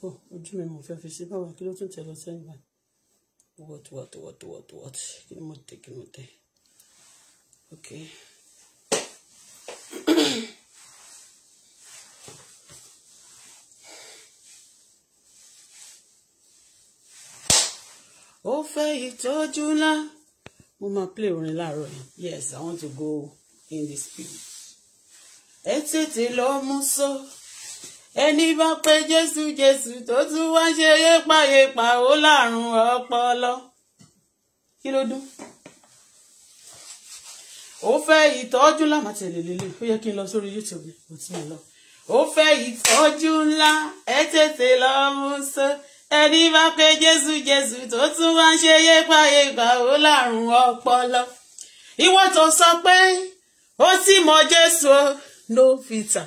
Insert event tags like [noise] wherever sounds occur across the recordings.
ó oh, ojú mi mo fẹ́ fi sí báwa kí ló tún tẹ lọ sẹ́yìn báyìí what what what what what kí ni mo tẹ kí ni mo tẹ ok. ó fẹ́ ìtọ́jú ńlá mo máa play orin láàárọ̀ yìí yes i want to go in the spirit ẹ tètè lọ mú sọ. So ẹni bá pé jésù jésù tó tún wá ṣe yépayépa ó lárùn ọpọlọ kí ló dún ó fẹ́ ìtọ́jú ńlá tẹ̀lé lélẹ̀ ó yẹ kí n lọ sórí youtube ni mo ti ń lọ ó fẹ́ ìtọ́jú ńlá ẹ tètè lọ mú sọ ẹni bá pé jésù jésù tó tún wá ṣe yépayépa ó lárùn ọpọlọ ìwọ tó sọ pé ó sì mọ jésù no peter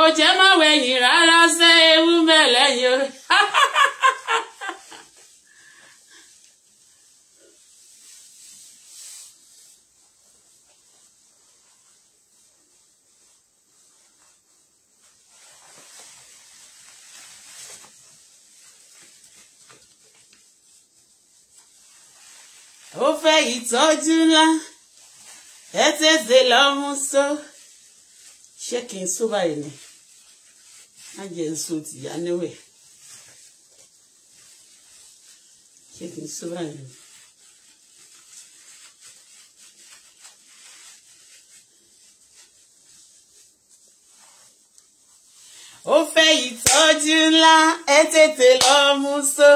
ò jẹ́ má wẹ̀yìn rárá ṣé ewu mẹ́lẹ̀ yìí o. ó fẹ́ ìtọ́jú ńlá ẹ tètè lọ mú sọ. So ṣé kí n sọ báyìí ni má jẹ́ n sọ tìyá níwẹ̀ ṣé kí n sọ báyìí ni. ó fẹ́ ìtọ́jú ńlá ẹ tètè lọ mú so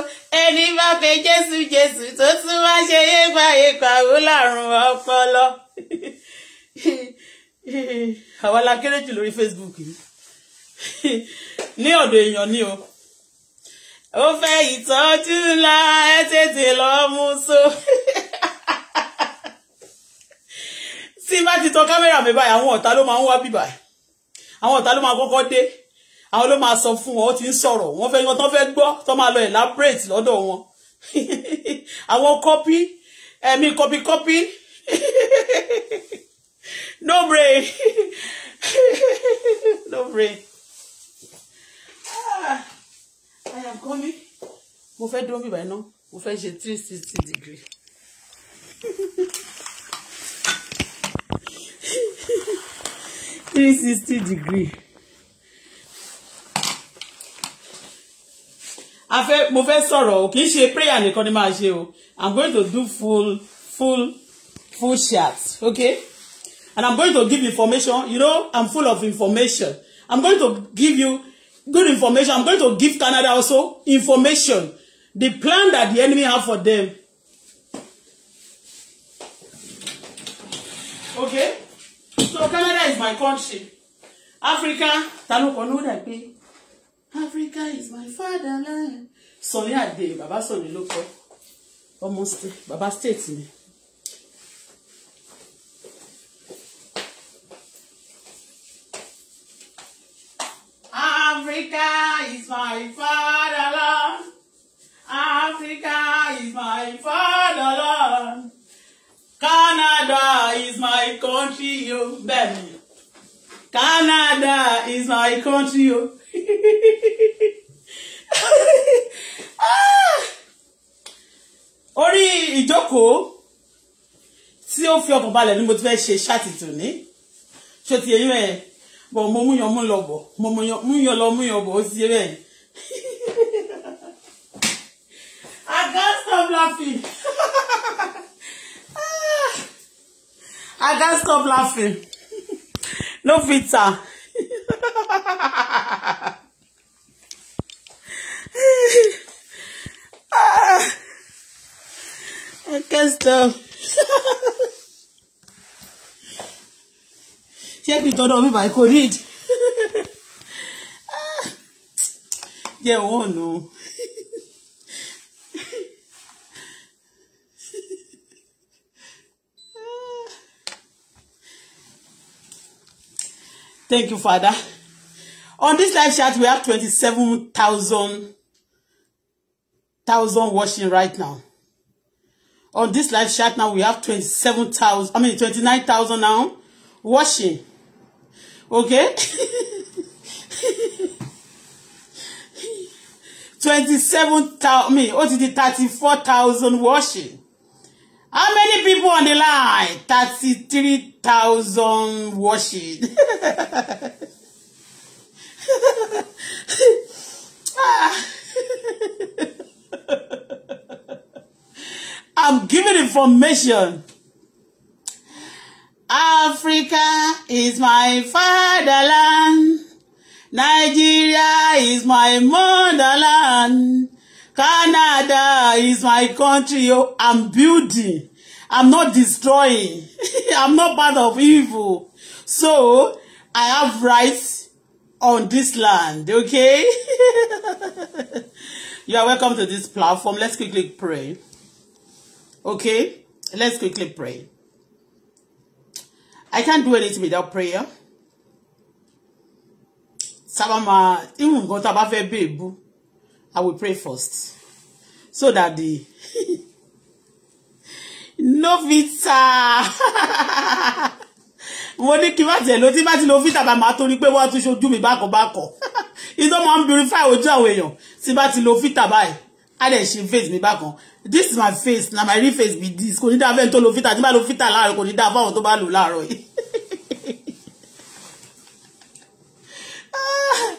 ẹni bá fẹ́ jésù jésù tó tún wá ṣe yégbáyégbà ó lárùn ọpọlọ. [laughs] àwa la kéré jù lórí Facebook yìí ní ọ̀dọ̀ èèyàn ni o ó fẹ́ ìtọ́jú ńlá ẹ tètè lọ mú so tí bá ti tan kámẹ́rà mi báyìí àwọn ọ̀tá ló máa ń wá bíbà àwọn ọ̀tá ló máa kọ́kọ́ dé àwọn ló máa sọ fún wọn ó ti ń sọ̀rọ̀ wọ́n fẹ́ wọ́n tán fẹ́ gbọ́ tán máa lọ elaborate lọ́dọ̀ wọn àwọn kọ́pí ẹ̀mí kọ́pí kọ́pí no brain [laughs] no brain ah, I am coming mo fẹ́ dúró bíbá iná mo fẹ́ ṣe three sixty degree. [laughs] three sixty degree. a fẹ́ mo fẹ́ sọ̀rọ̀ o kì í ṣe prayer nìkan ni i'm going to do full full full shots. okay. And I'm going to give information. You know, I'm full of information. I'm going to give you good information. I'm going to give Canada also information. The plan that the enemy have for them. Okay? So Canada is my country. Africa, Tanukonu that be. Africa is my fatherland. Sọ̀rí àdé, bàbá sọ̀rí ló kọ́. Ọmọ state, bàbá state mi. Africa is my fatherland. Africa is my fatherland. Canada is my country, yo, baby. Canada is my country, yo. [laughs] Orí ìjókòó tí ó fi ọkàn balẹ̀ ni mo ti fẹ́ ṣe ṣáàtì tòní. Ṣé o ti yẹ yín bọ̀ mo múyan mú lọ bọ̀ mo múyan lọ múyan bọ̀ ó sì ṣe bẹ́ẹ̀. I can't stop laughing. I can't stop laughing. No filter. I can't stop. ṣé kí n tọ́dọ̀ mi by kò ní ìdí jẹ́ owó ọ̀nà. Thank you, Father. On this live chat, we have twenty-seven thousand thousand watching right now. On this live chat now, we have twenty-seven thousand. I mean twenty-nine thousand now watching okay twenty seven thousand mi ó ti di thirty four thousand washing how many people on the line thirty three thousand washing [laughs] I'm giving information. Africa is my fatherland. Nigeria is my motherland. Canada is my country. Oh, I'm building. I'm not destroying. [laughs] I'm not part of evil. So, I have rights on this land, okay? [laughs] You are welcome to this platform. Let's quickly pray. Okay? Let's quickly pray. I can't do anything without prayer. Sábà even irun nǹkan tá a bá I will pray first so that the [laughs] no vita [laughs] mo ní kí n má tiẹ̀ lo tí n bá ti lo vita bá máa torí pé wọ́n á tún ṣojú mi bákan bákan don't [laughs] máa ń purify ojú àwọn èèyàn tí n bá ti lo vita báyìí á dẹ̀ ṣe face mi bákan this is my face na my real face be this kò ní dáa fẹ́ni tó lo vita tí n bá lo vita láàárọ̀ kò ní dáa fáwọn tó bá lò láàárọ̀ yìí. Ah,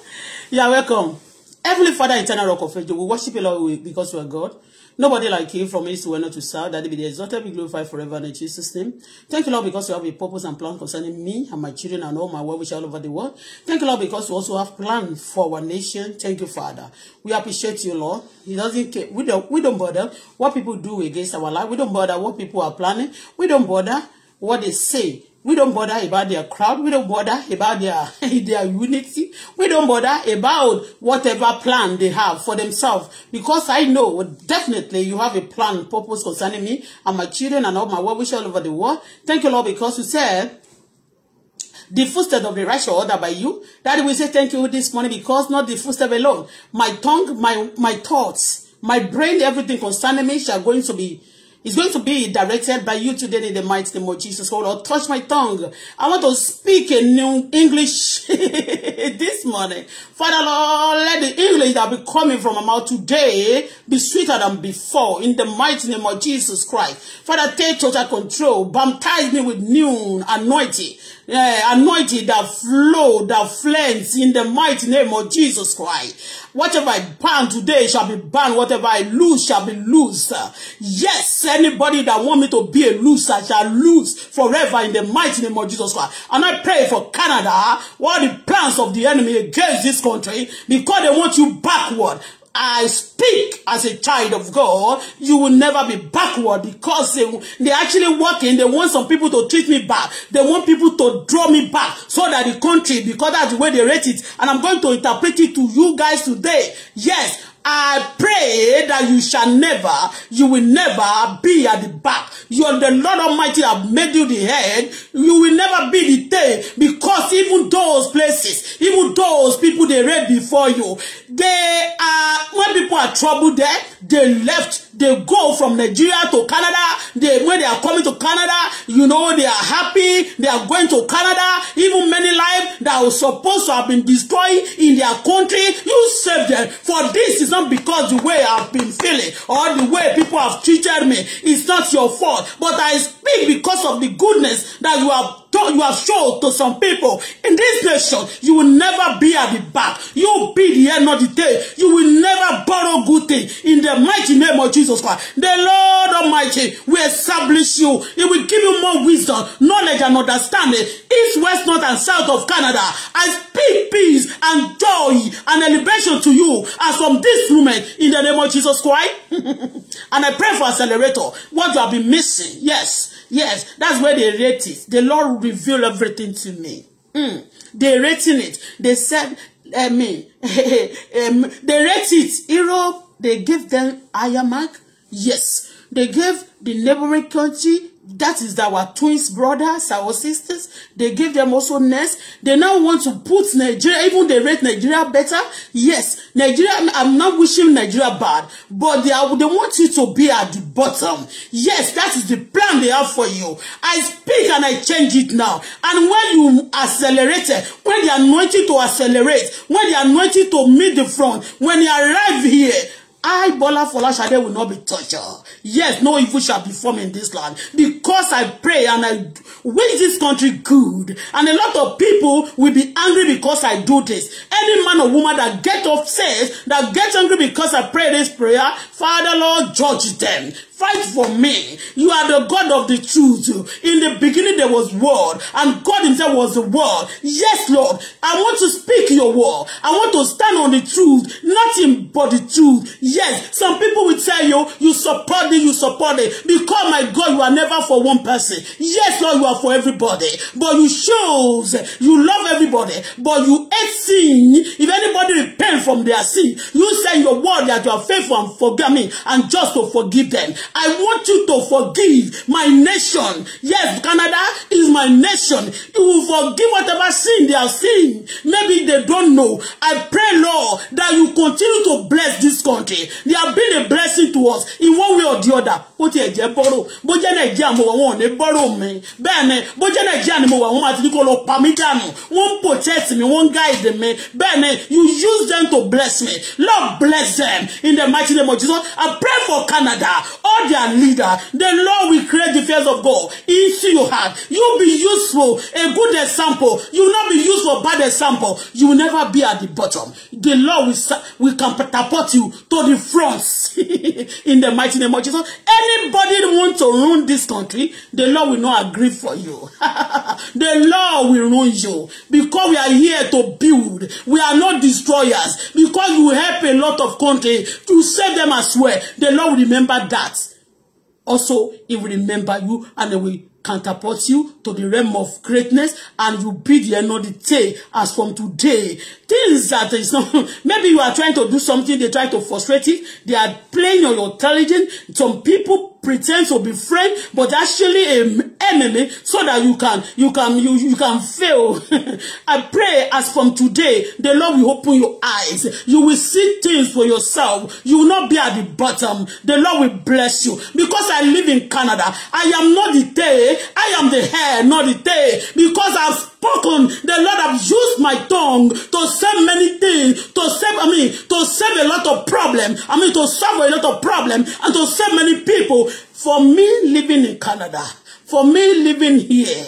you are welcome. Heavenly Father, eternal rock of faith, we worship you, Lord, because you are God. Nobody like you from east to west, not to south, that they be exalted, be glorified forever in Jesus' name. Thank you, Lord, because you have a purpose and plan concerning me and my children and all my well-wishers all over the world. Thank you, Lord, because you also have plan for our nation. Thank you, Father. We appreciate you, Lord. It doesn't care. We don't, we don't bother what people do against our life. We don't bother what people are planning. We don't bother what they say We don't bother about their crowd. We don't bother about their, [laughs] their unity. We don't bother about whatever plan they have for themselves. Because I know definitely you have a plan, purpose concerning me and my children and all my well-wishers all over the world. Thank you, Lord, because you said the footstep of the righteous order by you. That we say thank you this morning because not the footstep alone. My tongue, my my thoughts, my brain, everything concerning me shall going to be It's going to be directed by you today in the mighty name of Jesus. Oh Lord, touch my tongue. I want to speak in new English [laughs] this morning. Father Lord, let the English that be coming from my mouth today be sweeter than before in the mighty name of Jesus Christ. Father, take total control. Baptize me with new anointing uh, anointing that flow, that flames in the mighty name of Jesus Christ. Whatever I ban today shall be banned. Whatever I lose shall be lose. Yes, anybody that want me to be a loser shall lose forever in the mighty name of Jesus Christ. And I pray for Canada, What the plans of the enemy against this country because they want you backward. I speak as a child of God, you will never be backward because they, they actually working. They want some people to treat me back. They want people to draw me back so that the country, because that's the way they rate it. And I'm going to interpret it to you guys today. Yes, I pray that you shall never, you will never be at the back. You are the Lord Almighty have made you the head. You will never be the tail because even those places, even those people they read before you, they are, when people are troubled there, they left, they go from Nigeria to Canada. They, when they are coming to Canada, you know, they are happy. They are going to Canada. Even many lives that were supposed to have been destroyed in their country, you save them. For this is not not because the way I've been feeling or the way people have treated me. It's not your fault. But I speak because of the goodness that you have told you have shown to some people in this nation, you will never be at the back. You will be the end of the day. You will never borrow good things. In the mighty name of Jesus Christ, the Lord Almighty will establish you. He will give you more wisdom, knowledge, and understanding. East, west, north, and south of Canada, I speak peace and joy and elevation to you as from this moment in the name of Jesus Christ. [laughs] and I pray for accelerator. What you have been missing, yes. Yes, that's where they rate it. The Lord reveal everything to me. Mm. They rating it. They said, I mean, [laughs] um, they rate it. Europe, they give them higher mark. Yes. They give the neighboring country that is our twins brothers our sisters they give them also nest they now want to put Nigeria even they rate Nigeria better yes Nigeria I'm not wishing Nigeria bad but they are they want you to be at the bottom yes that is the plan they have for you I speak and I change it now and when you accelerate it when they anoint you to accelerate when they anoint you to meet the front when you arrive here I, Bola Folashade, will not be tortured. Yes, no evil shall be formed in this land. Because I pray and I wish this country good. And a lot of people will be angry because I do this. Any man or woman that get upset, that gets angry because I pray this prayer, Father Lord, judge them fight for me. You are the God of the truth. In the beginning there was word and God himself was the word. Yes, Lord, I want to speak your word. I want to stand on the truth, nothing but the truth. Yes, some people will tell you, you support it, you support it. Because, my God, you are never for one person. Yes, Lord, you are for everybody. But you chose, you love everybody, but you hate sin. If anybody repent from their sin, you say your word that you are faithful and forgive me and just to forgive them. I want you to forgive my nation. Yes, Canada is my nation. You will forgive whatever sin they are sin. Maybe they don't know. I pray, Lord, that you continue to bless this country. They have been a blessing to us in one way or the other. Ó ti ẹ̀jẹ̀ bọ́rọ̀. Bó jẹ́ Nàìjíríà mo wà wọn ò ní bọ́rọ̀ mi. Bẹ́ẹ̀ ni, bó jẹ́ Nàìjíríà ni mo wà wọ́n máa ti ní kó lọ pa mí dànù. Wọ́n protect mi, wọ́n guide mi. Bẹ́ẹ̀ you use them to bless me. Lord bless them in the mighty name of Jesus. I pray for Canada. All God their leader. The Lord will create the fears of God into your heart. You be useful, a good example. You will not be useful, bad example. You will never be at the bottom. The Lord will, will catapult you to the front. [laughs] in the mighty name of Jesus. Anybody want to ruin this country, the Lord will not agree for you. [laughs] the Lord will ruin you because we are here to build. We are not destroyers because you help a lot of country to save them as well. The Lord will remember that. Also, he will remember you and he will counterport you to the realm of greatness and you be the day as from today. Things that is not, [laughs] maybe you are trying to do something, they try to frustrate it, they are playing on your intelligence. Some people pretend to be friend but actually a enemy so that you can you can you, you can fail [laughs] I pray as from today the Lord will open your eyes you will see things for yourself you will not be at the bottom the Lord will bless you because I live in Canada I am not the day. I am the hair, not the day because I've spoken. The Lord have used my tongue to save many things, to save, I mean, to save a lot of problem. I mean, to solve a lot of problem and to save many people. For me living in Canada, for me living here,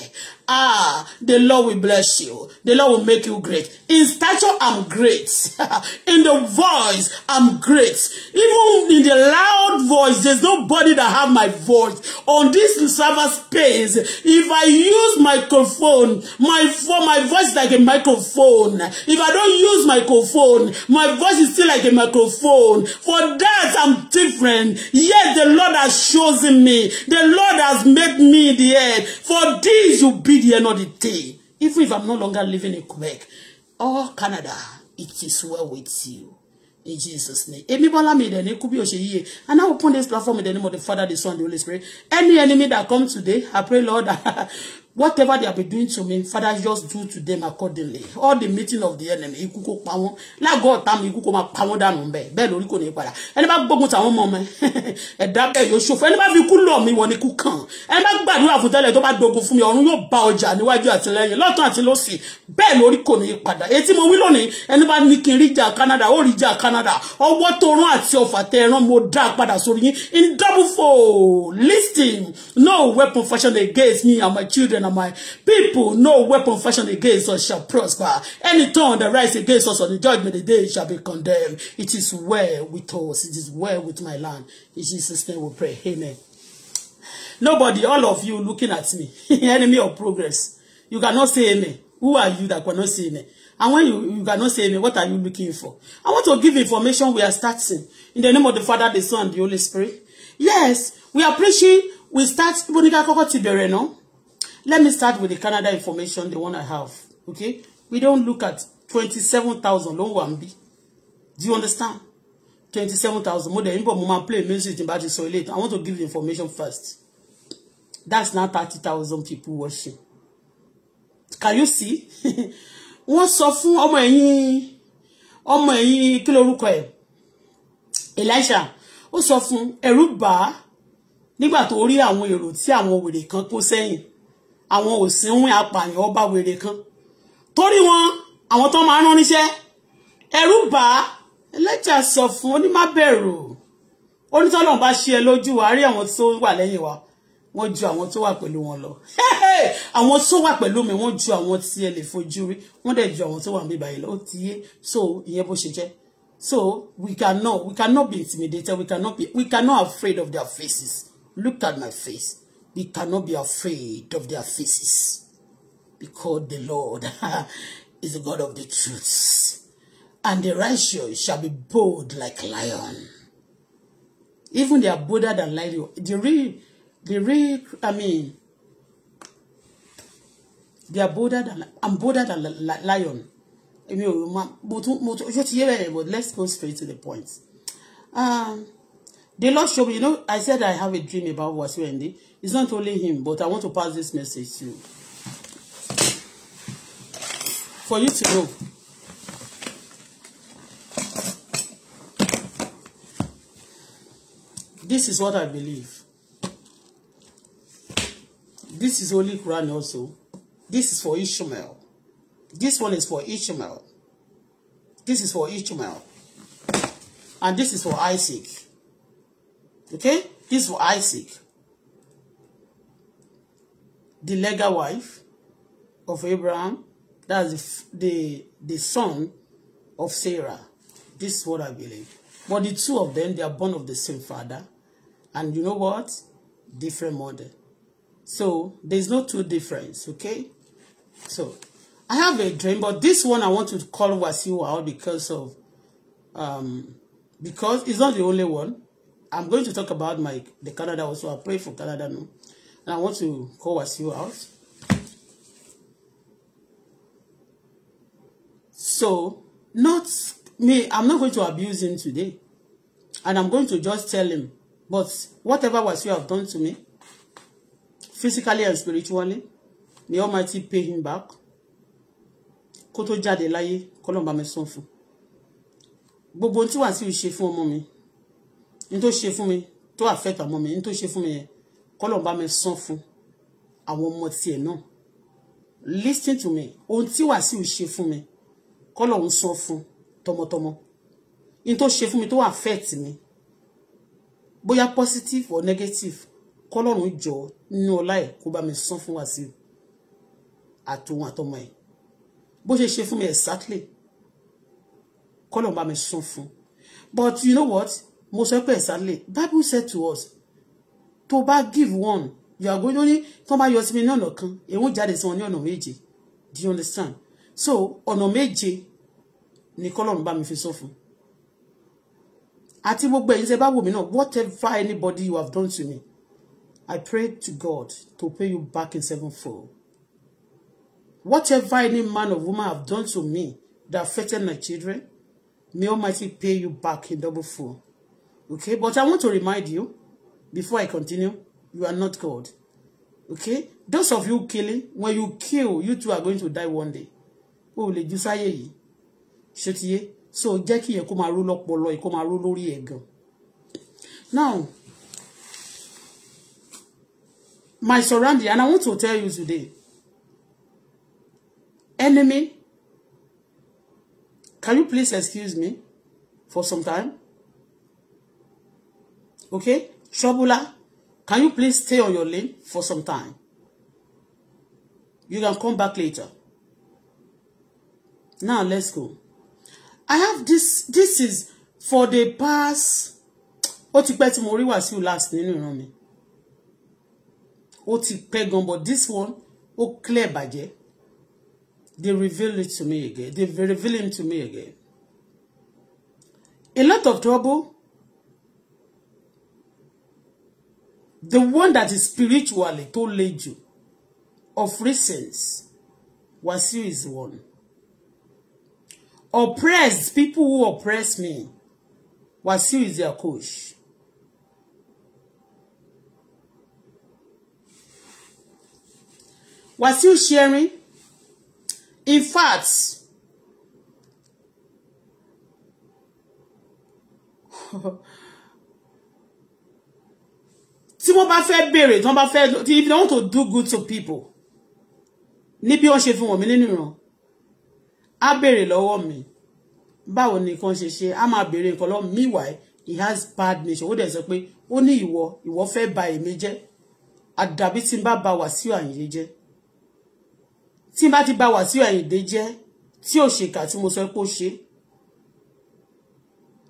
Ah, the Lord will bless you. The Lord will make you great. In stature, I'm great. [laughs] in the voice, I'm great. Even in the loud voice, there's nobody that have my voice. On this server space, if I use microphone, my phone, my voice is like a microphone. If I don't use microphone, my voice is still like a microphone. For that, I'm different. Yet the Lord has chosen me. The Lord has made me the head. For this, you be lead here not the day. Even if I'm no longer living in Quebec or oh, Canada, it is well with you. In Jesus' name. Èmi Bọ́lá mi dẹ̀ ní kú bí o ṣe yíye. And I open this platform in the name of the Father, the Son, the Holy Spirit. Any enemy that comes today, I pray Lord [laughs] whatever they have been doing to me father just do to them accordingly all the meeting of the enemy ikú kó pa wọ́n lágọọ ọ̀tá mi ikú kó máa pa wọ́n dànù bẹ́ẹ̀ bẹ́ẹ̀ lórí kò ní padà ẹni bá gbógun tàwọn ọmọ mi [laughs] ẹ̀dá bẹ́ẹ̀ Anybody who ẹni bá fi kú lọ mi wọ́n ni kú kàn ẹni bá gbàdúrà fún tẹ́lẹ̀ tó bá dogun fún mi ọ̀run yóò bá ọjà níwájú àti lẹ́yìn lọ́tún àti lọ́sì bẹ́ẹ̀ lórí kò ní padà etí we wí lónìí ẹni bá ní kí n ríjà Canada ó ríjà Canada ọwọ́ tó rán àti ọ̀fà tẹ ẹran mo dá padà sórí yín in double four listing no weapon fashion against me and my children and my people, no weapon fashioned against us shall prosper. Any tongue that rises against us on the judgment the day shall be condemned. It is well with us. It is well with my land. In Jesus' name we pray. Amen. Nobody, all of you looking at me, [laughs] enemy of progress, you cannot say amen. Who are you that cannot say amen? And when you, you cannot say amen, what are you looking for? I want to give information we are starting. In the name of the Father, the Son, and the Holy Spirit. Yes, we are preaching. We start, Bonika Koko Tibere, no? Let me start with the Canada information, the one I have. Okay? We don't look at 27,000 ló wà níbí. Do you understand? 27,000. Mo dẹ̀ ń bọ̀ mo máa play music tí n bá ti sọ I want to give the information first. That's now 30,000 people watching. Can you see? [laughs] Wọ́n sọ fún Omo ẹ̀yìn ọmọ ẹ̀yìn kí lorúkọ ẹ̀? Elisha ó sọ fún ẹ̀rù bà á nígbà tó rí àwọn èrò tí àwọn kan kó sẹ́yìn àwọn òsínwìn apààyàn ọba wèrè kan torí wọn àwọn tó máa rán níṣẹ́ ẹ̀rù bà á ẹlẹ́jà sọ fún onímábẹ̀rù onítọ́lọ́run bá ṣe ẹ lójú wa rí àwọn tó wà lẹ́yìn wa wọ́n ju àwọn tó wà pẹ̀lú wọn lọ àwọn tó wà pẹ̀lú mi wọ́n ju àwọn tí ẹ lè fojú rí wọ́n dẹ̀ ju àwọn tó wà níbàyí lọ ó ti yé so ìyẹn bó ṣe jẹ́ So we cannot, we cannot be intimidated. We cannot be, we cannot afraid of their faces. Look at my face. We cannot be afraid of their faces because the Lord [laughs] is the God of the truth. And the righteous shall be bold like lion. Even they are bolder than lion. The real, the real, I mean, they are bolder than, I'm bolder than lion. I but let's go straight to the point. Um, The Lord showed me, you know, I said I have a dream about Wasiu Ayinde. It's not only him, but I want to pass this message to you. For you to know. This is what I believe. This is Holy Quran also. This is for Ishmael. This one is for Ishmael. This is for Ishmael. And this is for Isaac. Okay? This for Isaac. The legal wife of Abraham. That's the, the, the son of Sarah. This is what I believe. But the two of them, they are born of the same father. And you know what? Different mother. So there's no two difference, okay? So I have a dream, but this one I want to call Wasiu out because of um because it's not the only one. I'm going to talk about my the Canada also. I pray for Canada now. And I want to call us you out. So, not me, I'm not going to abuse him today. And I'm going to just tell him, but whatever was you have done to me, physically and spiritually, the Almighty pay him back. Koto jade jáde kolomba kọ́lọ́mbà mi sọ fún. Gbogbo ohun tí Wasiu ní tó ṣe fún mi tó affect ọmọ mi ní tó ṣe fún mi yẹn kọ́lọ̀ bá mi san fún àwọn ọmọ tiẹ̀ náà listen to me ohun tí Wàsíù ṣe fún mi kọ́lọ̀ ń san fún tọmọtọmọ ní tó ṣe fún mi tó affect mi bóyá positive or negative kọ́lọ́run jọ nínú ọlá ẹ̀ kó bá mi san fún Wàsíù àtòun àtọmọ ẹ̀ bó ṣe ṣe fún mi exactly kọ́lọ́run bá mi san fún but you know what mo sọ pé exactly bible said to us tó bá give one you are going to ní tó bá yọ sí mi ní ọ̀nà kan èwo jáde sí wọn ní ọ̀nà méje do you understand so ọ̀nà méje ni kọ́lọ́run bá mi fi sọ fún àti gbogbo ẹ̀yin ṣe bá wò mí náà whatever anybody you have done to me I pray to God to pay you back in seven four. whatever any man or woman have done to me that affected my children may Almighty pay you back in double four. Okay, but I want to remind you before I continue, you are not God. Okay, those of you killing, when you kill, you two are going to die one day. O lè ju sáyé yìí. Ṣé ti So jẹ́ kí yẹn kó máa ró lọ́pọlọ yìí, kó máa ró lórí Now, my surrounding, and I want to tell you today, enemy, can you please excuse me for some time? Okay? Troubler, can you please stay on your lane for some time? You can come back later. Now let's go. I have this, this is for the past, ó ti pẹ́ tí mo rí Wàsíù last nínú ìran mi. Ó ti pẹ́ gan but this one, ó clear bàjẹ́. They reveal it to me again. They reveal him to me again. A lot of trouble the one that is spiritually tó le jù of reasons Wasiu is one oppressed people who oppress me Wasiu is their coach Wasiu sharing in fact [laughs] tí wọ́n bá fẹ́ béèrè tí wọ́n bá if you want to do good to people ní bí wọ́n ṣe fi wọ̀n mí nínú ìran á béèrè lọ́wọ́ mi báwo ni nǹkan ṣe ṣe á máa béèrè nǹkan lọ́wọ́ meanwhile he has bad nature ó dẹ̀ sọ pé ó ní ìwọ ìwọ fẹ́ bà èmi jẹ́ àdàbí tí n bá bà Wàsíù Àyìndé jẹ́ tí n bá ti bà Wàsíù Àyìndé jẹ́ tí ò ṣèkà tí mo sọ pé ó ṣe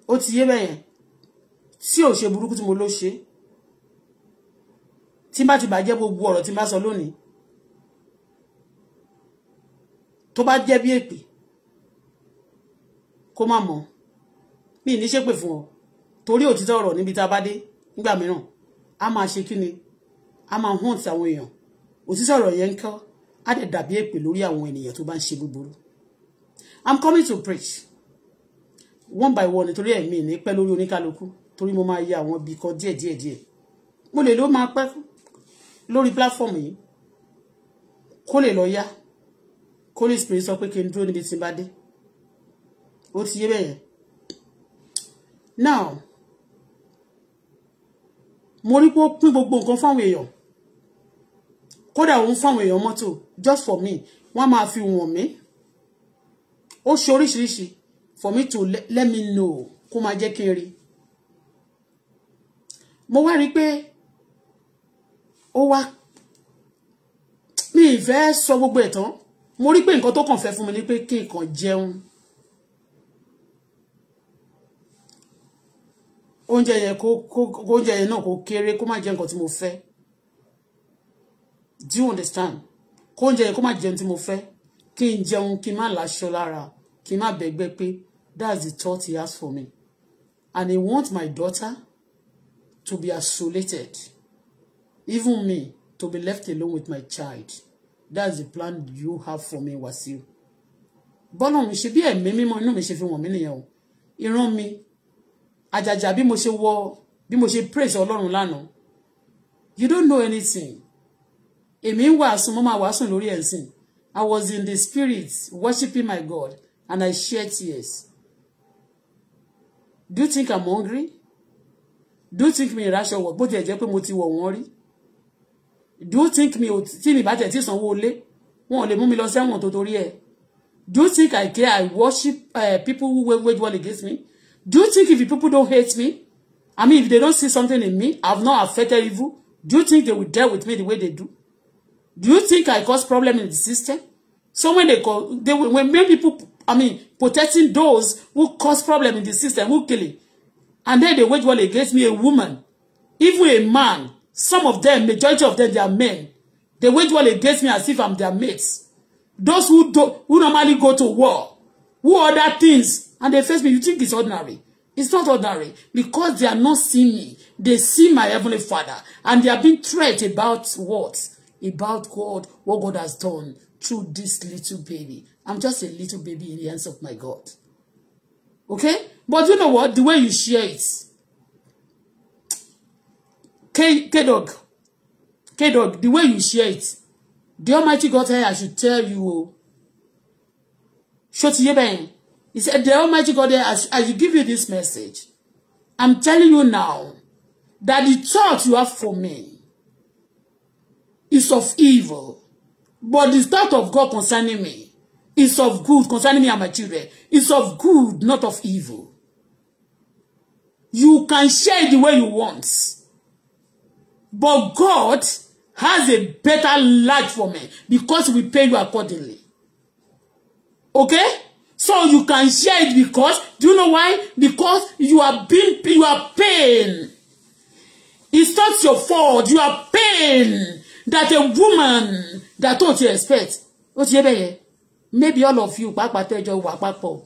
ó ti yé bẹ́yẹn tí ò ṣe burúkú tí mo ló ṣe tí bá ti bàjẹ́ gbogbo ọ̀rọ̀ tí bá sọ lónìí tó bá jẹ́ bí èpè kó má mọ̀ mí ní ṣépè fún ọ torí òtítọ́ ọ̀rọ̀ níbi tá a bá dé nígbà mìíràn a máa ṣe kí ni a máa hàn tí àwọn èèyàn òtítọ́ ọ̀rọ̀ yẹn ń kọ́ á dẹ̀ dàbí èpè lórí àwọn ènìyàn tó bá ń ṣe búburú i'm coming to preach one by one nítorí ẹ̀mí ní pẹ́ lórí oníkálukú torí mo máa yẹ àwọn ibì kan díẹ̀díẹ̀díẹ̀ mo lè ló máa pẹ́ fún lórí platform yìí kó lè lọ yá kó lè spirit sọ pé kí n dúró níbi tí n bá dé ó ti yé bẹ́yẹn now mo rí pé ó pín gbogbo nǹkan fáwọn èèyàn kódà òun fáwọn èèyàn mọ́tò just for me wọ́n máa fi wọ̀n mí ó ṣe oríṣiríṣi for me to let me know kó máa jẹ́ kí n rí mo wá rí pé ó wá mi ìfẹ́ sọ gbogbo ẹ̀ mo rí pé nǹkan tó kàn fẹ́ fún mi ni pé kí nǹkan jẹun oúnjẹ yẹn kó kó oúnjẹ yẹn náà kó kéré kó má jẹ nǹkan tí mo fẹ́ do you understand kó oúnjẹ yẹn kó má jẹun tí mo fẹ́ kí n jẹun kí n má láṣọ lára kí n má bẹ̀gbẹ́ pé that's the thought he has for me and he wants my daughter to be isolated even me, to be left alone with my child. That's the plan you have for me, Wasiu. Bọ́lá mi ṣe bí ẹ̀mí mímọ́ inú mi ṣe fi wọ̀n mí nìyẹn o. Ìran mi, àjàjà bí mo ṣe wọ, bí mo ṣe praise Ọlọ́run lánàá. You don't know anything. Èmi ń wàásù, mo máa wàásù lórí ẹ̀sìn. I was in the spirit worshiping my God and I shed tears. Do you think I'm hungry? Do you think mi ìraṣọ wọ̀? Bó ti ẹ̀ jẹ́ pé mo ti wọ̀ wọ́n rí do you think mi ò tí mi bá tẹ̀ tí sanwó lé wọn ò lè mú mi lọ sẹ́wọ̀n tó torí ẹ̀ do you think I care I worship uh, people who wage war against me do you think if people don't hate me I mean if they don't see something in me I've not affected evil do you think they will deal with me the way they do do you think I cause problem in the system so when they call they when many people I mean protecting those who cause problem in the system who killing and then they wage war against me a woman even a man Some of them, majority of them, they are men. They wage war against me as if I'm their mates. Those who do, who normally go to war, who order things, and they face me, you think it's ordinary. It's not ordinary because they are not seeing me. They see my heavenly Father, and they are being threatened about what? About God, what God has done through this little baby. I'm just a little baby in the hands of my God. Okay? But you know what? The way you share it, K, dog. K dog, the way you share it. The Almighty God here, I should tell you. Shoti oh. Yeben. He said, the Almighty God here, I, should, give you this message. I'm telling you now that the thought you have for me is of evil. But the thought of God concerning me is of good, concerning me and my children, It's of good, not of evil. You can share the way you want. But God has a better life for me because we pay you accordingly. Okay? So you can share it because, do you know why? Because you are being, you are paying. It's not your fault. You are paying that a woman that what you expect. What you yé Maybe all of you, pàápàá tẹ́jọ wà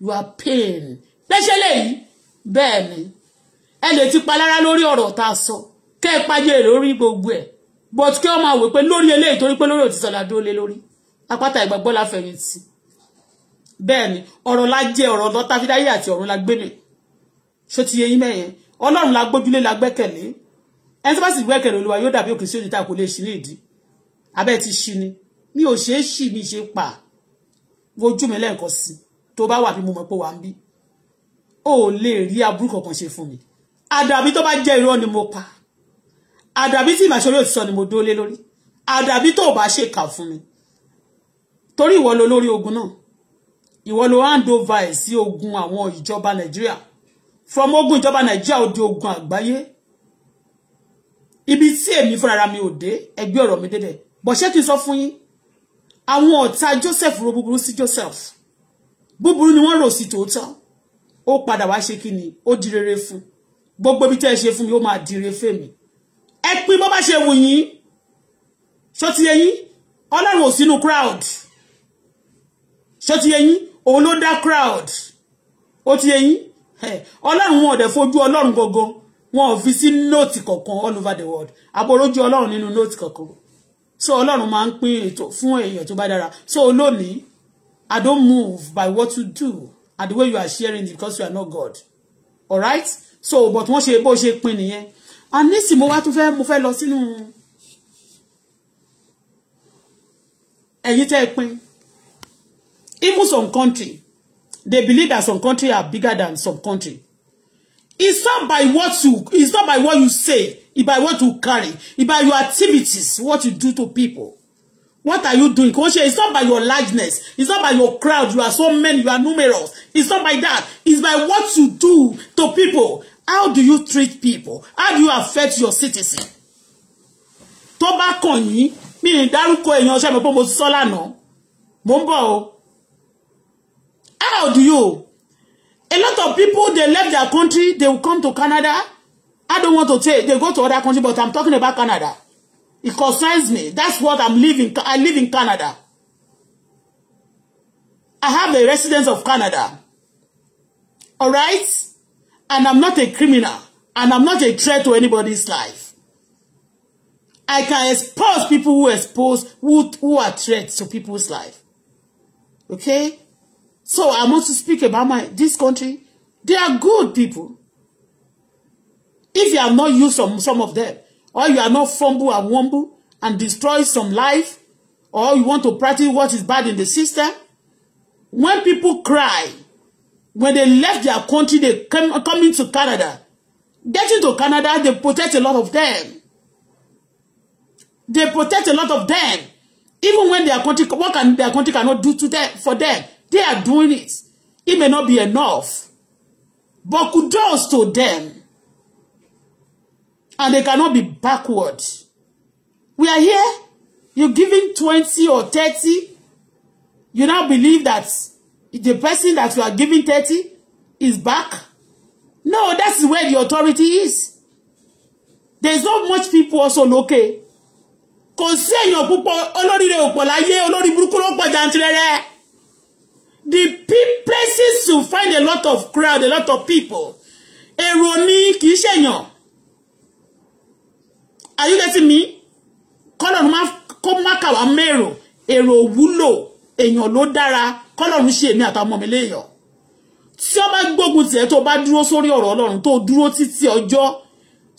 You are paying. Lẹ́sẹ̀ lẹ́yìn, bẹ́ẹ̀ ni. Ẹ lè ti palára lórí ọ̀rọ̀ tá kẹ́ ẹ pàjẹ́ lórí gbogbo ẹ̀ but kí wọ́n máa wò pé lórí eléyìí torí pé lórí òtítọ́ la dúró lé lórí apáta ìgbàgbọ́ la fẹ̀yìn tì bẹ́ẹ̀ ni ọ̀rọ̀ la jẹ́ ọ̀rọ̀ lọ́tà fídáyé àti ọ̀run la gbélé ṣó ti yẹ yín mẹ́yẹn ọlọ́run la gbójúlé la gbẹ́kẹ̀lé ẹni tí wọ́n sì gbẹ́kẹ̀lé olúwa yóò dàbí òkè sí òdìta kò lè ṣí ní ìdí ti ṣí ni mi ò ṣeé ṣì mi ṣe pa wojú mi lẹ́ẹ̀kan sí tó bá wà bí mo mọ̀ pé wà ń bí o ò lè rí aburú kankan ṣe fún mi àdàbí tó bá jẹ́ irọ́ ni mo pa àdàbí tí ìmàṣọrí ò ti sọ ni mo dúró lé lórí àdàbí tó o bá ṣe kà fún mi torí ìwọ lo lórí ogun náà ìwọ lo hand over sí ogun àwọn ìjọba nàìjíríà from ogun ìjọba nàìjíríà ó di ogun àgbáyé ibi tí èmi fúnra mi ò dé ẹgbẹ́ ọ̀rọ̀ mi dédé bọ̀ ṣé kí n sọ fún yín àwọn ọ̀tá Joseph ro búburú sí Joseph búburú ni wọ́n rò sí tòótọ́ ó padà wá ṣe kí ni ó di rere fún gbogbo ibi tẹ́ ẹ ṣe fún mi ó máa di rere fèmí ẹ pín bó bá ṣe wù yín ṣó ti yé yín ọlọ́run ò sínú crowd ṣó ti yé yín òun ló dá crowd ó ti yé yín ọlọ́run wọn ò dẹ̀ fojú ọlọ́run gógó wọn ò fi sí nóòtì kankan all over the world aborójú ọlọ́run nínú nóòtì kankan so ọlọ́run máa ń pín ètò fún èèyàn tó bá dára so lónìí i don't move by what you do and the way you are sharing it because you are not God all right so but wọ́n ṣe bó ṣe pín nìyẹn and nísìn mo wá tún fẹ́ mo fẹ́ lọ sínú ẹ̀yìn tẹ́ ẹ pín even some country they believe that some country are bigger than some country it's not by what you it's not by what you say it's by what you carry it's by your activities what you do to people what are you doing kò it's not by your largeness it's not by your crowd you are so many you are numerous it's not by that it's by what you do to people how do you treat people how do you affect your citizen tó bá kàn yín mi ní dárúkọ èèyàn ṣe mọ̀ pé mo sọ lánàá mo ń bọ̀ o how do you a lot of people they left their country they will come to Canada I don't want to say they go to other country but I'm talking about Canada it concerns me that's what I'm living I live in Canada I have a residence of Canada all right and I'm not a criminal and I'm not a threat to anybody's life. I can expose people who expose who, who are threats to people's life. Okay? So I want to speak about my this country. They are good people. If you are not used some some of them, or you are not fumble and wumble and destroy some life, or you want to practice what is bad in the system, when people cry, When they left their country, they came coming to Canada. Getting to Canada, they protect a lot of them. They protect a lot of them. Even when their country, what can their country cannot do to them for them, they are doing it. It may not be enough. But kudos to them. And they cannot be backward. We are here. You're giving 20 or 30. You now believe that the person that you are giving 30 is back. No, that's where the authority is. There's not much people also locate. Kò sí èèyàn púpọ̀ olóríire òpò láyé olórí burúkú ló pọ̀ jantirẹrẹ. The places to find a lot of crowd, a lot of people. Èrò ni kì Are you getting me? Come ló our kó Ero mẹ́rò. Èrò wúlò. Èèyàn ló kọ́lọ́run ṣe èmi àtàwọn ọmọ mi léèyàn tí ó bá gbógun tiẹ̀ tó bá dúró sórí ọ̀rọ̀ ọlọ́run tó dúró títí ọjọ́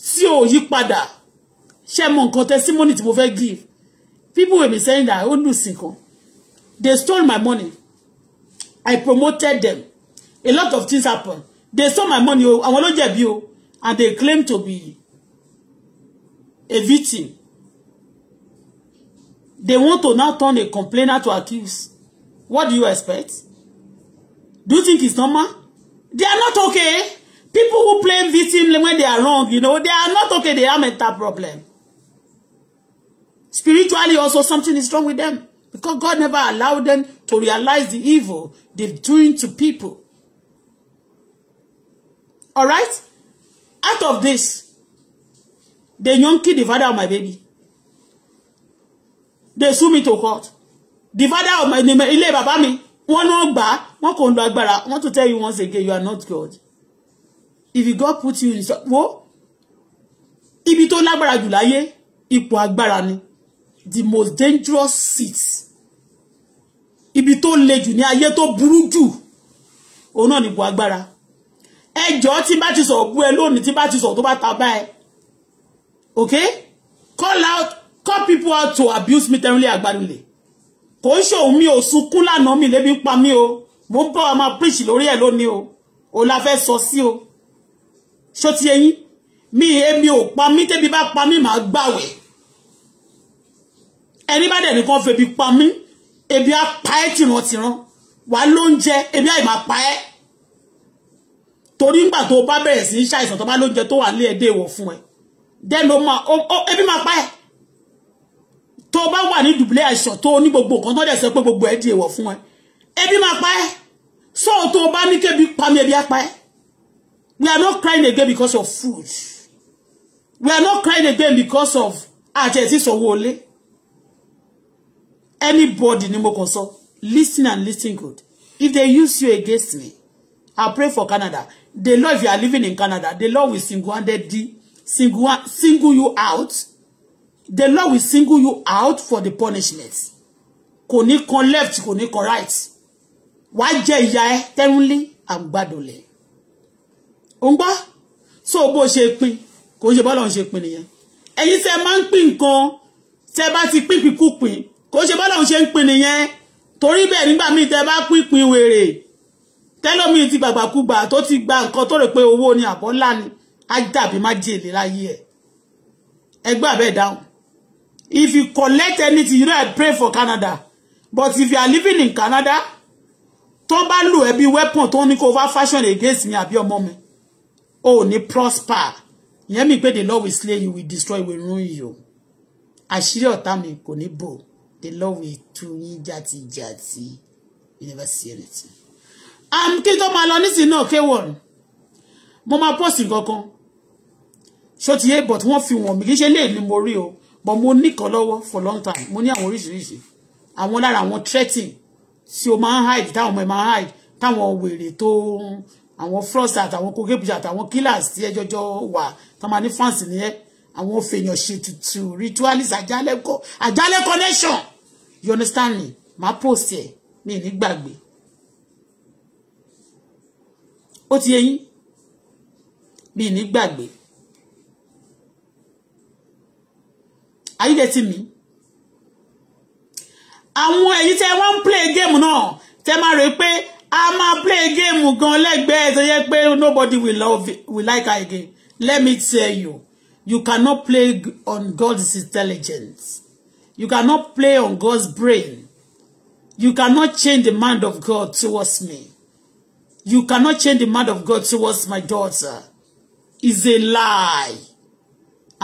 tí ò yí padà ṣe mọ nǹkan testimony tí mo fẹ́ give people will be saying that ó lù sí kan they stole my money I promoted them a lot of things happen they stole my money o àwọn ló jẹ̀bi o and they claim to be a victim they want to now turn a complainer to accuse What do you expect? Do you think it's normal? They are not okay. People who play victim when they are wrong, you know, they are not okay. They have mental problem. Spiritually also something is wrong with them. Because God never allowed them to realize the evil they're doing to people. All right, Out of this, the young kid the father of my baby. They sue me to court the father of my name ilé bàbá mi wọ́n náà gbà á wọ́n kò ń lo agbára wọ́n tún tell you once again you are not God if you God put you in so wo ibi tó lagbara jù laye, ipò agbára ni the most dangerous seat ibi tó le jù ní ayé tó burú jù òun náà nípò agbára ẹjọ́ tí bá ti sọ̀rọ̀ bú ẹ lónìí tí bá ti sọ̀rọ̀ tó bá ta bá ẹ okay call out call people out to abuse me terribly agbanule kò ń ṣòun mi ò sunkún lánàá mi lébi pa mí o mo ń bọ́ wa máa preach lórí ẹ̀ lónìí o ò la fẹ́ sọ sí o ṣó ti eyín mi èmi ò pa mí tẹ́bi bá pa mí màá gbàwẹ̀ ẹni bá dẹ̀ nìkan febi pa mí ebi á pa ẹ́ tìrantìran wà lóúnjẹ ebi á ìmà pa ẹ́ torí ńgbà tó bá bẹ̀rẹ̀ sí í ṣàìsàn tó bá lóúnjẹ tó wà ní ẹ̀dẹ́ ìwọ̀ fún ẹ dẹ́nu ó ebi máa pa ẹ́ tó bá wà ní dùbúlẹ̀ àìsàn tó ní gbogbo nǹkan tó dẹ̀ sọ pé gbogbo ẹ̀ di èèwọ̀ fún ẹ ebi máa pa ẹ́ so tó bá ní kébi pa mi ebi á pa we are not crying again because of food we are not crying again because of àti ẹ̀sìn sọ̀wọ́ anybody ni mo kàn sọ listen and listen good if they use you against me I pray for Canada the Lord if you are living in Canada the Lord will single-handedly single, single you out the Lord will single you out for the punishment kò ní kan left kò ní kan right wá jẹ ìyà ẹ tẹ́rúnlé àgbàdọ̀lẹ̀ ò ń gbọ́ so bó ṣe pín kò ń ṣe bọ́lọ̀ ń ṣe pín nìyẹn ẹ̀yin tẹ́ máa ń pín nǹkan tẹ́ bá ti pín pín kú pín kò ń ṣe bọ́lọ̀ ń ṣe ń pín nìyẹn torí bẹ́ẹ̀ nígbà míì tẹ́ bá pín pín wèrè tẹ́lómìn ti gbàgbàkúgbà tó ti gba nǹkan tó rò pé owó ni àbọ́lá ni á dàbí má jèlé láyé ẹ̀ ẹgbẹ́ àbẹ́ dáhùn If you collect anything, you know I pray for Canada. But if you are living in Canada, tó bá be weapon tó ní kó fashion against mi àbí your mi. Oh, ní prosper. Let me pé the Lord will slay you, will destroy, will ruin you. Àṣírí ọ̀tá mi kò ní The Lord will tú yín jàtijàti. You never see anything. I'm um, kidding. tó máa lọ nísìnyí náà K1. Mo máa post nǹkan kan. Ṣó but one few one. mi kì í ṣe léè ni mo rí but mo níkan lọ́wọ́ for long time mo ní àwọn oríṣiríṣi àwọn lára àwọn threatening tí o máa ń hide táwọn ọmọ ẹ máa ń hide táwọn wèrè tó àwọn fraudsters àtàwọn kókébìjà àtàwọn killers tí ẹjọjọ wà tó máa ní fans nìyẹn àwọn fèèyàn ṣètùtù ritualist àjálẹ́kọ̀ àjálẹ́kọ̀ nation you understand me máa post ẹ̀ mi ni gbàgbé ó ti yẹ yín mi ní gbàgbé. are you getting me àwọn èyí tẹ wọn ń play game náà tẹ máa rè pé a máa play game gan lẹ́gbẹ̀ẹ́ tó yẹ pé nobody will love will like her again let me tell you you cannot play on God's intelligence you cannot play on God's brain you cannot change the mind of God towards me you cannot change the mind of God towards my daughter Is a lie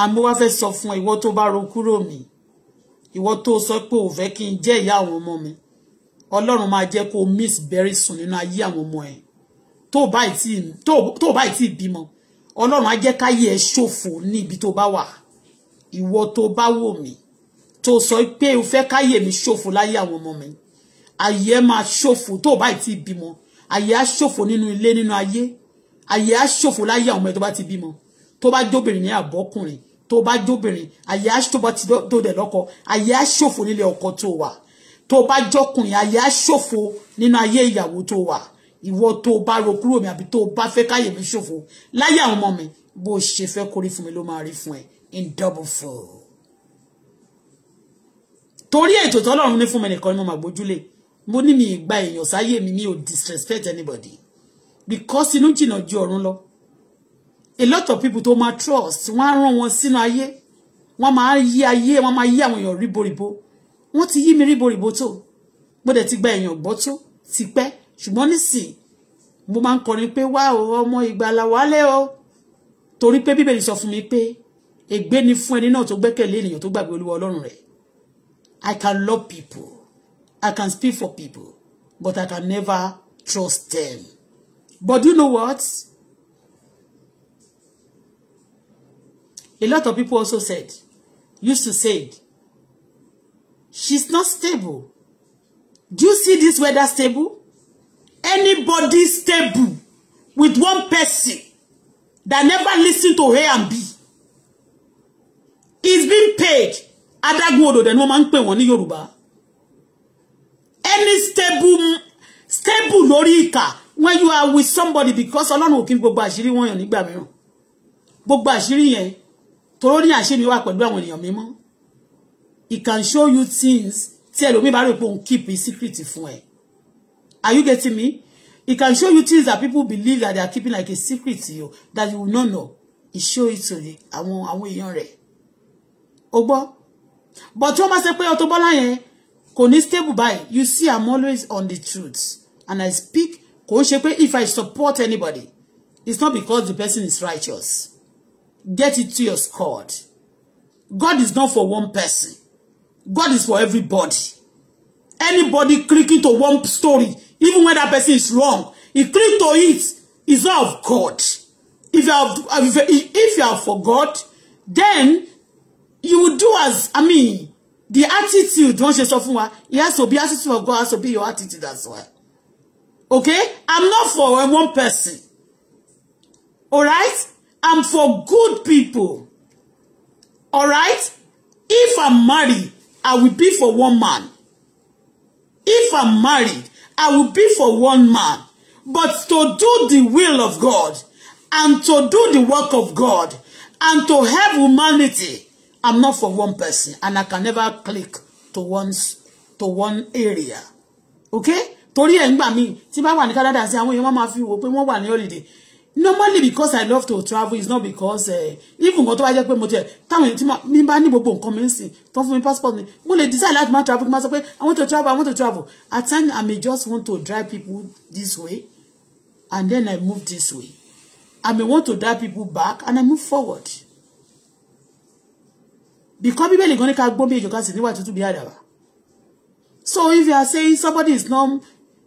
àmọ́ wá fẹ́ sọ fún ìwọ tó bá ro kúrò mi ìwọ tó sọ pé ò kí n jẹ́ ìyá àwọn ọmọ mi ọlọ́run máa jẹ́ kó miss berry sùn nínú ayé àwọn ọmọ ẹ̀ tó bá ì tí ì bímọ ọlọ́run á jẹ́ káyé ẹ ṣòfò ní ibi tó bá wà ìwọ tó bá wò mí tó sọ pé o fẹ́ káyé mi ṣòfò láyé àwọn ọmọ mi ayé ẹ máa ṣòfò tó bá ì tí ì bímọ ayé á ṣòfò nínú ilé nínú ayé ayé á ṣòfò láyé àwọn ọmọ ẹ tó bá ti bímọ tó bá jóbìnrin ní àbọ́kùnrin tó bá jóbìnrin ayé aṣọ bá ti tó dẹ̀ lọ́kọ ayé aṣòfò nílé ọkọ tó wà tó bá jọkùnrin ayé aṣòfò nínú ayé ìyàwó tó wà ìwọ tó bá ro kúrò mi àbí tó bá fẹ́ káyè mi ṣòfò láyé àwọn ọmọ mi bó ṣe fẹ́ kórí fún mi ló máa rí fún ẹ in double four. torí ètò tọ́lọ́run ní fún mi nìkan ni mo máa gbójúlé mo ní mi ìgbà èèyàn sáyé mi mi ò disrespect anybody because inú jìnnà ju ọ̀run lọ a lot of people tó máa trust wọ́n á rán wọn sínú ayé wọ́n máa yí ayé wọ́n máa yí àwọn èèyàn ríboríbo wọ́n ti yí mi ríboríbo tó mo dẹ̀ ti gba èèyàn gbọ́ tó ti pẹ́ ṣùgbọ́n nísìnyí mo máa ń kọrin pé wá o ọmọ ìgbàlà wálé o torí pé bíbélì sọ fún mi pé ègbé ni fún ẹni náà tó gbẹ́kẹ̀lé ènìyàn tó gbàgbé olúwa ọlọ́run rẹ̀ I can love people I can speak for people but I can never trust them but do you know what? a lot of people also said, used to say, she's not stable. Do you see this weather stable? Anybody stable with one person that never listened to A and B is being paid. Adágún odò dẹ̀ ni wọ́n máa ń pè Any stable stable lórí when you are with somebody because Ọlọ́run ò kí gbogbo àṣírí wọ̀nyàn nígbà mìíràn. Gbogbo àṣírí yẹn tóró ní àṣẹ mi wà pẹ̀lú àwọn ènìyàn mímọ́ it can show you things tí ẹlòmíì bá rò pé keep a secret fún ẹ are you getting me it can show you things that people believe that they are keeping like a secret to you that you will not know it show it to the àwọn àwọn èèyàn rẹ̀ o gbọ́ but tí wọ́n bá ṣe pé Auto Bola yẹn kò ní stable báyìí you see I'm always on the truth and I speak kò ń ṣe if I support anybody it's not because the person is righteous. Get it to your squad. God is not for one person. God is for everybody. Anybody clicking to one story, even when that person is wrong, he click to it, is not of God. If you are, if you are for God, then you will do as, I mean, the attitude, don't you suffer? fún wa, has to be attitude of God, has to be your attitude as well. Okay? I'm not for one person. All right? I'm for good people. All right? If I'm married, I will be for one man. If I'm married, I will be for one man. But to do the will of God and to do the work of God and to help humanity, I'm not for one person and I can never click to one's to one area. Okay? Torí ẹ̀ ń gbà mí tí bá wà ní Canada sí àwọn èèyàn máa fi wò pé wọ́n wà ní holiday normally because i love to travel it's not because eh, even go to bá jẹ́ pé mo tiẹ̀ táwọn èèyàn tí mi bá ní gbogbo nǹkan mi ń sìn tó mi passport mi mo lè decide láti máa travel kí n máa i want to travel i want to travel at times i may just want to drive people this way and then i move this way i may want to drive people back and i move forward because bíbélì gan ni ká gbọ́n bí ejò ká sì níwà tútù bí àdàbà so if you are saying somebody is not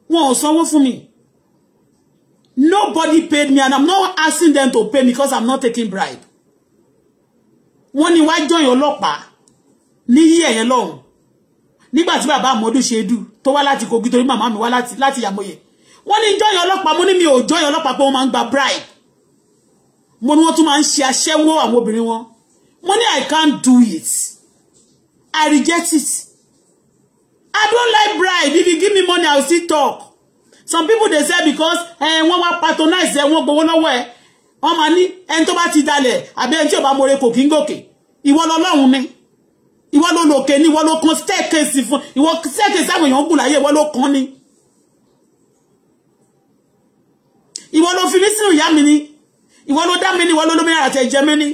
wọn ò sanwó fún mi Nobody paid me and I'm not asking them to pay because I'm not taking bribe. Wọ́n ní wá join ọlọ́pàá ní yí ẹ̀yẹn lọ́hùn. Nígbà tí bàbá Àmọ́dù ṣe dù tó wá láti Kogi torí màmá mi wá láti láti Yàmóyè. Wọ́n ní join ọlọ́pàá mo ní mi ò join ọlọ́pàá pé wọ́n máa ń gba bribe. Mo ní wọ́n tún máa ń ṣe aṣẹ́wó àwọn obìnrin wọn. Mo ní I can't do it. I reject it. I don't like bribe. If you give me money, I will still talk some people dey say because ẹ eh, wọ́n wá patronize ẹ wọ́n gbowó lọ́wọ́ ẹ wọ́n máa ní ẹni tó bá ti dalẹ̀ àbí ẹni tí ò bá mọ̀re kò kí ń gòkè ìwọ lọ́lọ́run ni ìwọ ló lòkè ni ìwọ ló kan staircase fún ìwọ staircase àwọn èèyàn ń gùn láyé ìwọ ló kan ni ìwọ ló fi mí sínú ìyá mi ni ìwọ ló dá mi ni ìwọ ló lómìnira àti ẹ̀jẹ̀ mi ni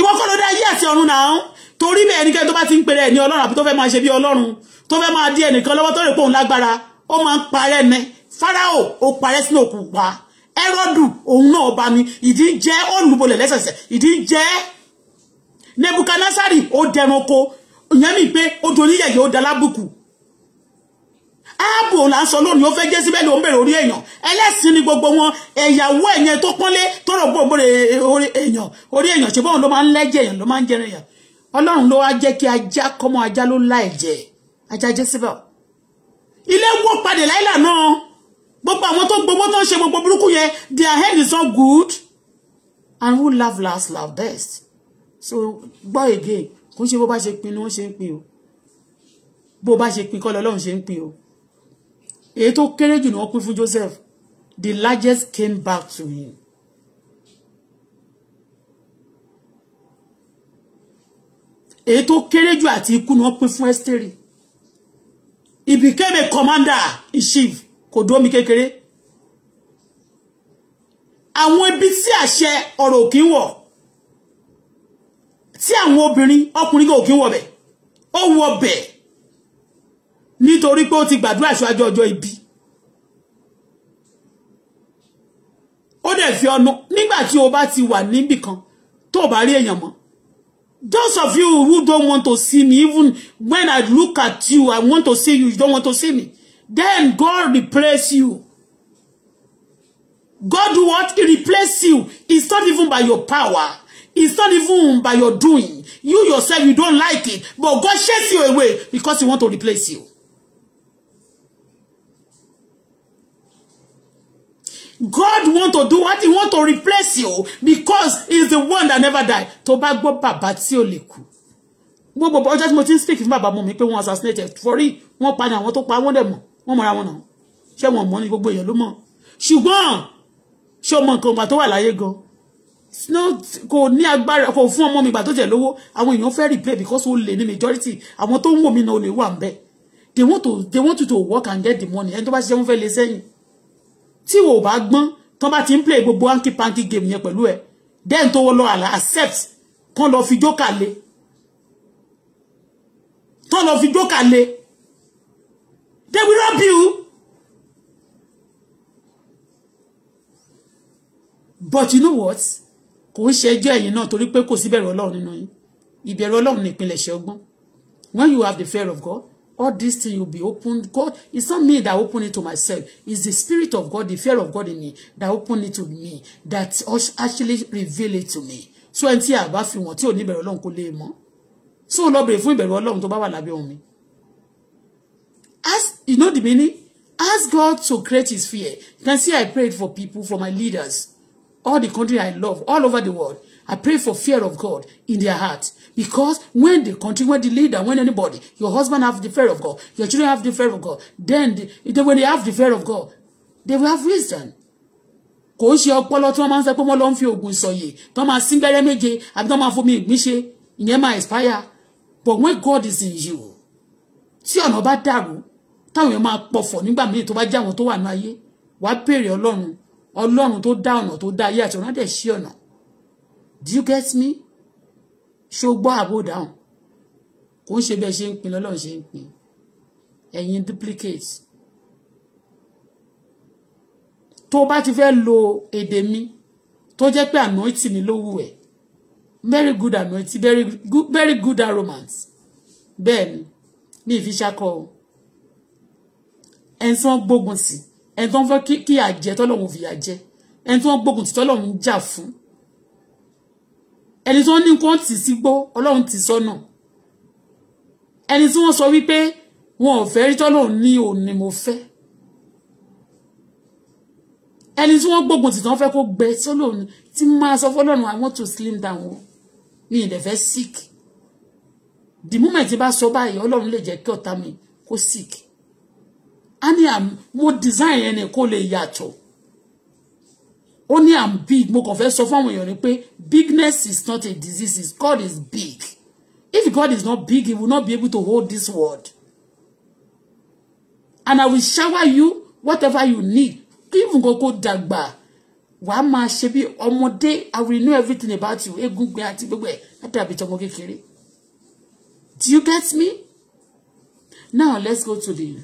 ìwọ kọ́ ló dá ayé àti ọ̀run náà torí bẹ́ẹ̀ ẹnikẹ́ni tó bá ti ń pèrè ẹ̀ ní ọlọ́run àbí tó fẹ́ máa ṣe bí ọlọ́run tó fẹ́ máa di ẹnìkan lọ́wọ́ tó rè pòun lágbára ó máa ń parẹ́ ni Farao ó parẹ́ sínú òkú pa Hẹ́rọ́dù òun náà ọba mi ìdí ń jẹ́ olùbolẹ̀ lẹ́sẹ̀sẹ̀ ìdí ń jẹ́ Nebukadnasari ó dẹranko ìyẹn mi pé ó doníyẹ̀yẹ̀ ó dalábùkù áàbò là ń sọ lónìí ó fẹ́ jẹ́ síbẹ̀ ló ń bèrè orí èèyàn ẹlẹ́sìn ni gbogbo wọn ẹ̀yàwó ẹ̀yẹn tó pọ́nlé tọrọ gbogbo orí èèyàn orí èèyàn ṣe bọ́n ló máa ń lẹ́jẹ̀ èèyàn ló máa ń jẹrẹ èèyàn ọlọ́run ló wá jẹ́ kí ajá kọ́mọ ajá ló lá ẹ̀jẹ̀ ajá jẹ́ síbẹ̀ ilé wó padà gbogbo àwọn tó gbogbo tó ń ṣe gbogbo burúkú yẹn their head is not good and who laugh last laugh best so gbọ́ again kò ń ṣe bó bá ṣe pin ni wọ́n ṣe ń pin o bó bá ṣe pin kọ́ lọ́lọ́run ṣe ń pin o èyí tó kéré jù ni wọ́n pín fún Joseph the largest came back to him. èyí tó kéré jù àti ikú ni wọ́n pín fún Ẹ́sítérì he became a commander in chief kò dúró mi kékeré àwọn ibi tí àṣẹ ọ̀rọ̀ òkín wọ̀ tí àwọn obìnrin ọkùnrin kò kí wọ̀ bẹ̀ ó wọ̀ nítorí pé ó ti gbàdúrà ṣáájú ọjọ́ ibi ó dẹ̀ fi ọ̀nà nígbà tí o bá ti wà níbì kan tó bá rí èèyàn mọ́ those of you who don't want to see me even when I look at you I want to see you you don't want to see me Then God replace you. God do what? He replace you. It's not even by your power. It's not even by your doing. You yourself, you don't like it. But God shakes you away because he want to replace you. God want to do what? He want to replace you because he's the one that never die. Tó bá gbọ́ bàbá tí ó lè Gbogbo ọjọ́ mo ti speak fún bàbá mo mi pé wọ́n assassinated. Forí wọ́n pa ní àwọn tó pa wọ́n dẹ̀ wọ́n mọ̀ra wọn náà ṣé wọn mọ̀ ní gbogbo èèyàn ló mọ̀ ṣùgbọ́n ṣé ọmọ nǹkan ìgbà tó wà láyé gan kò ní agbára kò fún ọmọ mi ìgbà tó jẹ lówó àwọn èèyàn fẹ́ replay because ó lè ní majority àwọn tó ń wò mí náà ó lè wà ń bẹ́ẹ̀ they want to they want you to work and get the money ẹni tó bá ṣiṣẹ́ wọn fẹ́ lé sẹ́yìn tí wò bá gbọ́n tán bá ti ń play gbogbo hanky panky game yẹn pẹ̀lú ẹ̀ then tó wọ́n lọ àlà accept tán lọ fi jókà lé tán lọ fi jókà lé They will rob you. But you know what? Kò ń ṣe ẹjọ́ náà torí pé kò sí ìbẹ̀rù Ọlọ́run nínú yín. Ìbẹ̀rù Ọlọ́run ni ìpilẹ̀ṣẹ̀ ọgbọ́n. When you have the fear of God, all these things will be opened. God, it's not me that open it to myself. It's the spirit of God, the fear of God in me that open it to me, that actually reveal it to me. So ẹni tí a bá fi wọ́n tí ò ní ìbẹ̀rù Ọlọ́run kò lè mọ̀. So lọ bèrè fún ìbẹ̀rù Ọlọ́run tó bá wà lábẹ́ omi. Ask, you know the meaning? Ask God to create his fear. You can see I prayed for people, for my leaders, all the country I love, all over the world. I pray for fear of God in their heart. Because when the country, when the leader, when anybody, your husband have the fear of God, your children have the fear of God, then the, the, when they have the fear of God, they will have wisdom. Kò ṣe ọpọlọ tí wọ́n máa ń sọ pé wọ́n lọ ń fi oògùn ìsọyè, tí wọ́n máa sín gbẹ́rẹ́ méje, àbí tí wọ́n máa fomi ìgbín ṣe, ìyẹn máa expire. But when God is in you, tí ọ̀nà bá dàrú, táwọn èèyàn máa pọ̀fọ̀ nígbà míì tó bá jẹ́ àwọn tó wà ní ayé wàá béèrè ọlọ́run ọlọ́run tó dá ọ̀nà tó dá ayé àti ọ̀nà dẹ̀ sí ọ̀nà do you get me ṣó gbọ́ àbò dáhùn kò ń ṣe bẹ́ẹ̀ ṣe ń pin lọ́lọ́run ṣe ń pin ẹ̀yin duplicate tó bá ti fẹ́ lo èdè mi tó jẹ́ pé anointing ni lówù ẹ̀ very good anointing very good, very good aromance bẹ́ẹ̀ ni mi ì fi ṣakọ o ẹni tí wọ́n gbógun tì ẹni tí wọ́n fẹ́ kí àjẹ tọ́lọ́run fìyà jẹ ẹni tí wọ́n gbógun tì tọ́lọ́run ń jà fún ẹni tí wọ́n ní kó tì sí gbó ọlọ́run ti sọ́nà ẹni tí wọ́n sọ wípé wọn ò fẹ́ rí tọ́lọ́run ní òní mo fẹ́ ẹni tí wọ́n gbógun tì tán fẹ́ kó gbẹ tọ́lọ́run tí máa sọ fọ́lọ́run I want to slim down o mi ìdẹ̀ fẹ́ sick the moment bá sọ báyìí ọlọ́run lè jẹ́ kí ọ̀tá mi kó sick a ní mo design ẹni kó lè yàtọ̀ ó ní i'm big mo kàn fẹ́ sọ fáwọn èèyàn ni pé bigness is not a disease God is big if God is not big he will not be able to hold this world and I will shower you whatever you need even go go Dagba, wàá máa ṣe bí ọmọdé I will know everything about you egungun àti gbogbo ẹ̀ látàbí tọmọ kékeré do you get me now let's go to the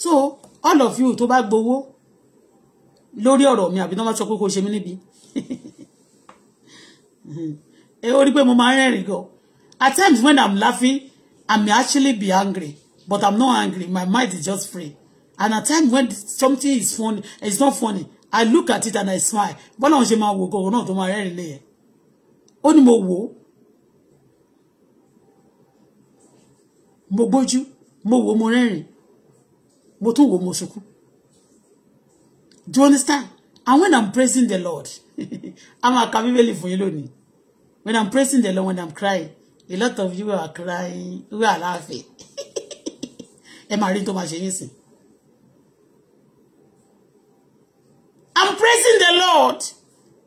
so all of you to bá gbowó lórí ọ̀rọ̀ mi àbí tó bá sọ pé kò ṣe mí níbi [laughs] ẹ ó rí mo máa ń rẹ́rìn at times when i'm laughing i may actually be angry but i'm not angry my mind is just free and at times when something is funny it's not funny i look at it and i smile bọ́lá òun ṣe máa wò gan òun náà tó máa rẹ́rìn lé ó ní mo wò mo gbójú mo wò mo rẹ́rìn mo tún wò do you understand and when i'm praising the lord [laughs] I'm a máa ka bíbélì when i'm praising the lord when i'm crying a lot of you are crying we are laughing I'm [laughs] máa rí tó máa i'm praising the lord.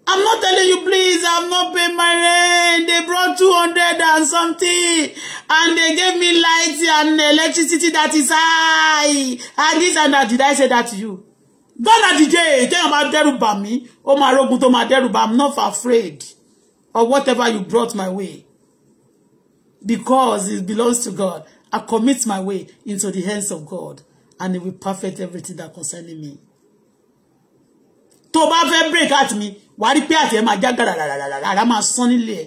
I'm not telling you, please, I've not paid my rent. They brought 200 and something. And they gave me lights and electricity that is high. And this and that. Did I say that to you? Dọ́là dìde, téèyàn máa dẹ́rù me. Oh, my máa rógun tó máa dẹ́rù bà, I'm not afraid of whatever you brought my way. Because it belongs to God. I commit my way into the hands of God. And he will perfect everything that concerning me. Tó bá break at me, wà á rí pé àti ẹ máa já gàràràràrà ara máa sán nílé ẹ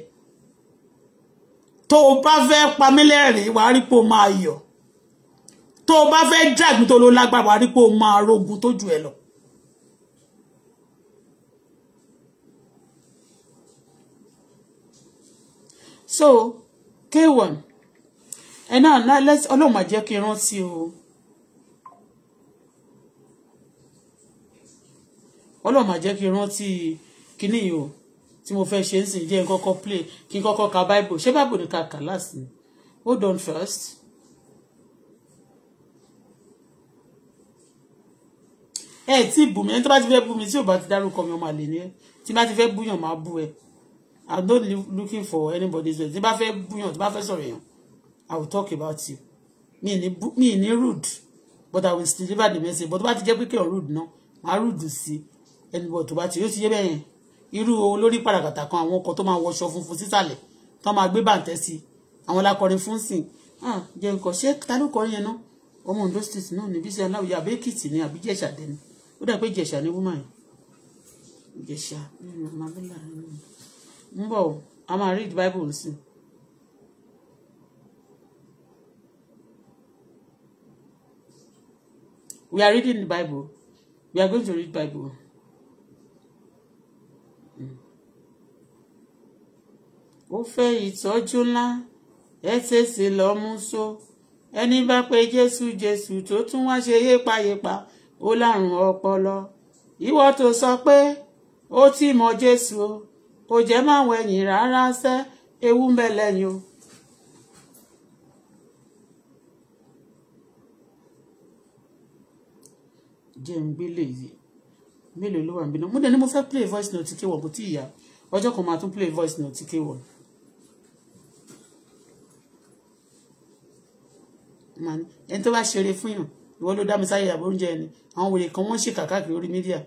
tó o bá pa mí lẹ́rìn wà á rí pé o máa yọ̀ tó drag tó ló lágbára wà á rí pé rogun tó jù ẹ lọ. so k1 and now now let's jẹ́ my n rántí o. you. máa my kí n rántí o kíní yìí o tí mo fẹ́ ṣe ń sìn jẹ́ kọ́kọ́ play kí kọ́kọ́ ka bible ṣé bible ni ká kà láti hold on first. ẹ tí ì bù mí ẹni tó bá ti fẹ́ bú mi tí ò bá ti dárúkọ mi ọmọ àlè ni tí bá ti fẹ́ búyàn máa bú ẹ i'm not looking for anybody's way tí bá fẹ́ búyàn tí bá fẹ́ sọ̀rọ̀ yàn i will talk about you mi ni mi ni rude but i will still deliver the message but tó bá ti jẹ́ pé kí n rude náà màá rude sí ẹnìbọ̀ tó bá ti yóò ti yé bẹ́ẹ̀ yẹn irú olórí pàràkàtà kan àwọn ọkọ̀ tó máa wọṣọ funfun sísàlẹ̀ tó máa gbé bàǹtẹ́ sí i àwọn lakọrin fún sìn ah jẹ nǹkan ṣé ta ló kọrin yẹn náà ọmọ Ondo state náà ní bísí aláwòye àbí Èkìtì ni àbí Jẹ̀ṣà dẹni ó dà pé Jẹ̀ṣà ni woman yẹn Jẹ̀ṣà ń bọ̀ a máa read Bible sí i. we are reading the bible we are going to read bible ó fẹ́ ìtọ́jú ńlá ẹ tètè lọ mú so ẹni bá pe jésù jésù tó tún wá ṣe yépayépa ó lárùn ọpọlọ ìwọ tó sọ pé ó ti mọ jésù o kò jẹ́ máa wọ ẹ̀yìn rárá ṣe ewu ń bẹ o. jẹ́ mélòó ló wà nbínú mo dẹ̀ ni mo fẹ́ play voice note kéwọ̀n kò tí ì yá ọjọ́ kan máa tún play voice note kéwọ̀n. man ní ẹni tó bá ṣeré fún yàn ìwọ ló dá mi sáyé ìyàbọ̀ oúnjẹ ni àwọn wèrè kan wọ́n ṣe kàkàkiri orí mídíà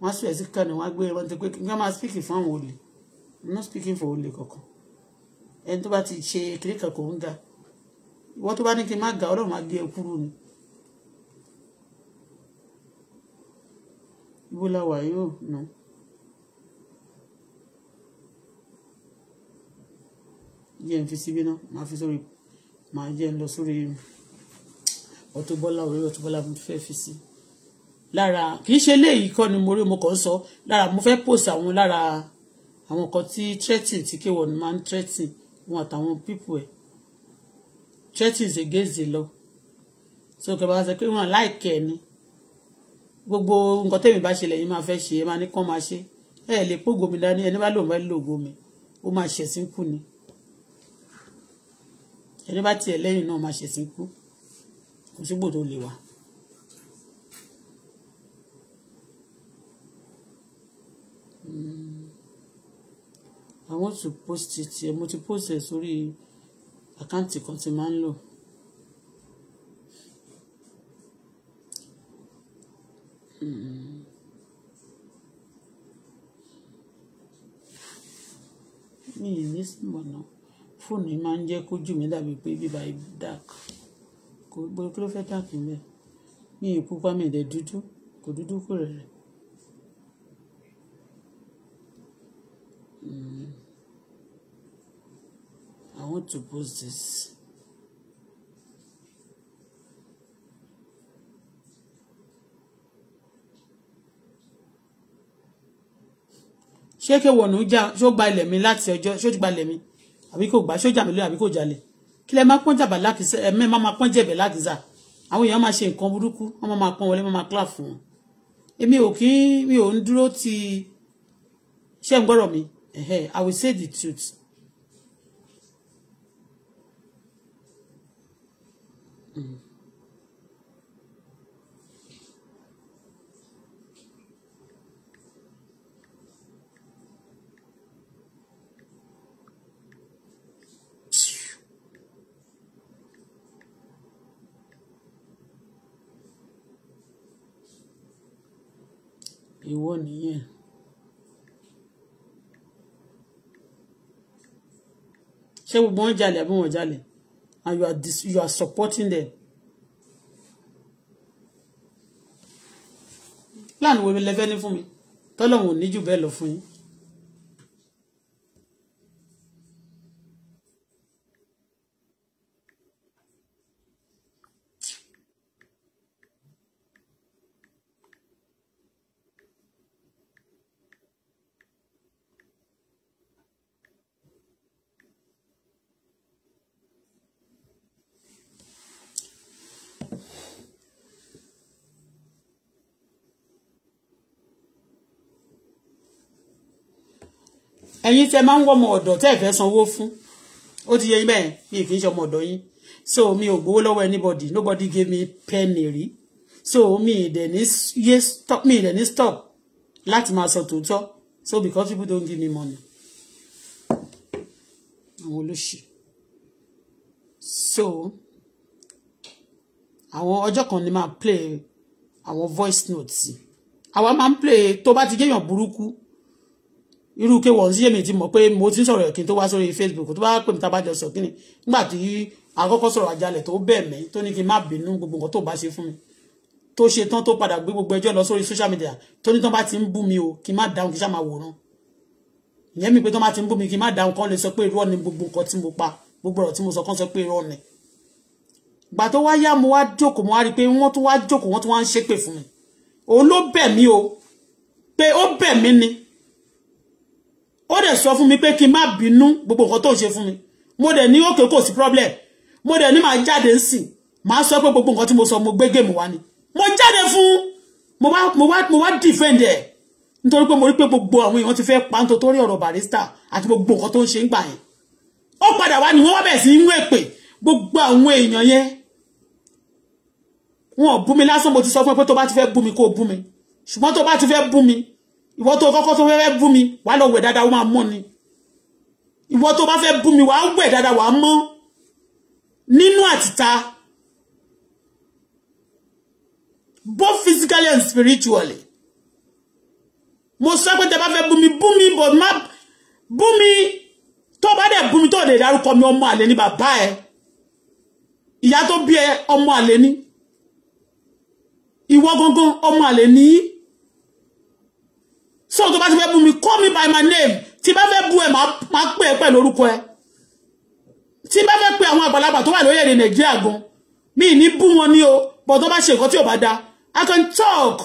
wọ́n sùn ẹ̀sìn kan ní wọ́n á gbé e, wọn ti pé kí wọ́n máa speak fún àwọn olè i'm not speaking for olè kankan ẹni tó bá ti ṣe kiri kankan ń ga ìwọ tó bá ní kí n má ga ọlọ́run á gé e kúrú ni. ibo la wà yóò nù. yẹn fi síbí náà máa fi sórí màá jẹ́ ń lọ sórí Auto Bola orí Auto Bola mo fẹ́ fi sí lára kì í ṣe léyìí kọ́ ni mo rí mo kàn ń sọ lára mo fẹ́ post àwọn lára àwọn kan tí threatening tí kéwọ́n ni máa ń threatening wọn àtàwọn people ẹ̀ threatening is against the law so kẹfà sọ pé wọn láìkẹ́ ni gbogbo nǹkan tẹ̀mí bá ṣẹlẹ̀ yín máa fẹ́ ṣe é máa ní kán máa ṣe é ẹ̀ lè pògómi dání ẹni bá lòun fẹ́ lògómi ó máa ṣẹ̀sìn kù ni ẹni bá tiẹ̀ lẹ́yìn náà máa ṣẹ̀sìn kú kò sígbò tó lè wà. Hmm. I want to post it here mo ti post ẹ̀ sórí àkáǹtì kan tí máa ń lò. Mm-hmm. mi ì ní fóònù yìí máa ń jẹ́ kójú mi dàbí pé bíbá yìí dark kò gbọ́dọ̀ kí ló fẹ́ dark ń mi ì pupa mi ìdẹ̀ dúdú kò dúdú kò rẹ̀rẹ̀. Hmm. I want to post this. ṣé kéwọ̀nù já ṣó gba ilẹ̀ mi láti ọjọ́ ṣó ti gba ilẹ̀ mi àbí kò gbà ṣójà mi lóyún àbí kò jalè kí lẹ máa pọ́n jàbá lákìsà ẹ̀mẹ́ máa máa pọ́n jẹ̀bẹ̀ lákìsà àwọn èèyàn máa ṣe nǹkan burúkú wọ́n máa máa wọlé máa máa clap fún wọn èmi ò kí mi ò ń dúró ti ṣé ń gbọ́rọ̀ mi I will say the truth. Mm-hmm. Ìwọ nìyẹn. Ṣé gbogbo wọn jalè àbí wọn jalè? And you are, dis you are supporting them. Láàánú wo lẹ fẹ́ ní fún mi? Tọ́lọ́run ò ní jù bẹ́ẹ̀ lọ fún yín. ẹ̀yin tẹ máa ń wọ́ ọmọ ọ̀dọ̀ tẹ́ ẹ̀ sanwó fún ó ti yẹ yín bẹ́ẹ̀ mi kì í ṣe ọmọ ọ̀dọ̀ yín so mi ò gbowó lọ́wọ́ anybody nobody gave me penny rí so mi ìdẹ̀ yé stop mi ìdẹ̀ stop láti máa sọ tòótọ́ so because people don't give me money àwọn olóṣì so àwọn ọjọ́ kan ni máa play àwọn voice notes àwa máa ń play tó bá ti jẹ́yàn burúkú irú ké wọ̀n sí èmi ti mọ̀ pé mo ti ń sọ̀rọ̀ kí n tó wá sórí Facebook tó bá pè mí tábà jọ sọ kí ni nígbà tí àkọ́kọ́ sọ̀rọ̀ àjálẹ̀ tó bẹ̀ mí tó ní kí n má bínú gbogbo nǹkan tó bá ṣe fún mi tó ṣe tán tó padà gbé gbogbo ẹjọ́ lọ sórí social media tó ní tán bá ti ń bú mi o kí n má dáhùn kí n ṣá máa wòran ìyẹn mi pé tán bá ti ń bú mi kí n má dáhùn kán lè sọ pé irọ́ ni gbogbo nǹkan tí mo pa gbogbo ọ̀rọ̀ tí o de sọ fún mi pé kí n má bínú gbogbo nǹkan tó ń ṣe fún mi mo dẹ̀ ní òkè kò sí problem mo dẹ̀ ní màá jáde nsìn màá sọ pé gbogbo nǹkan tí mo sọ mo gbé géèmù wá ni mo jáde fún mo wá mo wá mo wá defend ẹ̀ nítorí pé mo rí pé gbogbo àwọn èèyàn ti fẹ́ pa ń torí ọ̀rọ̀ barista àti gbogbo nǹkan tó ń ṣe ń o yẹn ó padà wá ni wọ́n wá bẹ̀rẹ̀ sí inú èpè gbogbo àwọn èèyàn yẹn wọn ò bú mi lásán mo ti sọ fún ẹ pé tó ti fẹ́ bú mi kó bú mi ṣùgbọ́n tó bá ti fẹ́ bú mi ìwọ tó kọ́kọ́ tó fẹ́ bú mi wàá lọ wẹ̀ dáadáa ó máa mọ́ ni ìwọ tó bá fẹ́ bú mi wàá wẹ̀ dáadáa wàá mọ́ nínú àtìta both physically and spiritually mo sọ pé tẹ bá fẹ́ bú mi bú mi but má bú mi tó bá dẹ̀ bú mi tó lè dárúkọ mi ọmọ àlè ní bàbá ẹ ìyá to bí ẹ ọmọ àlè ní ìwọ gangan ọmọ àlè ní so tó bá ti fẹ́ bú mi call me by my name tí bá fẹ́ bú ẹ máa pè é pẹ̀lú orúkọ ẹ tí bá fẹ́ pe àwọn àgbàlagbà tó wà lórí èdè nàìjíríà gan mi ní bú wọn ní o but tó bá ṣe nǹkan tí ò bá da i can talk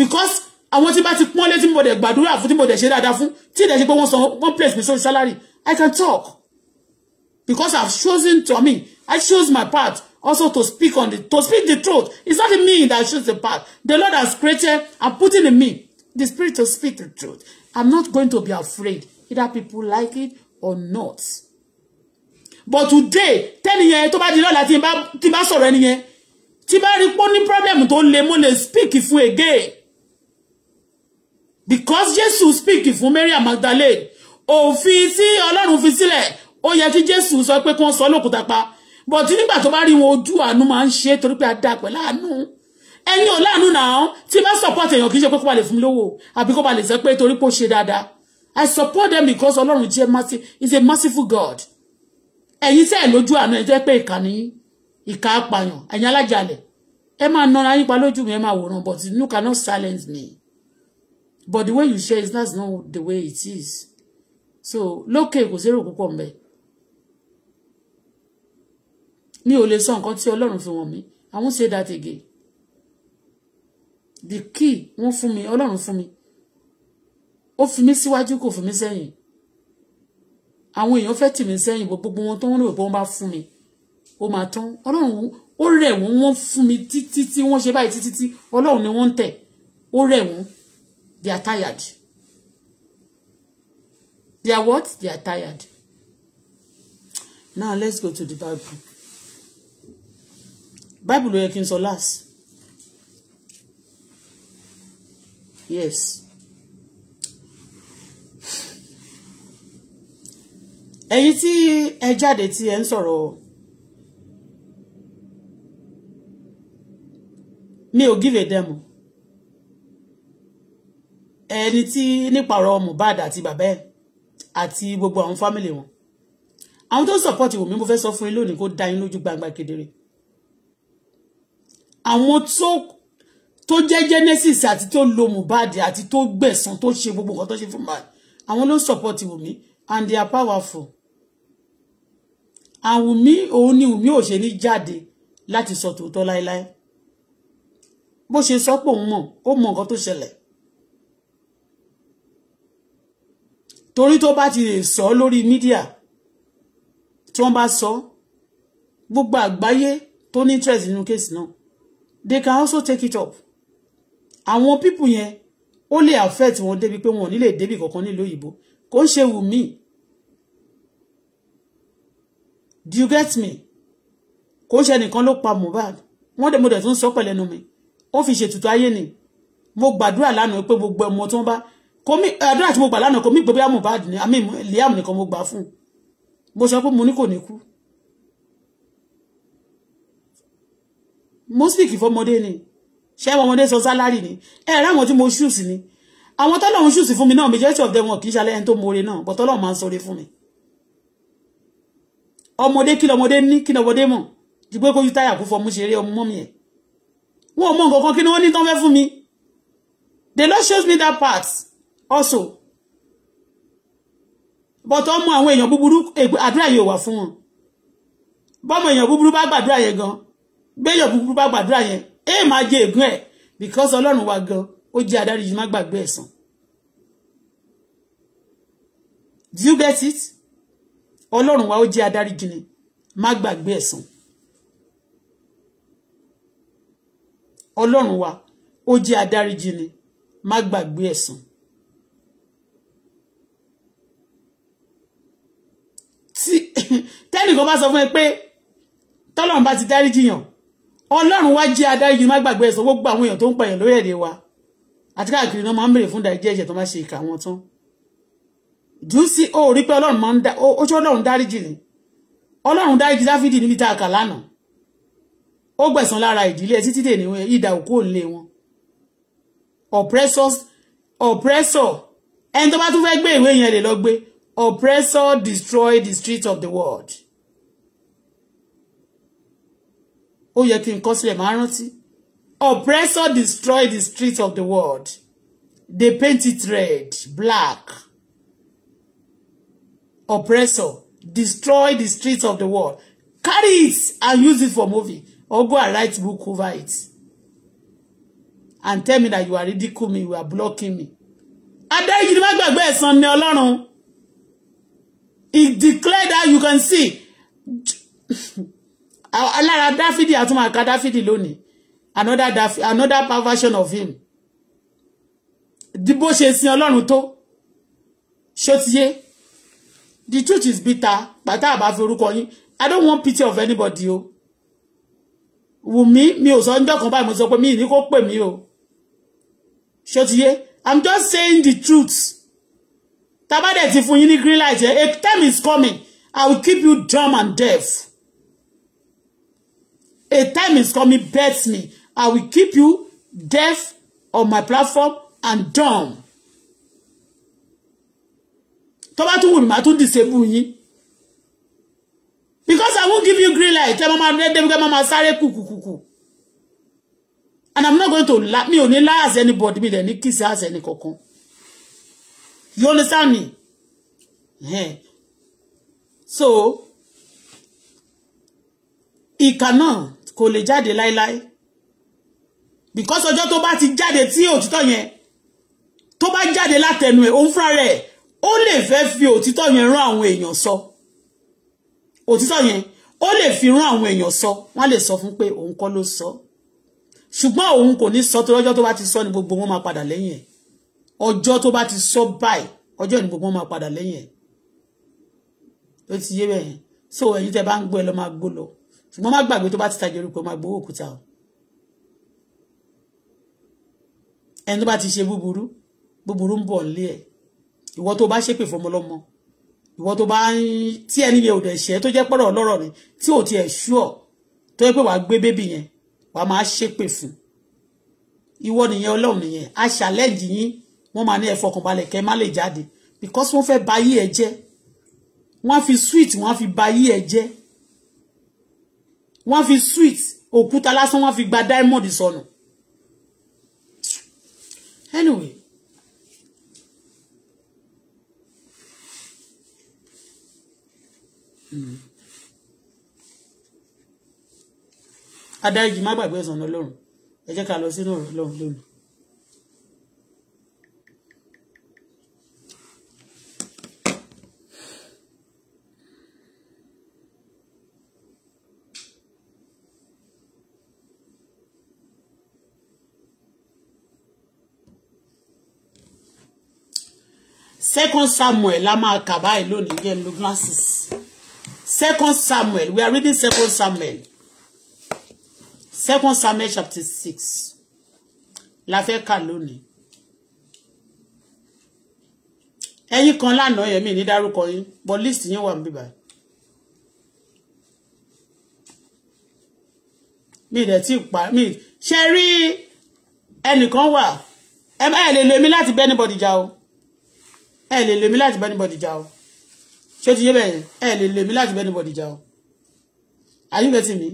because àwọn tí bá ti pọ́n létí mo dẹ̀ gbàdúrà fún tí mo dẹ̀ ṣe dáadáa fún tí ìdẹ̀ ṣe pé wọ́n san one place mi sórí salary i can talk because i've chosen to i mean i chose my part also to speak on the to speak the truth it's not me that choose the part the lord has created and put in me the spirit to speak the truth. I'm not going to be afraid, either people like it or not. But today, tẹ́niyẹn tó bá di lọ́la tí n bá sọ̀rọ̀ ẹniyẹn, tí bá rí pọ́ ní problem tó le mo lè speak fún again. Because Jesus speak if Mary Magdalene, òfin tí Ọlọ́run fi sílẹ̀, ó yẹ kí Jésù sọ pé kí wọ́n sọ pa. But nígbà tó bá rí wọn ojú àánú máa ń ṣe torí pé a dá pẹ̀lú ẹ̀yin ò láàánú náà tí bá support èèyàn kì í ṣe pé kó ba lè fún mi lówó àbí kó ba lè sọ pé torí pé ṣe dáadáa I support them because Ọlọ́run jẹ́ mercy is a merciful God ẹ̀yin tẹ́ ẹ̀ lójú àánú ẹ̀ jẹ́ pé ìkà ní ìkà apààyàn ẹ̀yin alájàlẹ̀ ẹ máa nara yín pa lójú mi ẹ máa wòran but you cannot silence me but the way you share is that's not the way it is so lókè kò sí èrò púpọ̀ mbẹ́ mi ò lè sọ nǹkan tí Ọlọ́run fi wọ̀n mi I won't say that again the key wọ́n fún mi ọlọ́run fún mi ó fi mí síwájú kò fi mí sẹ́yìn àwọn èèyàn fẹ́ tì mí sẹ́yìn bó gbogbo wọn tó wọ́n lò bó wọ́n bá fún mi ó máa tán ọlọ́run ó rẹ̀ wọ́n wọ́n fún mi títí tí wọ́n ṣe báyìí títí tí ọlọ́run ni wọ́n ń tẹ̀ ó rẹ̀ they are tired they are what they are tired now let's go to the bible bible ló yẹ so n last. yes. ẹ̀yin tí ẹ jáde tí ẹ ń mi ò give a demo. ẹni tí nípa ọ̀rọ̀ Mohbad àti ati ẹ̀ àti gbogbo àwọn fámìlì wọn àwọn tó ń support Wùmí mo fẹ́ sọ fún yín lónìí kó dá yín lójú gbangba kedere àwọn tó tó jẹ́ Genesis àti tó lo Mohbad àti tó gbẹ̀san tó ṣe gbogbo nǹkan tó ṣe fún Mohbad àwọn ló support Wùmí and they are powerful and Wùmí òun ni Wùmí ò ṣe ní jáde láti sọ tòótọ́ láéláé bó ṣe sọ pé òun mọ̀ ó mọ nǹkan tó ṣẹlẹ̀ torí tó bá ti lè sọ lórí mídíà tí wọ́n bá sọ gbogbo àgbáyé tó ní interest nínú kéèsì náà they can also take it up àwọn pípù yẹn ó lè affect wọn débi pé wọn ò ní lè débi kankan nílùú òyìnbó kò ń ṣe wù mí do you get me kò ń ṣe nìkan ló pa Mohbad wọn dẹ̀ mo dẹ̀ tún sọ pẹ̀lẹ́nu mi ó fi ṣètùtù ayé ni mo gbàdúrà lánàá pé gbogbo ọmọ tó ń bá kò mí àdúrà tí mo gbà lánàá kò mí gbé Mohbad ni àmì Liam nìkan mo gbà fún mo sọ pé mo ní kò ní kú mo sì kì fọmọdé ni ṣé ọmọdé sọ sálárì ni ẹ ráwọn tí mo ṣùsì ni àwọn tọ́lọ́run ṣùsì fún mi náà majority of them wọn kì í ṣalẹ́ ẹni tó mọ̀ọ́re náà but Ọlọ́run máa ń sọre fún mi ọmọdé kí lọmọdé ní kí lọmọdé mọ̀ ju pé kójú táyà kó fọmú ṣeré ọmọ mọ́mí ẹ̀ wọn ò mọ nǹkan kan kí ni wọ́n ní tán fẹ́ fún mi the Lord shows me that part also but ọmọ àwọn èèyàn búburú àdúrà yóò wà fún wọn bọ́mọ èèyàn búburú bá gbàdúrà yẹn gan gbéyàn búburú bá gbàdúrà yẹn ẹ máa jẹ ègún ẹ̀ because ọlọ́run wa gan ó jẹ́ adáríjì má gbàgbé ẹ̀san do you get it ọlọ́run wa ó jẹ́ adáríjì ni má gbàgbé ẹ̀san ọlọ́run wa ó jẹ́ adáríjì ni má gbàgbé ẹ̀san. tí [laughs] tẹ́nìkan bá sọ fún ẹ pé tọ́lọ́run bá ti dáríjì yàn ọlọ́run wá jẹ́ adájú má gbàgbé ẹ̀sán gbogbo àwọn èèyàn tó ń pààyàn lórí èdè wa àti káàkiri náà máa ń bèrè fún ìdájí ẹ̀ṣẹ̀ tó máa ṣe ìkà wọn tán jùúsí ó rí pé ọlọ́run máa ń dá ó ṣe ọlọ́run dáríjì ni ọlọ́run dáríjì dáfídì níbi tá a kà lánàá ó gbẹ̀san lára ìdílé títí dè ní ìdà òkú òǹlé wọn oppressors oppressor ẹni tó bá tún fẹ́ gbé ìwé yẹn lè lọ gbé oppressor destroy the streets of the world ó yẹ kí n kọ sílẹ̀ máa rántí oppressor destroy the streets of the world they paint it red black oppressor destroy the streets of the world carry it and use it for movie or go and write book over it and tell me that you are ridicule me you are blocking me adáyí ni má gbàgbé ẹ̀san ni ọlọ́run he declared that you can see alára dáfídì a máa ka dáfídì lónìí another daf another version of him bó ṣe sin ọlọ́run tó ṣótiyé the truth is bitter pàtà àbá fi orúkọ yín i don't want pity of anybody o wùmí mi ò sọ ọjọ́ kan báyìí mo sọ pé mi ì ní kó pè mí o ṣótiyé i'm just saying the truth tabadẹ ti fún yín ní green light eh, a time is coming i will keep you dumb and deaf. A time is coming, bet me. I will keep you deaf on my platform and dumb. Toba tu tún wù mí, disable yín. Because I won't give you green light. Tẹ́ mama let them get mama sare ku ku ku ku. And I'm not going to lie. me only ní lie as anybody. Me dẹ̀ ní kiss as any kankan. You understand me? Yeah. So, ìkà náà kò lè jáde láíláí because ọjọ́ tó bá ti jáde tí òtítọ́ yẹn tó bá jáde látẹnu ẹ̀ òun fúnra rẹ̀ ó lè fẹ́ fi òtítọ́ yẹn rán àwọn èèyàn sọ òtítọ́ yẹn ó lè fi rán àwọn èèyàn sọ wọ́n lè sọ fún pé òun kọ́ ló sọ ṣùgbọ́n òun kò ní sọ tó lọ́jọ́ tó bá ti sọ ni gbogbo wọn máa padà lẹ́yìn ẹ̀ ọjọ́ tó bá ti sọ báyìí ọjọ́ ni gbogbo wọn máa padà lẹ́yìn ẹ̀ ló ti yé bẹ́ẹ̀ so ẹ̀yin tẹ́ bá ń gbọ́ ẹ lọ́ máa gbọ́ lọ ṣùgbọ́n má gbàgbé tó bá ti tajà orúkọ má gbowó òkúta o ẹni tó bá ti ṣe búburú búburú ń bọ̀ nílé ẹ̀ ìwọ tó bá ṣépè fọmọlọ́mọ ìwọ tó bá ń tí ẹni yẹn ò dẹ̀ ṣẹ́ tó jẹ́ pọ̀rọ̀ ọlọ́rọ̀ ni tí ò tiẹ̀ ṣúọ̀ tó yẹ pé wàá gbé bébì yẹn wàá máa ṣépè fún ìwọ nìyẹn ọlọ́run nìyẹn a ṣàlẹ́ǹjì wọ́n máa ní ẹ fọkànbalẹ̀ kẹ́ má lè jáde because wọ́n fẹ́ ba yí ẹ jẹ́ wọ́n á fi sweet wọ́n á fi ba ẹ jẹ́ wọ́n fi sweet òkúta lásán wọ́n fi gba diamond sọnù anyway adáríjì má gbàgbé ẹ̀sán ọlọ́run ẹ jẹ́ ká lọ sínú ọ̀rọ̀ ọlọ́run lónìí. second samuel Lama máa kà báyìí lónìí yẹn glasses second samuel we are reading second samuel second samuel chapter six la fẹ́ kà lónìí ẹ̀yin kan lánàá yẹn mi ní dárúkọ yín but list yín wà níbí báyìí. mi dẹ̀ ti pa mi ṣe rí ẹnìkan wà ẹ má lè lo mi láti anybody jà ẹ lè lèmi láti bá anybody jà o ṣé ti yé bẹ́ẹ̀ ẹ lè lèmi láti bá anybody jà o are you getting me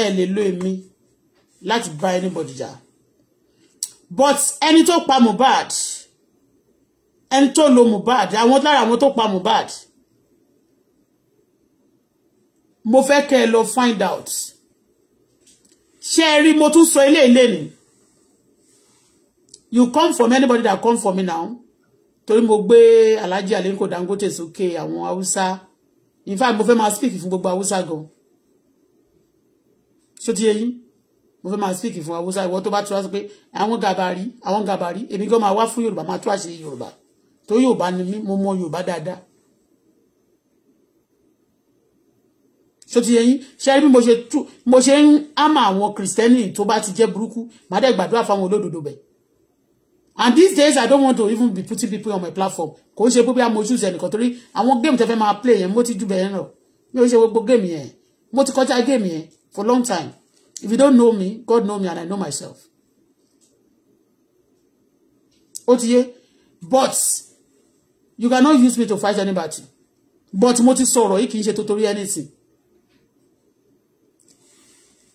ẹ lè lo èmi láti bá anybody jà but ẹni tó pa Mohbad ẹni tó lo Mohbad àwọn lára àwọn tó pa Mohbad mo fẹ́ kẹ́ ẹ lọ find out ṣé ẹ rí mo tún sọ ilé ilé ni you come from anybody that come for me now torí mo gbé Alhaji Aliko Dangote sókè àwọn haúsá in fact mo fẹ́ máa speak fún gbogbo haúsá gan ṣó ti yẹ yín mo fẹ́ máa speak fún haúsá ìwọ tó bá tura sọ pé àwọn gàbàrí àwọn gàbàrí èmi gan máa wá fún yorùbá máa tú àṣírí yorùbá tó yorùbá ni mí mo mọ yorùbá dáadáa ṣó ti yẹ yín ṣe bí mo ṣe ń ámà àwọn kìrìsìtẹ́nì tó bá ti jẹ́ burúkú màá dẹ̀ gbàdúrà fáwọn olódodo bẹ́ẹ̀ and these days i don't want to even be putting people on my platform kò ń ṣe pé bí a mo choose ẹnìkan torí àwọn game tẹ́ fẹ́ máa play yẹn mo ti jù bẹ́ẹ̀ lọ mi ò ṣe gbogbo game yẹn mo ti kọjá game yẹn for long time if you don't know me god know me and i know myself ó ti yé but you cannot use me to fight anybody but mo ti sọ̀rọ̀ yìí kì í ṣe torí anything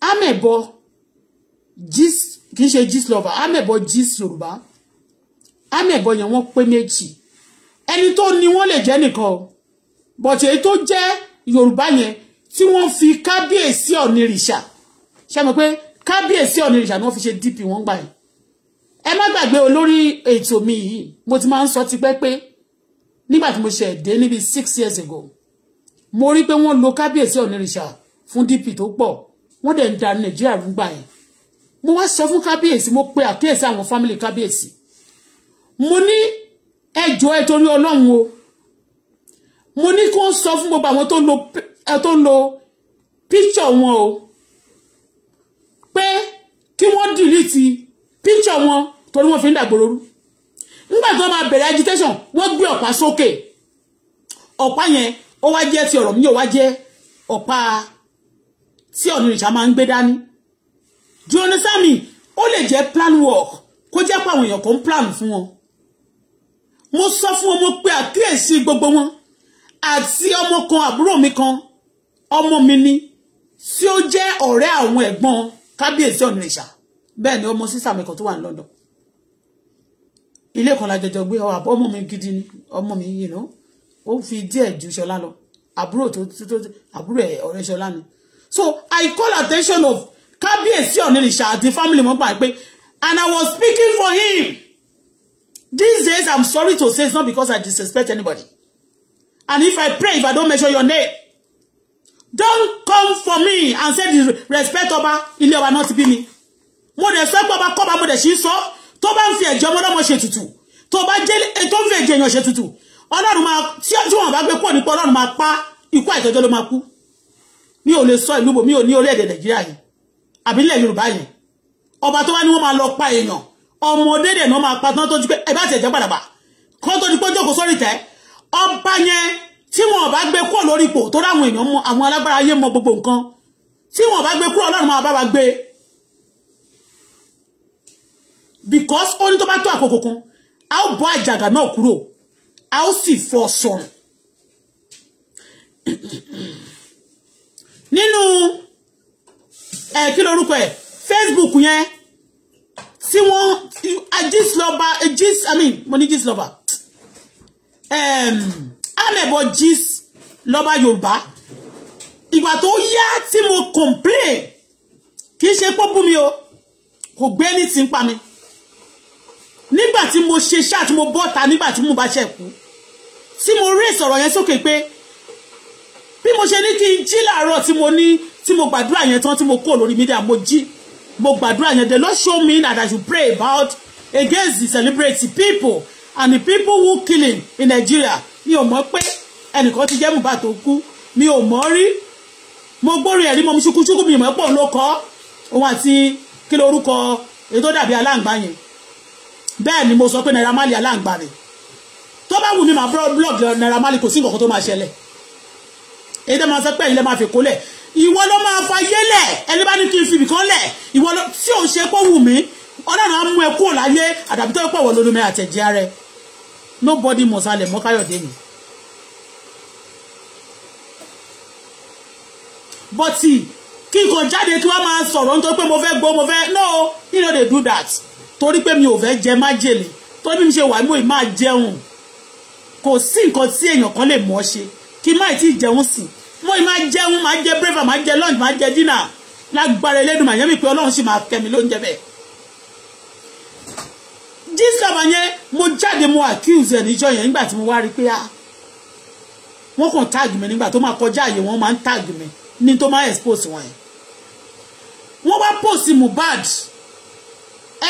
amẹ̀bọ gist kì í ṣe gist lover amẹ̀bọ gist yorùbá àmì ẹ̀bọ yẹn wọ́n pé méjì ẹni tó ní wọ́n lè jẹ́ nìkan bọ̀tì èyí tó jẹ́ yorùbá yẹn tí wọ́n fi kábíyèsí ọ̀nìrìṣà ṣe mọ̀ pé kábíyèsí ọ̀nìrìṣà ni wọ́n fi ṣe dp wọ́n gbà yìí ẹ má gbàgbé olórí ètò mi yìí mo ti máa ń sọ tipẹ́ pé nígbà tí mo ṣe ẹ̀dẹ́ níbi six years ago mo rí pé wọ́n lo kábíyèsí ọ̀nìrìṣà fún dp tó pọ̀ wọ́n dẹ̀ ń da nàìjíríà rúgbà yẹn mo wá sọ fún kábíyèsí mo pe àkíyèsí àwọn fámìlì kábíyèsí mo ní ẹjọ́ ẹ torí ọlọ́run o mo ní kó sọ fún gbogbo àwọn tó ń lo píṣọ̀ eh, wọn o pé kí wọ́n dìlítì píṣọ̀ wọn torí wọ́n fi ń dàgbòrò rú nígbà tó máa bẹ̀rẹ̀ agitation wọ́n gbé ọ̀pá sókè ọ̀pá yẹn ó wá jẹ́ ti ọ̀rọ̀ mi yóò wá jẹ́ ọ̀pá tí ọ̀nà ìṣá máa ń gbé dání do you ó lè jẹ́ plan work kó jẹ́ pàwọn èèyàn kan plan fún wọn mo sọ fún ọmọ pé àkíyèsí gbogbo wọn àti ọmọ kan àbúrò mi kan ọmọ mi ni tí ó jẹ́ ọ̀rẹ́ àwọn ẹ̀gbọ́n kábíyèsí ọ̀nà ìṣà bẹ́ẹ̀ ni ọmọ sísà mi kan tó wà ní London ilé kan lájọjọ gbé ọwọ́ àbọ̀ ọmọ mi gidi ni ọmọ mi yìí náà ó fi díẹ̀ ju ṣọlá lọ àbúrò tó tó àbúrò ẹ̀ ṣọlá ni so I call attention of kábíyèsí ọ̀nà ìṣà àti family mọ́ pàápẹ́ and I was speaking for him. These days, I'm sorry to say it's not because I disrespect anybody. And if I pray, if I don't mention your name, don't come for me and say disrespect over. In the ọba náà ti bí mi. Mo dẹ̀ sọ Come ọba kọ́ba mo dẹ̀ ṣì ń sọ tó bá ń fi ẹ̀jẹ̀ ọmọ lọ́mọ ṣe tutù tó bá jẹ́ tó ń fi ẹ̀jẹ̀ èèyàn ṣe tutù ọlọ́run máa tí wọ́n bá gbé pọ̀ nípa ọlọ́run máa pa ikú àìtọ́jọ́ ló máa kú. Mi o lè sọ ìlú mi o ni orílẹ̀-èdè Nàìjíríà yẹn àbí ilẹ̀ Yorùbá yẹn ọba tó bá ní wọ́n máa lọ pa èèyàn ọmọdé dẹ̀ náà máa pa tán tó pé ẹ bá jẹ́ padà bà kán tó di pé jókòó sórí tẹ́ ọba yẹn tí wọn bá gbé kúrò lórí ipò tó ráwọn èèyàn mọ àwọn alágbára ayé mọ gbogbo nǹkan tí wọn bá gbé kúrò ọlọ́run máa bá wa gbé because ó ní tó bá tó àkókò kan a ó bọ́ àjàgà náà kúrò a ó sì fọ sọ̀rọ̀ nínú ẹ̀ kí lorúkọ ẹ̀ Facebook yẹn tí wọ́n ajísílọ́ba ajís i mean mo ní jísílọ́ba alẹ́bọ̀ jísílọ́ba yorùbá ìgbà tó yá tí mo complain kì í ṣe pọ́ bú mi o kò gbé ní ti ń pa mi nígbà tí mo ṣe ṣáà tí mo bọ́ta nígbà tí mo bá ṣe kú tí mo rí ìsọ̀rọ̀ yẹn sókè pé bí mo ṣe ní kí n jí láàárọ̀ tí mo ní tí mo gbàdúrà yẹn tán tí mo kó lórí mídíà mo jí mo gbàdúrà yẹn the Lord show me that I should pray about against the celebrity people and the people who killing in Nigeria mi ò mọ̀ pé ẹnìkan ti jẹ́ Mohbad tó kú mi ò mọ̀ rí mo gbórí ẹ̀rí mo ṣukúṣukú mi ìmọ̀ pọ̀ ló kọ́ òun àti kí lorúkọ èyí tó dàbí aláǹgbá yẹn bẹ́ẹ̀ ni mo sọ pé Naira Marley aláǹgbá rẹ̀ tó bá wù mí màá blog Naira Marley kò sí nǹkan tó máa ṣẹlẹ̀ èyí tó máa sọ pé ẹ̀yin lẹ́ máa fi kólẹ̀ ìwọ ló máa fa yélẹ̀ ẹni bá ní kí n fi ibìkan lẹ̀ ìwọ ló tí ò ṣe pé wù mí ọlọ́run á mú ẹ kúrò láyé àdàbí tó pọ̀ wọ lómi àtẹ̀jẹ́ rẹ nobody must halẹ̀ mọ́ káyọ̀dé mi. bọ́tì kí n kàn jáde kí wọ́n máa sọ̀rọ̀ nítorí pé mo fẹ́ gbọ́ mo fẹ́ no you know they do that torí pé mi ò fẹ́ jẹ májèlé torí bí mi ṣe wà ní òyìn máa jẹun kò sí nǹkan tí èèyàn kan lè mọ̀ ṣe kí n má ì tí ì jẹun sìn mo ma máa jẹun ma jẹ breakfast ma jẹ lunch ma jẹ dinner lágbára elédùn ma yẹn mi pé ọlọ́run sì ma kẹ́mi lóúnjẹ bẹ́ẹ̀. jesus mo jáde mo accuse ẹ̀ níjọ́ yẹn nígbà tí mo wá rí pé ah, wọ́n tag mi nígbà tó ma kọjá àyè wọ́n ma ń tag mi ní tó expose wọn yẹn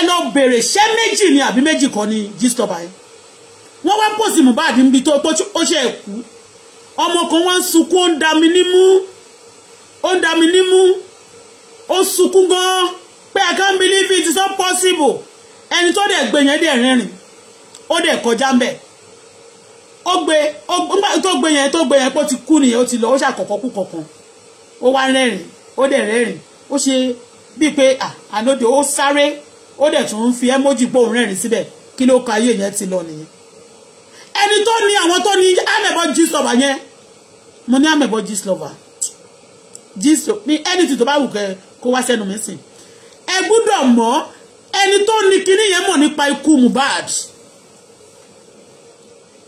Mohbad méjì ni àbí méjì ni gistop wọ́n Mohbad níbi tó ọmọ kan wá ń sunkún ó ń da mi nímú ó ń da mi nímú ó sunkún gan pé I can't believe it is not possible ẹni tó dẹ̀ gbé yẹn dẹ̀ rìnrìn ó dẹ̀ kọjá ń bẹ̀ ó gbé tó gbé yẹn tó gbé yẹn pé ó ti kú nìyẹn ó ti lọ ó ṣàkọ̀kọ́ kú kankan ó wá rẹ́rìn ó dẹ̀ rẹ́rìn ó ṣe bíi pé ànóde ó sáré ó dẹ̀ tún ń fi ẹ́mójì gbóhùn rẹ́rìn síbẹ̀ kí ló ka ayé yẹn ti lọ nìyẹn ẹni tó ní àwọn tó ní ánẹ̀bọ̀ jísọ̀bà yẹn mo ní àmì ẹ̀bọ gist lover gist mi anything tó bá wù kẹ kó wá sẹ́nu mi sìn ẹ gbúdọ̀ mọ̀ ẹni tó ní kinní yẹn mọ̀ nípa ikú Mohbad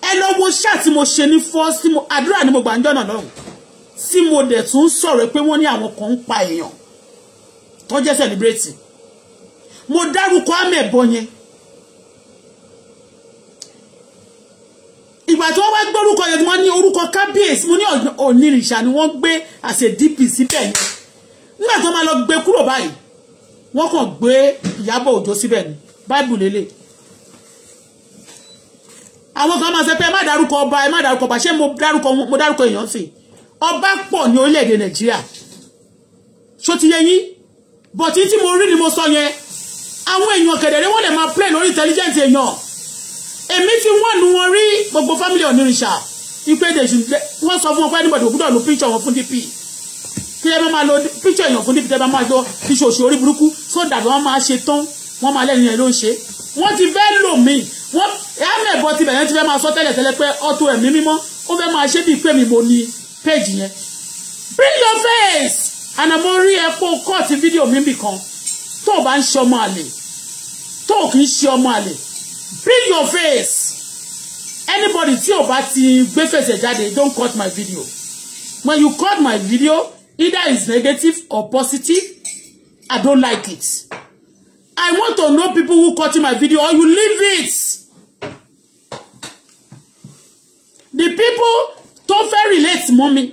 ẹ lọ wo ṣáà tí mo ṣe ní first àdúrà ni mo gbà ń jọ́nà lọ́hùn tí mo dẹ̀ tún sọ̀rọ̀ pé wọ́n ní àwọn kan ń pa èèyàn tó jẹ́ celebrate mo dárúkọ àmì ẹ̀bọ yẹn ìgbà tí wọ́n wá gbé orúkọ yẹn tí wọ́n ní orúkọ kábíyèsí mo ní onírìṣà ni wọ́n gbé àṣẹ dp síbẹ̀ ni nígbà tí wọ́n máa lọ gbé kúrò báyìí wọ́n kàn gbé ìyábọ̀ òjó síbẹ̀ ni báìbù lélẹ̀ àwọn kan máa sọ pé ẹ má dárúkọ ọba ẹ má dárúkọ ọba ṣé mo dárúkọ èèyàn sí ọba pọ̀ ní orílẹ̀-èdè nàìjíríà ṣó ti yẹ yín bọ̀tí tí mo rí ni mo sọ yẹn àwọn èèyàn kẹ̀dẹ̀rẹ́ wọ́n lè máa play lórí intelligent èèyàn èmi ti wọ́n nu wọn rí gbogbo family onírìṣà ipe dèjì wọ́n sọ fún wọn pé anybody lu picture wọn fún DP kí ẹ bá máa lo picture èèyàn fún DP tẹ́ bá máa lọ iṣẹ́ òṣì orí burúkú so that wọ́n máa ṣe tán wọ́n máa lẹ́nu yẹn ló ń ṣe wọ́n ti fẹ́ lò mí wọ́n ẹ̀mẹ̀bọ ti bẹ̀rẹ̀ ti fẹ́ máa sọ tẹ́lẹ̀ tẹ́lẹ̀ pé ọ̀tọ̀ ẹ̀mí mímọ́ ó fẹ́ máa ṣe bíi pé mi mo ni page yẹn bring your face ànàmọ́ rí ẹ̀pọ̀ kọ́ọ̀tì fídíò mi bì kan tó o bá ń ṣe ọmọ àlè tó o kì í ṣe ọmọ àlè bring your face anybody tí o bá ti gbé fèsì jáde don't cut my video when you cut my video either is negative or positive I don't like it I want to know people who cut my video or you leave it the people tó fẹ́ relate mọ́ mi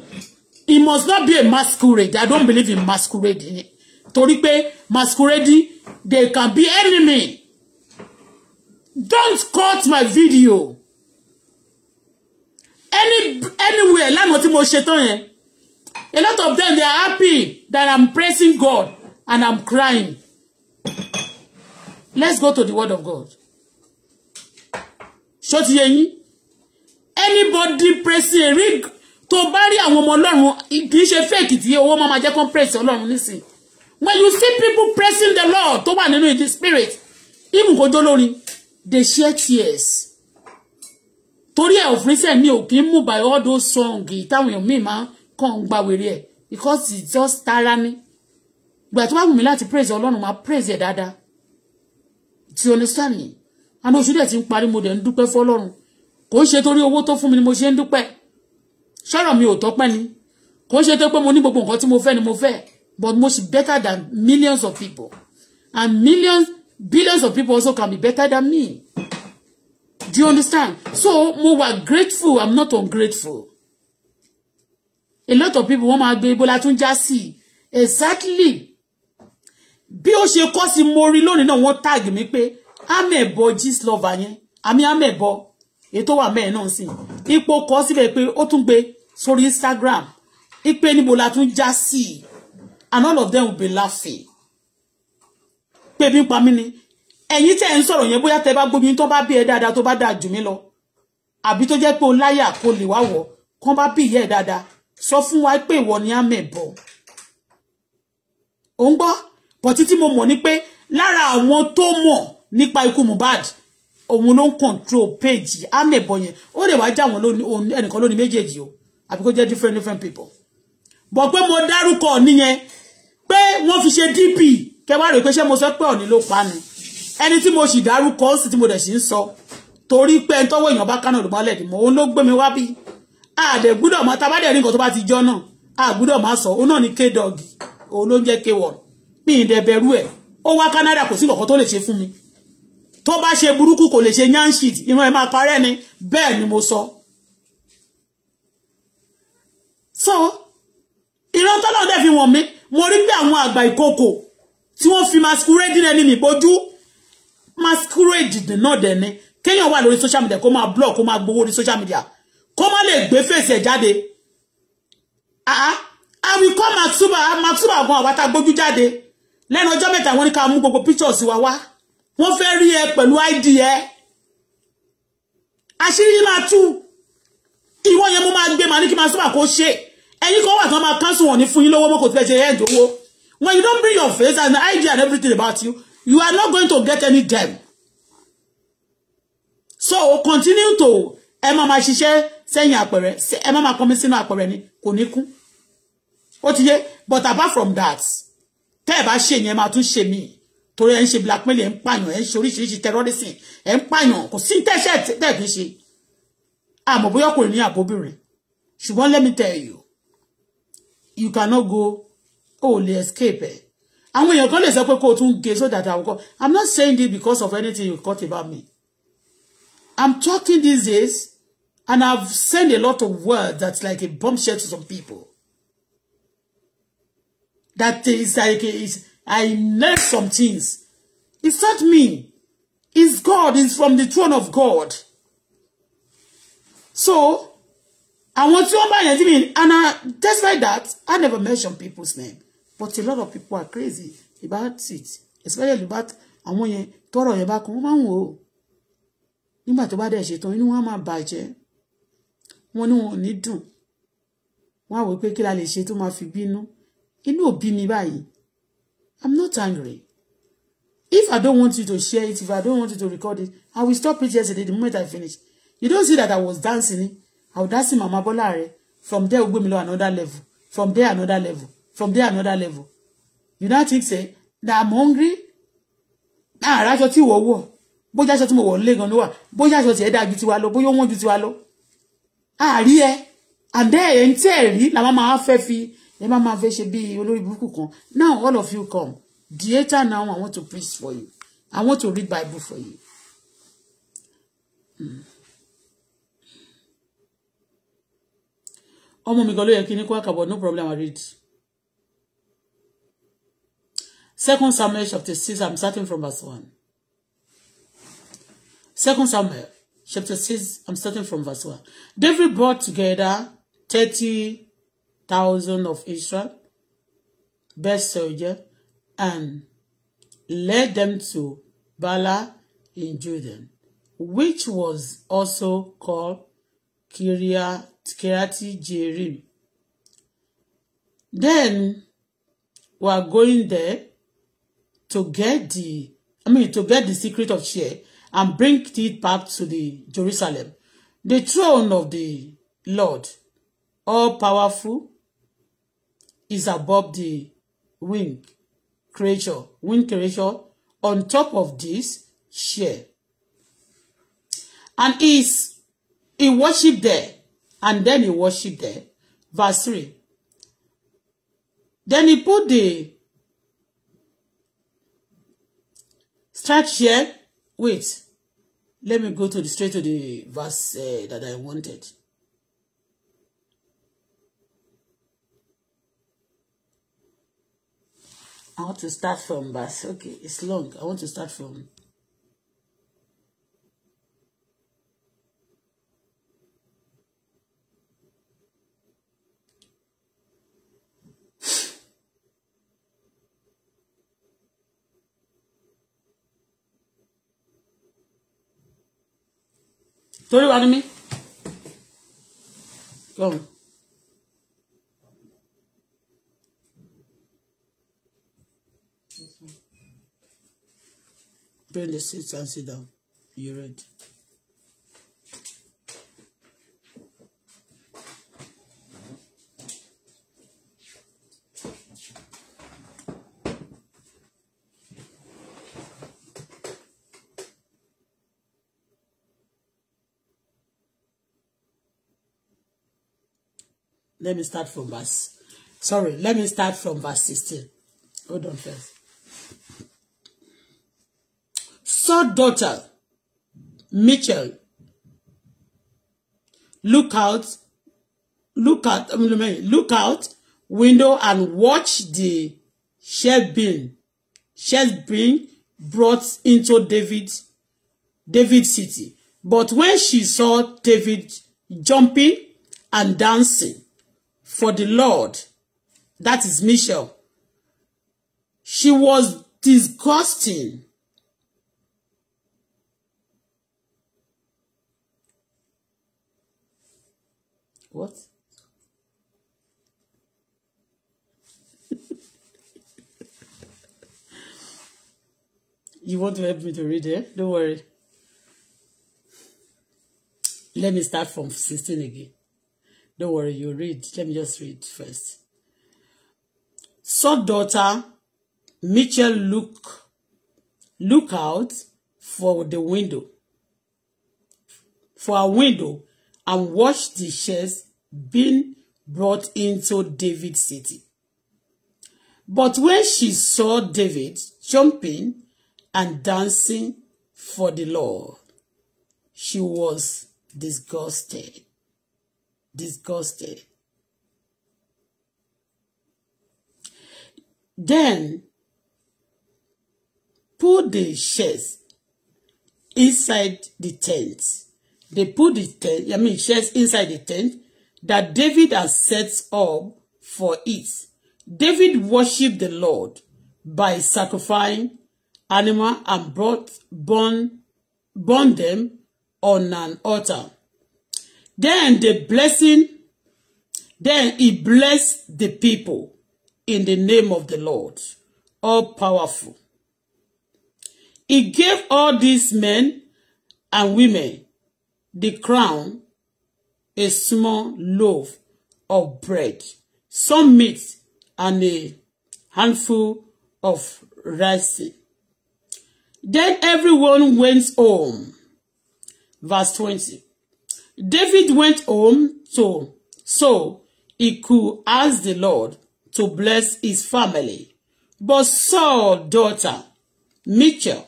it must not be a masquerade I don't believe in masquerade torí pé masquerade they can be enemy don't cut my video any anywhere lánàá tí mo ṣe tán yẹn a lot of them they are happy that I'm praising God and I'm crying let's go to the word of God ṣó ti anybody praising a rig tó bá rí àwọn ọmọ ọlọ́run kì í ṣe fake tí owó máa ma jẹ́ kó praise ọlọ́run nísìnyí when you see people praising the Lord tó wà nínú the spirit even kò jó lórí they share tears torí ẹ òfin sẹ mi ò kí ń by all those song táwọn èèyàn míì máa kàn ń gba wèrè ẹ because it's just tara ni ìgbà tó bá wù mí praise ọlọ́run máa praise dada. Do you understand me àná oṣù dẹ̀ ti ń parí mo dẹ̀ ń dúpẹ́ fọlọ́run kò ń ṣe torí owó tó fún mi ni mo ṣe ń dúpẹ́ ṣọ́rọ̀ mi ò tọ́pẹ́ ni kò ń ṣe tó pé mo ní gbogbo nǹkan tí mo fẹ́ ni mo fẹ́ but much better than millions of people and millions billions of people also can be better than me do you understand so more grateful i'm not ungrateful a lot of people want to be able to just see exactly Bi o ṣe kọ́ sí mo rí lónìí náà wọ́n tag mi pé amẹ̀bọ gist lover yẹn àmì amẹ̀bọ ètò wà mẹ́ẹ̀ náà sí ipò kọ́ síbẹ̀ pé ó tún gbé sórí Instagram ipe níbo la tún já sí and all of them will be laughing pé bí ń pa mí ni ẹ̀yin tẹ́ ń sọ̀rọ̀ yẹn bóyá tẹ́ bá gbómi tó bá bí ẹ dáadáa tó bá dáa jù mí lọ àbí tó jẹ́ pé o láyà kó lè wá wọ̀ kán bá bí ìyá ẹ̀ dáadáa sọ fún wa pé ìwọ ni á mẹ̀bọ̀ ò ń gbọ́ bọ̀ títí mo mọ̀ ni pé lára àwọn tó mọ̀ nípa ikú Mohbad òun ló ń control page á mẹ̀bọ̀ yẹn ó lè wá já àwọn ẹnìkan lónìí méjèèjì o àbí kó jẹ́ different different people bọ̀ pé mo dárúkọ nìyẹn pé wọ́n fi ṣe DP kẹ wá rèé pé ṣé mo sọ pé ọ̀ní ló pa ni ẹni tí mo sì dárúkọ ó sì tí mo dẹ̀ sì ń sọ torí pé ẹni tọ́wọ́ èèyàn bá kánà ló mọ́lẹ̀ ni mo òun ló gbé mi wá bí àdẹ̀ gbúdọ̀ mọ́ tabá dẹ̀ rí nǹkan tó bá ti jọ náà àgbúdọ̀ má sọ òun náà ni k-dog òun ló ń jẹ́ k-word mi ì dẹ̀ bẹ̀rù ẹ̀ ó wá Canada kò sí nǹkan tó lè ṣe fún mi tó bá ṣe burúkú kò lè ṣe yanshit ìran ẹ̀ máa parẹ́ ni bẹ́ẹ̀ ni mo sọ so ìran tọ́lọ́ fi wọ̀n mi mo rí pé àwọn àgbà ìkòkò tí wọ́n fi masquerade ẹni nìbojú masquerade náà dẹ̀ ni kéèyàn wà lórí social media kó máa block, kó máa gbowó ní social media kó má lè gbé fèsì ẹ̀ jáde àwìkọ́ ah, ah. maxuba maxuba gan àwátá gbójú jáde lẹ́nu ọjọ́ mẹ́ta wọ́n ní ká mú gbogbo pictures wa wá wọ́n fẹ́ rí ẹ pẹ̀lú id ẹ àṣírí yìí máa tú ìwọ yẹn mo máa gbé màá ní kí maxuba kó ṣe ẹ̀yin kan wà kí wọ́n máa kánsù wọn ní fún yín lówó mọ́kò tí fẹ́ ṣe ẹ̀ ń When you don't bring your face and the idea and everything about you, you are not going to get any gem. So continue to Emma máa máa ṣiṣẹ́ sẹ́yìn àpẹẹrẹ ẹ máa máa pọnmi sínú àpẹẹrẹ ni kò ní kú. but apart from that tẹ́ ẹ she ṣe yẹn máa tún ṣe míì torí ẹ ń ṣe blackmail ẹ ń pààyàn ẹ ń ṣe oríṣiríṣi terrorism ẹ ń pààyàn kò sí tẹ́ṣẹ̀ tẹ́ẹ̀ fi ṣe àmọ́ bóyá ọkùnrin ní àbóbìnrin ṣùgbọ́n let me tell you you cannot go o lè escape ẹ̀ àwọn èèyàn kan lè sọ pé kó o tún ge so that I will kan i'm not saying this because of anything you cut about me i'm talking these days and i've sent a lot of words that's like a bombshell to some people that is like is I learned some things. It's not me. It's God. It's from the throne of God. So, I want to buy anything. And I, despite that, I never mention people's name but a lot of people are crazy about it especially about àwọn yẹn tọrọ yẹn bá kan wọn máa ń wò ó nígbà tó bá dẹ̀ ṣe tán inú wọn á máa bàjẹ́ wọn ní wọn ò ní dùn wọn á wò pé kí la lè ṣe tó máa fi bínú inú ò mi báyìí i'm not angry if i don't want you to share it if i don't want you to record it i will stop it yesterday the moment i finish you don't see that i was dancing i was dancing mama Bọ́láre from there ó gbé mi another level from there another level from there another level you now think say that i'm hungry náà ah, aráṣọ tí ìwọ wọ̀ bóyá aṣọ tí mo wọ̀ nílé gan ló wà bóyá aṣọ tí ẹ dáa ju tiwa lọ bóyá ó wọ́n ju tiwa lọ àárí ẹ àdé ẹ ń tẹ rí làwọn máa fẹ́ fi ẹ máa máa fẹ́ ṣe bí olórí burúkú kan now all of you come the later now i want to preach for you i want to read bible for you. Mm. ọmọ mi gan ló yẹ kí ní kó no problem i read. Second Samuel chapter 6, I'm starting from verse 1. Second Samuel chapter 6, I'm starting from verse 1. David brought together 30,000 of Israel, best soldier, and led them to Bala in Judah, which was also called Kiryat Kirati Jerim. Then we are going there to get the I mean to get the secret of share and bring it back to the Jerusalem, the throne of the Lord, all powerful, is above the wing creature, wing creature on top of this share. And is he worship there, and then he worship there. Verse 3. Then he put the church here. Wait. Let me go to the straight to the verse uh, that I wanted. I want to start from verse. Okay, it's long. I want to start from torí wa ni mí. Lọ́run. Bring the seats and sit down. You ready? Let me start from verse. Sorry, let me start from verse 16. Hold on first. So daughter, Mitchell, look out, look out, um, look out window and watch the shell Shell Shebin brought into David, David city. But when she saw David jumping and dancing, for the Lord. That is Michelle. She was disgusting. What? you want to help me to read it? Eh? Don't worry. Let me start from 16 again. Don't worry, you read. Let me just read first. So, daughter, Mitchell look, look out for the window, for a window, and watch the chest being brought into David's city. But when she saw David jumping and dancing for the Lord, she was disgusted disgusted. Then put the chairs inside the tent. They put the tent, I mean chairs inside the tent that David has set up for it. David worshipped the Lord by sacrificing animal and brought, burn, burn them on an altar. Then the blessing, then he blessed the people in the name of the Lord, all powerful. He gave all these men and women the crown, a small loaf of bread, some meat, and a handful of rice. Then everyone went home. Verse 20. David went home to so he could ask the Lord to bless his family. But Saul's daughter, Michal,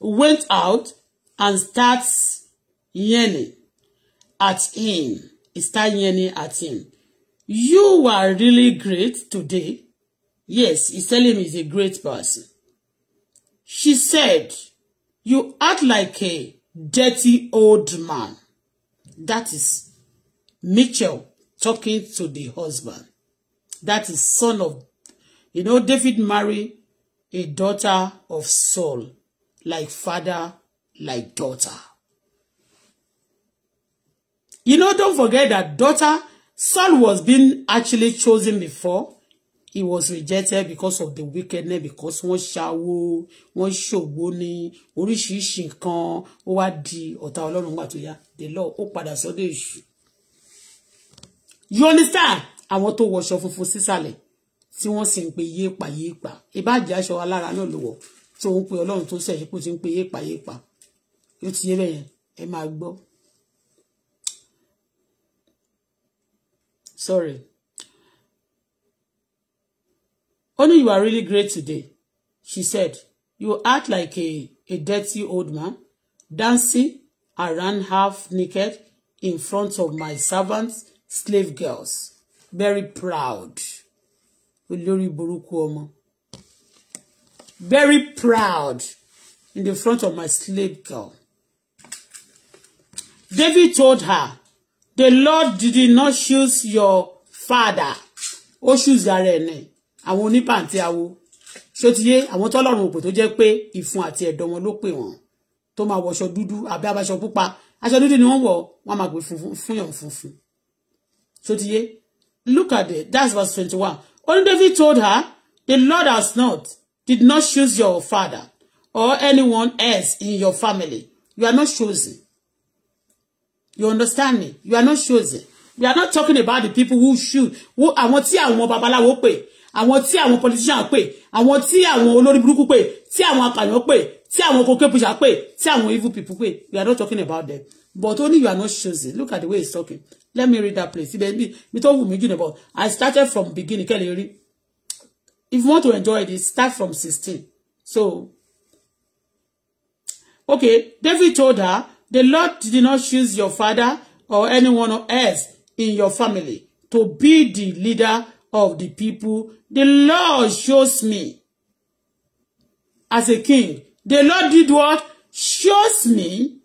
went out and starts yearning at him. He started yearning at him. You were really great today. Yes, he's telling me he's a great person. She said, you act like a dirty old man. That is Mitchell talking to the husband. That is son of, you know, David married a daughter of Saul, like father, like daughter. You know, don't forget that daughter, Saul was being actually chosen before he was rejected because of the wickedness because wọ́n ṣàwo wọ́n ṣògbó ní oríṣiríṣi nǹkan ó wá di ọ̀tá ọlọ́run gbà tó yá the law ó padà sọ́dọ̀ èṣù. you understand àwọn tó wọṣọ funfun sísàlẹ̀ tí wọ́n sì ń pe yéèpà yéèpà ìbàjẹ́ aṣọ alára náà ló wọ̀ tó ń pe ọlọ́run tó ṣẹ̀yìn kó ti ń pe yéèpà yéèpà yóò ti yé bẹ́yẹn ẹ máa gbọ́. sorry. Only oh you are really great today, she said. You act like a, a dirty old man, dancing around half naked in front of my servants, slave girls. Very proud. Olórí burúkú Very proud in the front of my slave girl. David told her, The Lord did not choose your father. Ó choose ara ẹ̀ àwọn onípàǹtí awo ṣó àwọn tọ́lọ́run òpè tó jẹ́ pé ìfun àti ẹ̀dọ̀ wọn ló pè wọ́n tó máa wọṣọ dúdú àbí abaṣọ pupa aṣọ dúdú ni wọ́n wọ̀ wọ́n máa pè fúnyàn funfun ṣó look at it that's verse twenty one only David told her the Lord has not did not choose your father or anyone else in your family you are not chosen you understand me you are not chosen we are not talking about the people who should who àwọn tí àwọn babaláwo pè àwọn tí àwọn politician pè àwọn tí àwọn olórí burúkú pè tí àwọn apàyàn pè tí àwọn kókè pushers pè tí àwọn evil people pè we are not talking about them but only you are not choosing look at the way he's talking let me read that place ibẹ̀ mi mi tó wù mí jù nìbọn I started from beginning kẹ́lẹ̀ rí if you want to enjoy this start from sixteen so okay David told her the Lord did not choose your father or anyone else in your family to be the leader of the people. The Lord shows me as a king. The Lord did what? Shows me.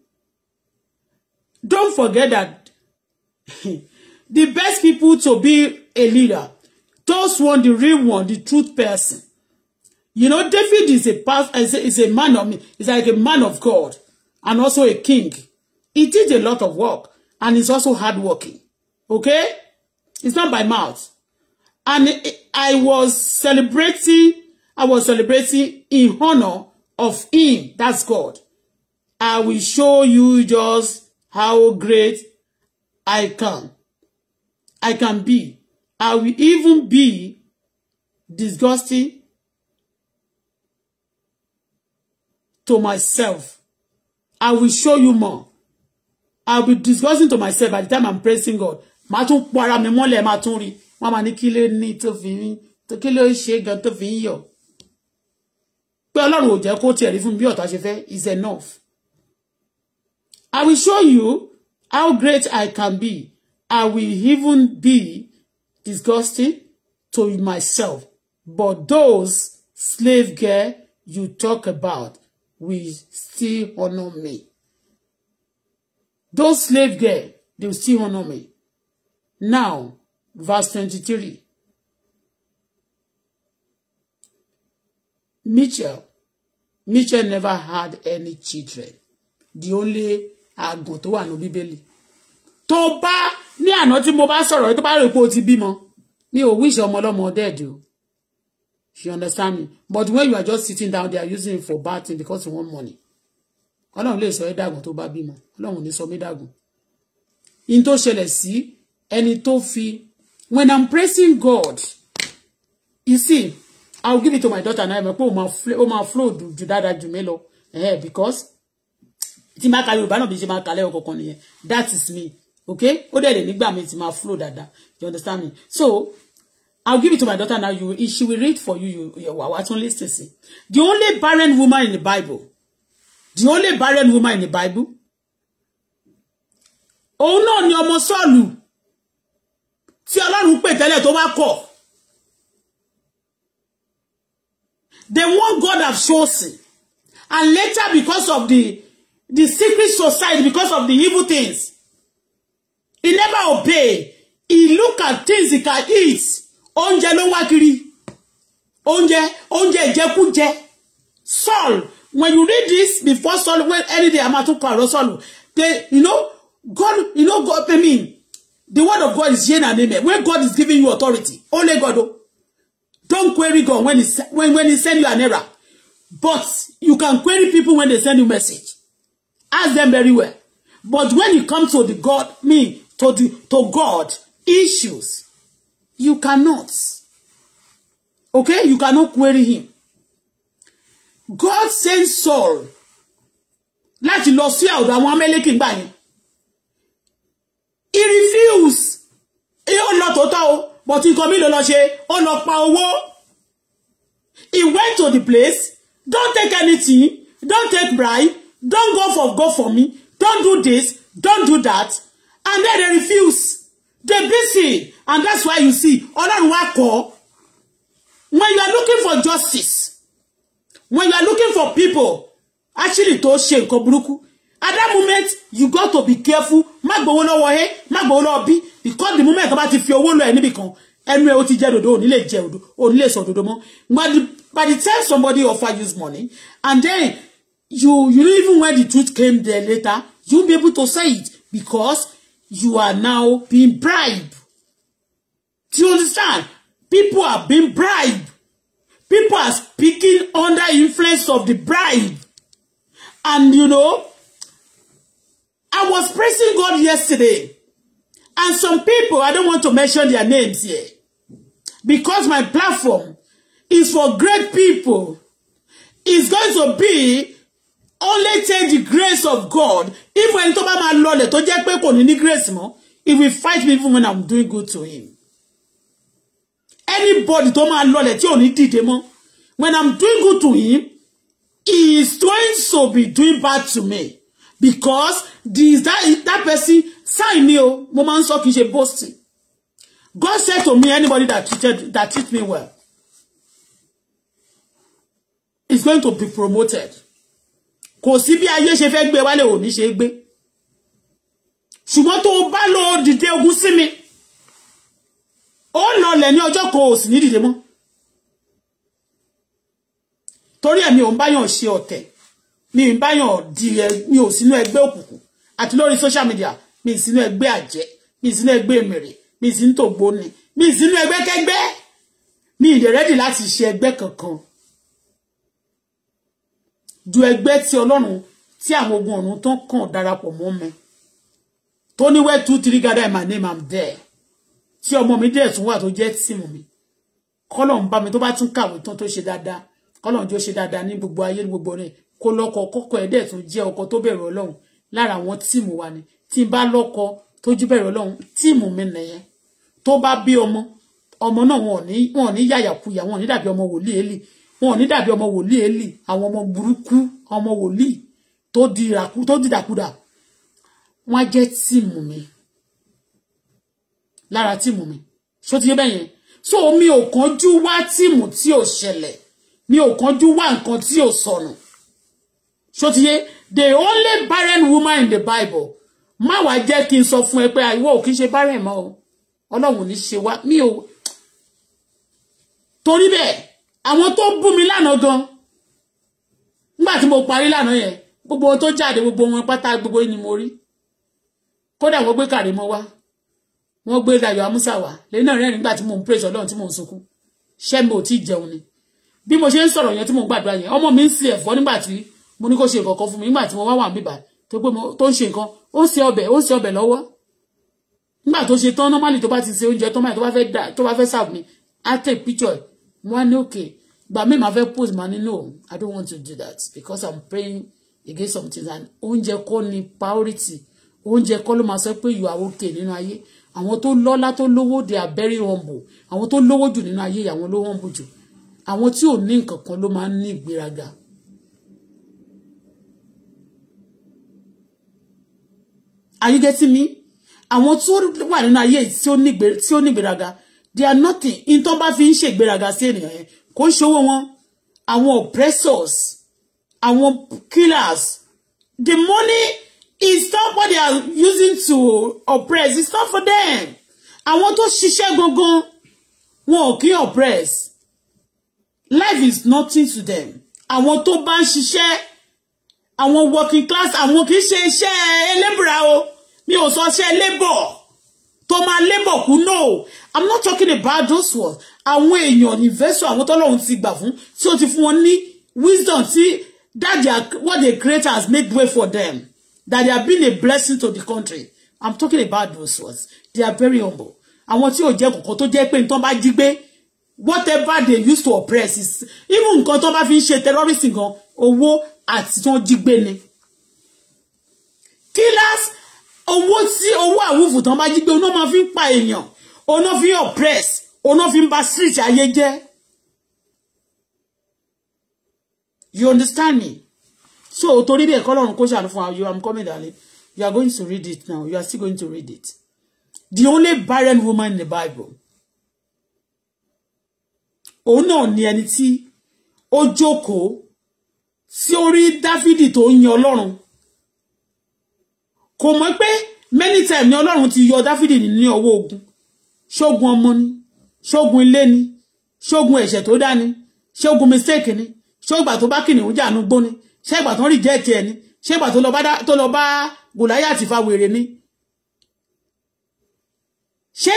Don't forget that [laughs] the best people to be a leader, those one, the real one, the truth person. You know, David is a, is a, is a man of, me. is like a man of God and also a king. He did a lot of work and he's also hardworking. Okay? It's not by mouth. And I was celebrating, I was celebrating in honor of him, that's God. I will show you just how great I can. I can be. I will even be disgusting to myself. I will show you more. I'll be disgusting to myself by the time I'm praising God. Màá tún pọ ara mi mọ́lẹ̀, màá tún wọ́n máa ní kí ló ní tó fi ń kí ló ṣe gan tó fi ń yọ̀ pé ọlọ́run ò jẹ́ kó tiẹ̀ rí fún bí ọ̀tá ṣe fẹ́ is enough I will show you how great I can be I will even be disgusting to myself but those slave girl you talk about will still honor me those slave girl they will still honor me now verse 23. Mitchell, Mitchell never had any children. The only àgùn tó wà ní Bíbélì. Tó bá ní àná tí mo bá sọ̀rọ̀ tó bá rò pé o ti bímọ. Mi ò wíṣẹ́ ọmọ ọlọ́mọ dẹ́ẹ̀dì o. You understand me? But when you are just sitting down, there using for bad thing because you want money. Ọlọ́run lè sọ ẹ́ dàgùn tó bá bímọ. Ọlọ́run ò ní sọ mí dàgùn. In tó ṣẹlẹ̀ sí ẹni tó fi when I'm praising God, you see, I'll give it to my daughter now. Mo pé ó my, flow, do, do, flow jù dáadáa Eh, because tí n bá ka Yorùbá náà bí ṣe máa That is me. Okay? Ó dẹ̀ lè nígbà mi flow dáadáa. You understand me? So, I'll give it to my daughter now. You, she will read for you. You, you are only listening. The only barren woman in the Bible. The only barren woman in the Bible. Oh no, ni ọmọ Sọ́ọ̀lù tí Ọlọ́run pè tẹ́lẹ̀ tó bá kọ̀ the one God have chosen and later because of the the secret society because of the evil things he never obey he look at things he can eat oúnjẹ ló wá kiri oúnjẹ oúnjẹ ìjẹkújẹ Saul when you read this before Saul when any day amatu kọ àrọ Saul they you know God you know God I mean The word of God is yin and amen. When God is giving you authority, only God. Oh. don't query God when he, when, when he send you an error. But you can query people when they send you message. Ask them very well. But when you come to the God, me, to the, to God issues, you cannot. Okay? You cannot query him. God sent Saul láti lọ sí ọ̀dọ̀ àwọn amẹ́lẹ́kìn gbà yẹn he refuse He lọ tòótọ́ o but nǹkan come ló lọ ṣe ó lọ pa owó he went to the place don't take anything don't take bribe don't go for go for me don't do this don't do that and then they refuse they busy and that's why you see ọlọ́run wa kọ́ when you are looking for justice when you are looking for people actually to ṣe nǹkan burúkú at that moment you got to be careful má gbowó lọ́wọ́ ẹ má gbowó lọ́wọ́ bí because the moment tó bá ti fi owó lọ ẹ níbì kan ẹnu ẹ ó ti jẹ́ òdodo òní lè jẹ́ òdodo òní lè sọ òdodo mọ́ by the time somebody offer you money and then you you know even when the truth came there later you be able to say it because you are now being bribed do you understand people are being bribed people are speaking under influence of the bribe and you know I was praising God yesterday. And some people, I don't want to mention their names here. Because my platform is for great people. It's going to be only take the grace of God. If we will fight me even when I'm doing good to him. Anybody tó máa lọlẹ̀ tí ò ní dìde when I'm doing good to him, he is going to be doing bad to me because this that that person sign me oh, mo máa ń sọ kì boasting God said to me anybody that treated that treat me well is going to be promoted kò sí bí ayé ṣe fẹ́ gbé wálé ò ní ṣe gbé ṣùgbọ́n tó o bá lọ dìde ogun sí mi ó lọlẹ̀ ní ọjọ́ kan ò sì ní dìde mọ́ torí ẹ̀mí ò ń báyàn ṣe ọ̀tẹ̀ mi ń báyàn di mi ò sínú ẹgbẹ́ òkùnkùn àti lórí social media mi sínú ẹgbẹ́ àjẹ́ mi sínú ẹgbẹ́ èmèrè mi sínú tògbóni mi sínú ẹgbẹ́ kẹgbẹ́ mi ìdè rẹ́dì láti ṣe ẹgbẹ́ kankan ju ẹgbẹ́ tí ọlọ́run tí àwọn ogun ọ̀run tó kàn darapọ̀ mọ́ mi tó ní wẹ́ two three gather in my name am there tí ọmọ mi dẹ̀ tún wà tó jẹ́ tìmù mi kọ́lọ̀ ń bá mi tó bá tún kàwé tán tó ṣe dáadáa kọ́lọ̀ ń jó ṣe dáadáa ní gbogbo ayé ní gbogbo rẹ̀ kó lọ́kọ kọ́kọ́ ẹ̀ dẹ̀ tún jẹ́ ọkọ tó bẹ̀rù ọlọ́run lára àwọn tíìmù wa ni tí n bá lọ́kọ tójú bẹ̀rù ọlọ́run tíìmù mi nìyẹn tó bá bí ọmọ ọmọ náà wọn ò ní wọn ò ní yàyàkuyà wọn ò ní dàbí ọmọ wòlíì èlì wọn ò ní dàbí ọmọ wòlíì èlì àwọn ọmọ burúkú ọmọ wòlíì tó di ìràkú tó di dàkudà wọn á jẹ́ tíìmù mi lára tíìmù mi ṣó ti yé bẹ́yẹn so mi ò kánjú wá tíìmù tí ò ṣẹlẹ̀ mi ò kánjú wá nǹkan tí ò sọnù. So ṣòtìyé the only barren woman in the bible má wá jẹ́ kí n sọ fún ẹ pé àìwọ́ ah, ò kí n ṣe barren mọ́ o ọlọ́run ní ṣe wá mi ò torí bẹ́ẹ̀ àwọn tó bú mi lánàá gan nígbà tí mo parí lánàá yẹn gbogbo ohun tó jáde gbogbo wọn pátá gbogbo ni mo rí kódà wọ́n gbé kàrí mọ́ wá wọ́n gbé Dayọ̀ Amusa wá lẹ́yìn náà rẹ́rìn nígbà tí mò praise ọlọ́run tí mò ń sunkún ṣẹ́ mi ò tí ì jẹun ni bí mo ṣe ń sọ̀rọ̀ yẹn tí mò ń gbàdúrà mi ń sin ẹ̀fọ́ mo ní kó ṣe nǹkan kan fún mi nígbà tí mo wá wà níbà tó pé mo tó ń ṣe nǹkan ó ṣe ọbẹ̀ ó ṣe ọbẹ̀ lọ́wọ́ nígbà tó ṣe tán normally tó bá ti ṣe oúnjẹ tán báyìí tó bá fẹ́ dà tó bá fẹ́ serve mi á take picture mo ní òkè gbà mí màá fẹ́ post màá ní no I don't want to do that because I'm praying against something and oúnjẹ kọ́ ni priority oúnjẹ kọ́ ló máa sọ pé you are okay nínú ayé àwọn tó lọ́lá tó lówó they are very humble àwọn tó lówó jù nínú ayé àwọn ló humble jù àwọn tí ò ní nǹkan kan ló máa ń ní ìgbéraga are you getting me àwọn tí wọ́n wà nínú ayé tí ó nígbéraga they are nothing in tó bá fi ń ṣègbéraga sí ènìyàn yẹn kò ń ṣòwò wọn àwọn oppressors àwọn killers the money is not what they are using to oppress it's not for them àwọn tó ṣiṣẹ́ gangan wọn ò kí oppress life is nothing to them àwọn tó bá ń ṣiṣẹ́ àwọn working class àwọn kì í ṣe iṣẹ́ elébùrà o mi ò sọ iṣẹ́ labour tó máa labour kú no i'm not talking about those words àwọn èèyàn investor àwọn tọ́lọ́run ti gbà fún tí ó ti fún wọn ní wisdom tí that their what they create has made way for them that they have been a blessing to the country i'm talking about those words they are very humble àwọn tí ò jẹ́ kọ̀ọ̀kan tó jẹ́ pé nǹkan bá jí gbé whatever they use to oppress is even nǹkan tó bá fi ń ṣe terrorism gan owó àti tí wọ́n jí gbé ni killers owó tí owó àwùfù tán bá jí gbé oná máa fi ń pa èèyàn oná fi ń oppress oná fi ń ba street ayé jẹ́ you understand me so torí bí ẹ̀kọ́ lọ́run kó ṣàánú fún wa you am coming darling you are going to read it now you are still going to read it the only barren woman in the Bible òun náà ni ẹni tí ó jókòó sí orí Dáfídì tó ń yan Ọlọ́run kò mọ̀ pé many time ni Ọlọ́run ti yọ Dáfídì ní ọwọ́ ogun ṣógun ọmọ ni ṣógun ilé ni ṣógun ẹ̀ṣẹ̀ tó dá ni ṣógun mistake ni ṣógbà tó bá kìnìún jàánú gbó ni ṣẹ́gbà tó ń reject ẹ̀ ni to tó lọ bá Gòláyátì fa wèrè ni ṣé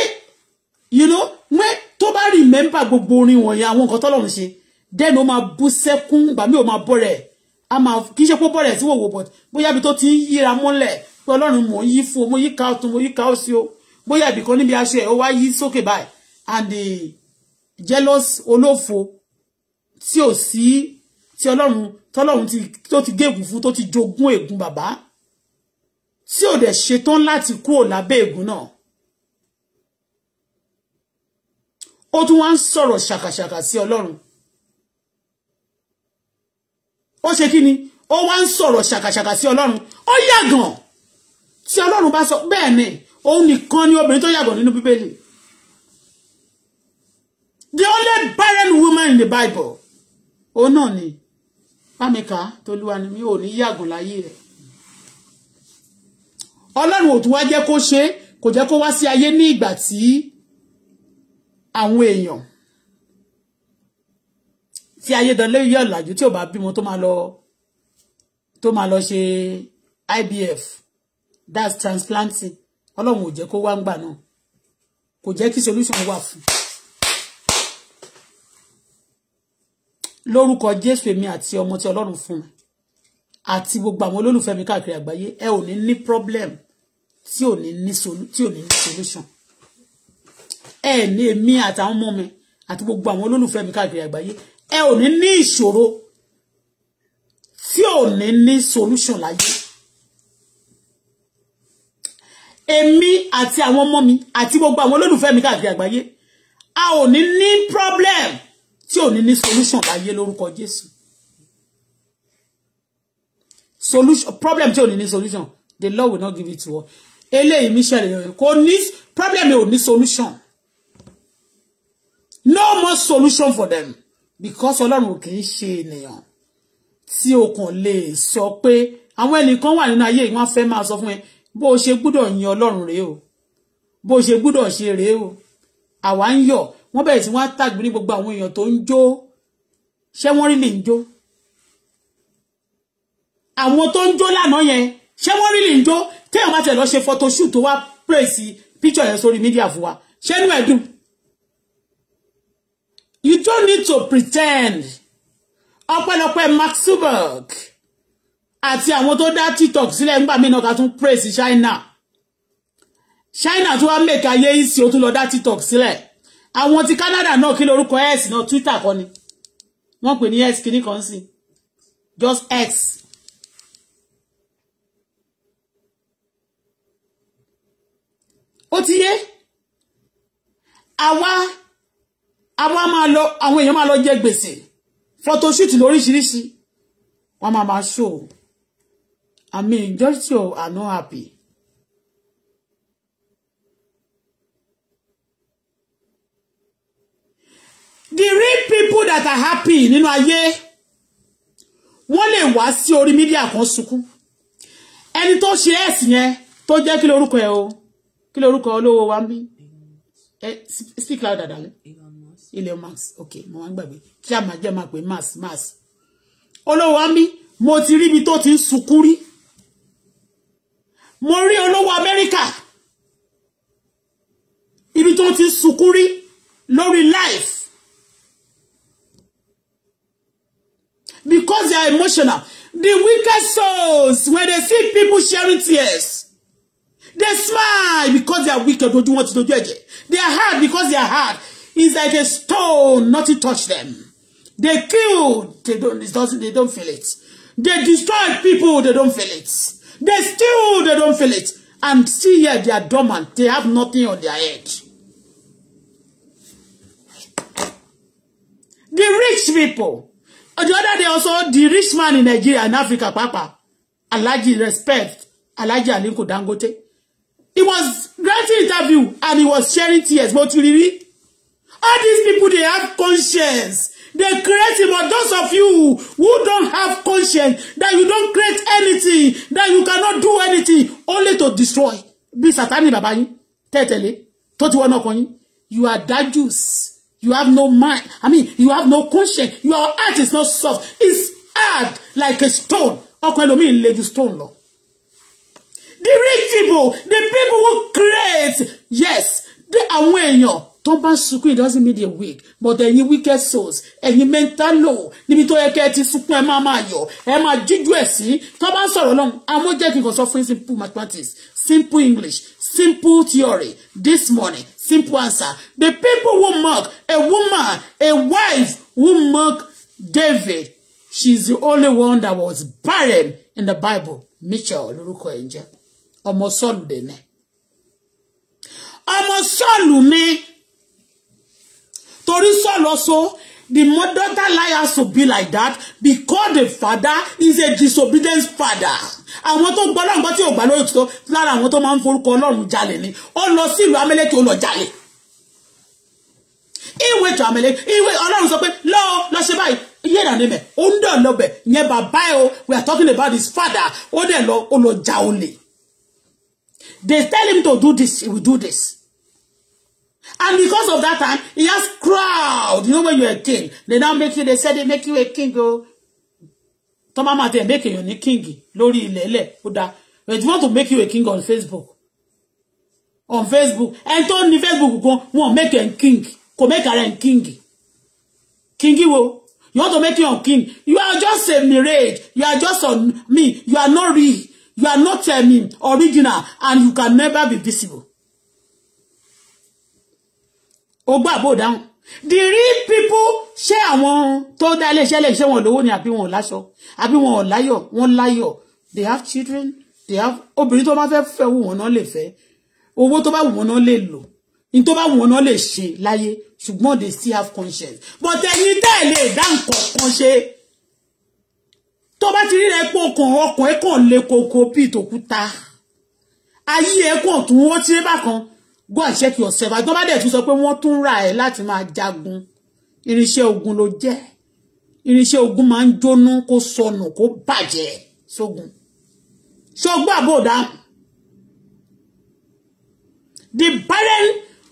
you know when tó bá remember gbogbo orin wọ̀nyí àwọn nǹkan tọ́lọ́run ṣe then ó máa bú sẹ́kún ìgbà mi ò máa bọ́ rẹ̀ a máa kì í ṣe pé bọ́ rẹ̀ tí wò wò bọ̀ bóyá ibi ti ń yíra mọ́lẹ̀ pé ọlọ́run mò ń mo yí ká ọ̀tún mo yí ká òsì o bóyá ibì kan níbi aṣọ ẹ̀ ó wá yí sókè báyìí and the jealous olófo tí ò sí tí ọlọ́run tọ́lọ́run tó ti gégùn fún tó ti jogún ègún bàbá tí ò dẹ̀ ṣetán láti kúrò lábẹ́ ègún náà ó tún wá ń sọ̀rọ̀ ṣàkàṣàkà sí ọlọ́run ó ṣe kí ni ó wá ń sọ̀rọ̀ ṣàkàṣàkà sí ọlọ́run ó yàgàn tí ọlọ́run bá sọ bẹ́ẹ̀ ni òun nìkan ni obìnrin tó yàgàn nínú bíbélì the only barren woman in the bible òun náà ni pàmìkà tolúwa ni mi ò ní yàgàn láyé rẹ̀ ọlọ́run ò tún wá jẹ́ kó ṣe kò jẹ́ kó wá sí ayé ní ìgbà tí àwọn èèyàn tí ayédọ̀lé yẹ ọ̀làjú tí ò bá bímọ tó máa lọ tó máa lọ ṣe IVF that's transplanting ọlọ́run ò jẹ́ kó wá ń gbà náà kò jẹ́ kí solution wà fún lórúkọ Jésù èmi àti ọmọ tí ọlọ́run fún mi àti gbogbo àwọn olólùfẹ́ mi káàkiri àgbáyé ẹ ò ní ní problem tí ò ní ní solution ẹ ní èmi àtàwọn ọmọ mi àti gbogbo àwọn olólùfẹ́ mi káàkiri àgbáyé ẹ ò ní ní ìṣòro tí ò ní ní solution láyé èmi àti àwọn ọmọ mi àti gbogbo àwọn olólùfẹ́ mi káàkiri àgbáyé a ò ní ní problem tí ò ní ní solution láyé lórúkọ Jésù solution problem tí ò ní ní solution the Lord will not give it to us eléyìí mi ṣẹlẹ̀ kò ní problem ò ní solution no more solution for them because ọlọ́run kì í ṣe ènìyàn tí o kàn lè sọ pé àwọn ẹnìkan wà nínú ayé ìwọ́n fẹ́ máa sọ fún ẹ bó o ṣe gbúdọ̀ yin ọlọ́run rèé o bó o ṣe gbúdọ̀ ṣe rèé o àwa ń yọ̀ wọ́n bẹ̀rẹ̀ sí wọ́n á tàgbé ní gbogbo àwọn èèyàn tó ń jó ṣé wọ́n rí lè ń jó àwọn tó ń jó lánàá yẹn ṣé wọ́n rí lè ń jó téèyàn má tẹ̀ lọ ṣe photoshoot tó wá pèsè picture yẹn sórí media fún wa ṣé inú ẹ̀ you don't need to pretend ọpẹ́lọpẹ́ Mark Zuckerberg àti àwọn tó dá TikTok sílẹ̀ ńgbà mí náà ká tún praise China China tó wá make ayé ìsì ó tún lọ dá TikTok sílẹ̀ àwọn ti Canada náà kí lórúkọ x náà Twitter kọ́ ni wọ́n pè ní x kìíní kan sí just x ó ti yé àwa àwa máa lọ àwọn èèyàn máa lọ jẹ gbèsè photoshoot lóríṣiríṣi wọn máa máa show i mean just so i'm not happy. the real people that are happy nínú ayé wọ́n lè wá sí orí mídíà kan sunkún ẹni tó ṣe ẹ̀sìn yẹn tó jẹ́ kí lorúkọ ẹ̀ o kí lorúkọ olówó wa ń bí eh, speak louder darling ilẹ̀ max ok mo máa ń gbàgbé tí a máa jẹ́ máa pè max max olówó àmì mo ti rí ibi tó ti ń sunkún rí mo rí olówó amẹ́ríkà ibi tó ti ń sunkún rí lórí life because they are emotional the wicked souls when they see people sharing tears They smile because they are wicked. Ojú wọn ti dojú ẹ̀jẹ̀. They are hard because they are hard. It's like a stone, nothing touch them. They kill, they don't, they don't feel it. They destroy people, they don't feel it. They steal, they don't feel it. And see here, they are dormant. They have nothing on their head. The rich people. The other day also, the rich man in Nigeria and Africa, Papa, Alaji respect, Alaji Aliko Dangote. He was granting interview and he was sharing tears. but ti rí All these people, they have conscience. They create it, but those of you who don't have conscience, that you don't create anything, that you cannot do anything, only to destroy. Be Sátánì bàbá yín, tẹ́tẹ̀lé, tó ti wọ́n ọkàn You are that juice. You have no mind. I mean, you have no conscience. Your heart is not soft. It's hard like a stone. Ọkàn ẹlòmíì mean lady stone lo. The rich people, the people who create, yes, àwọn èèyàn tó sunkún it doesn't mean they weak but ẹ̀yin wicked souls ẹ̀yin mental low níbi tó yẹ kẹ́ ẹ ti sunkún ẹ máa máa yọ̀ ẹ máa jíjú ẹ̀ sí tó bá ń sọ̀rọ̀ lọ́hùn àwọn jẹ́ kí n kàn sọ fún simple mathematics simple english simple theory this morning simple answer the people who mark a woman a wife who mark David she's the only one that was barren in the Bible Mitchell, lórúkọ ẹ̀ ń jẹ́ ọmọ sọ́ọ̀lù dẹ̀ náà ọmọ sọ́ọ̀lù ni. Tori Saul also, the mother lie has to be like that because the father is a disobedient father. Àwọn tó gbọ́ lọ́nà tí ò gbà lórí òtítọ́ lára àwọn tó máa ń forúkọ Ọlọ́run jalè ni. Ó lọ sí ìlú Amẹ́lẹ́kì ó lọ jalè. Ìwé ètò Amẹ́lẹ́kì ìwé Ọlọ́run sọ pé lọ lọ ṣe báyìí iye ìdàní mẹ̀ ó ń dọ̀ lọ́bẹ̀ yẹn bàbá ẹ̀ o we are talking about his father ó dẹ̀ lọ ó lọ ja olè. They tell him to do this he will do this. And because of that time, he has crowd. You know when you're a king, they now make you, they said they make you a king, oh. Tọ́mọ́ máa make you a king lórí lele. ilẹ̀ But you want to make you a king on Facebook. On Facebook. Ẹni tó ní Facebook Go. wọ́n make you a king. Come make ara ẹ̀ king. King wo? You want to make you a king. You are just a mirage. You are just on me. You are not real. You are not me original and you can never be visible ó gbọ́ àbò dáhùn the real people ṣé àwọn tó dá iléeṣẹ́ iléeṣẹ́ wọn lówó ni àbí wọn ò láṣọ àbí wọn ò láyọ̀ wọn láyọ̀ they have children they have obìnrin tó bá fẹ́ fẹ́ wù wọn náà lè fẹ́ owó tó bá wù wọn náà lè lò in tó bá wù wọn náà lè ṣe láyé ṣùgbọ́n they still have conscience but ẹ̀yin tẹ́ ẹ̀ lè dá nǹkan kan ṣe tó bá ti rí rẹ pé ọkàn ọkàn ẹ̀ kàn lè koko bíi tòkúta ayé ẹ̀ kàn tún wọ́n ti rí bákan go and check yourself àti wọ́n bá dẹ̀ tún sọ pé wọ́n tún ra ẹ̀ láti máa jagun irinṣẹ́ ogun ló jẹ́ irinṣẹ́ ogun máa ń jóná kó sọnù kó bàjẹ́ sógun ṣọgbọ́n àbò dáhùn the barren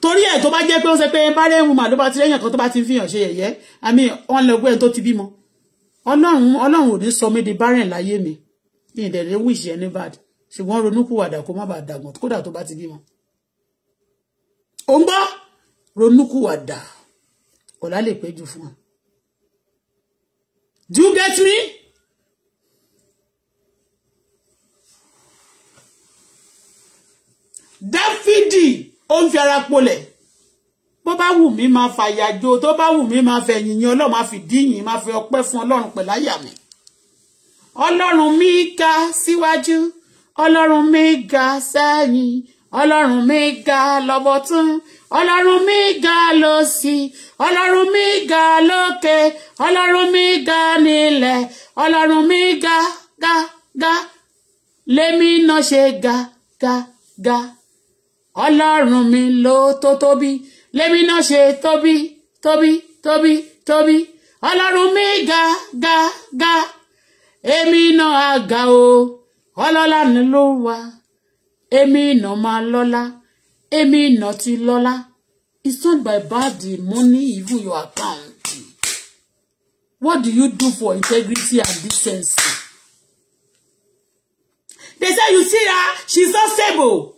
torí ẹ̀ tó bá jẹ́ pé ó ṣe pé barren woman ló bá ti lẹ́yìn kan tó bá ti fi hàn ṣe yẹ̀yẹ́ àmì ọ̀nlẹ̀gbọ́n tó ti bímọ ọlọ́run ọlọ́run ò ní sọ mí di barren láyé mi ní ìdẹ̀rẹ̀ wíṣẹ́ ní bad ṣùgbọ́n ronúkúwàdà kó má bàa dàgbọ̀n kódà tó bá ti bímọ ò ń gbọ́ ronúkúwàdà ọ̀la lè péjú fún ọ do you get me. dáfídì ó ń fi ara polẹ̀ bó bá wù mí máa fàyàjò tó bá wù mí máa fẹ̀yìn yín ọlọ́run máa fi díyìn máa fi ọpẹ́ fún ọlọ́run pẹ̀láyà mi ọlọ́run mi ga síwájú ọlọ́run mi ga sẹ́yìn ọlọ́run mi ga lọ́bọ̀tún ọlọ́run mi ga lósì ọlọ́run mi ga lókè ọlọ́run mi ga nílẹ̀ ọlọ́run mi ga ga ga lémi náà ṣe ga ga ga ọlọ́run mi ló tó tóbi lémi náà ṣe tóbi tóbi tóbi tóbi ọlọ́run mi ga ga ga èmi náà á ga o ọlọ́lá ni ló èmi ìnà máa Lola. èmi ìnà ti Lola. it's not by bad money even your account what do you do for integrity and decency they say you see her ah, she's not stable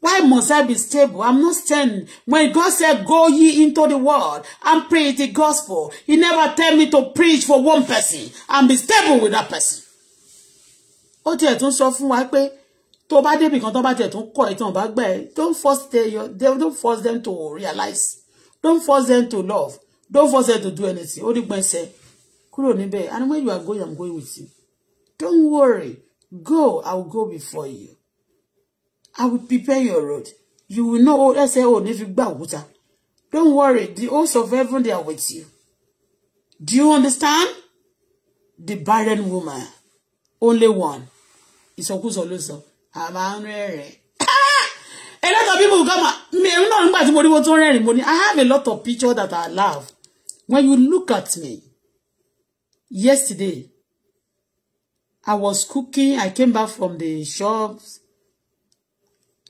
why must I be stable? I'm not standing. When God said, go ye into the world and preach the gospel, he never tell me to preach for one person and be stable with that person. Oh dear, don't suffer fún wa tó bá débì kan tó bá tiẹ̀ tún kọ̀ ẹ̀ tí wọ́n bá don't force them your don't force them to realize don't force them to love don't force them to do anything ó ní gbẹ̀nsẹ̀ kúrò níbẹ̀ and when you are going i'm going with you don't worry go i will go before you i will prepare your road you will know ẹsẹ̀ ò oh, ní fi gbà òkúta don't worry the hosts of heaven they are with you do you understand the barren woman only one ìsọkúsọ ló sọ. So a máa ń rẹ́rìn. a lot of people come out mi ẹ̀rù náà nígbà tí mo rí mo tún rẹ́rìn mo ní I have a lot of pictures that I love when you look at me yesterday I was cooking I came back from the shops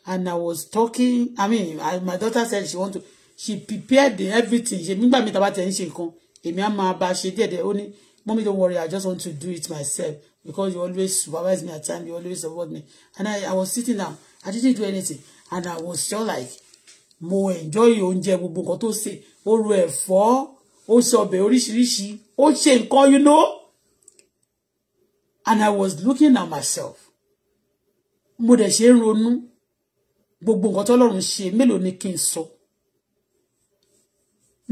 and I was talking I mean I, my daughter said she want to she prepared the everything She nígbà mi tàbá tẹ̀ ń ṣe nǹkan èmi á máa bá ṣe díẹ̀díẹ̀ ó ní mọ́mí don't worry I just want to do it myself because you always supervise me at times, you always support me. And I, I was sitting down, I didn't do anything. And I was just like, mo enjoy oúnjẹ gbogbo nǹkan tó ṣe, ó ro ẹ̀fọ́, ó be ọbẹ̀ oríṣiríṣi, ó ṣe nǹkan, you know. And I was looking at myself. Mo dẹ̀ ṣe ń ronú gbogbo nǹkan tọ́lọ́run ṣe mélòó ni kí n sọ.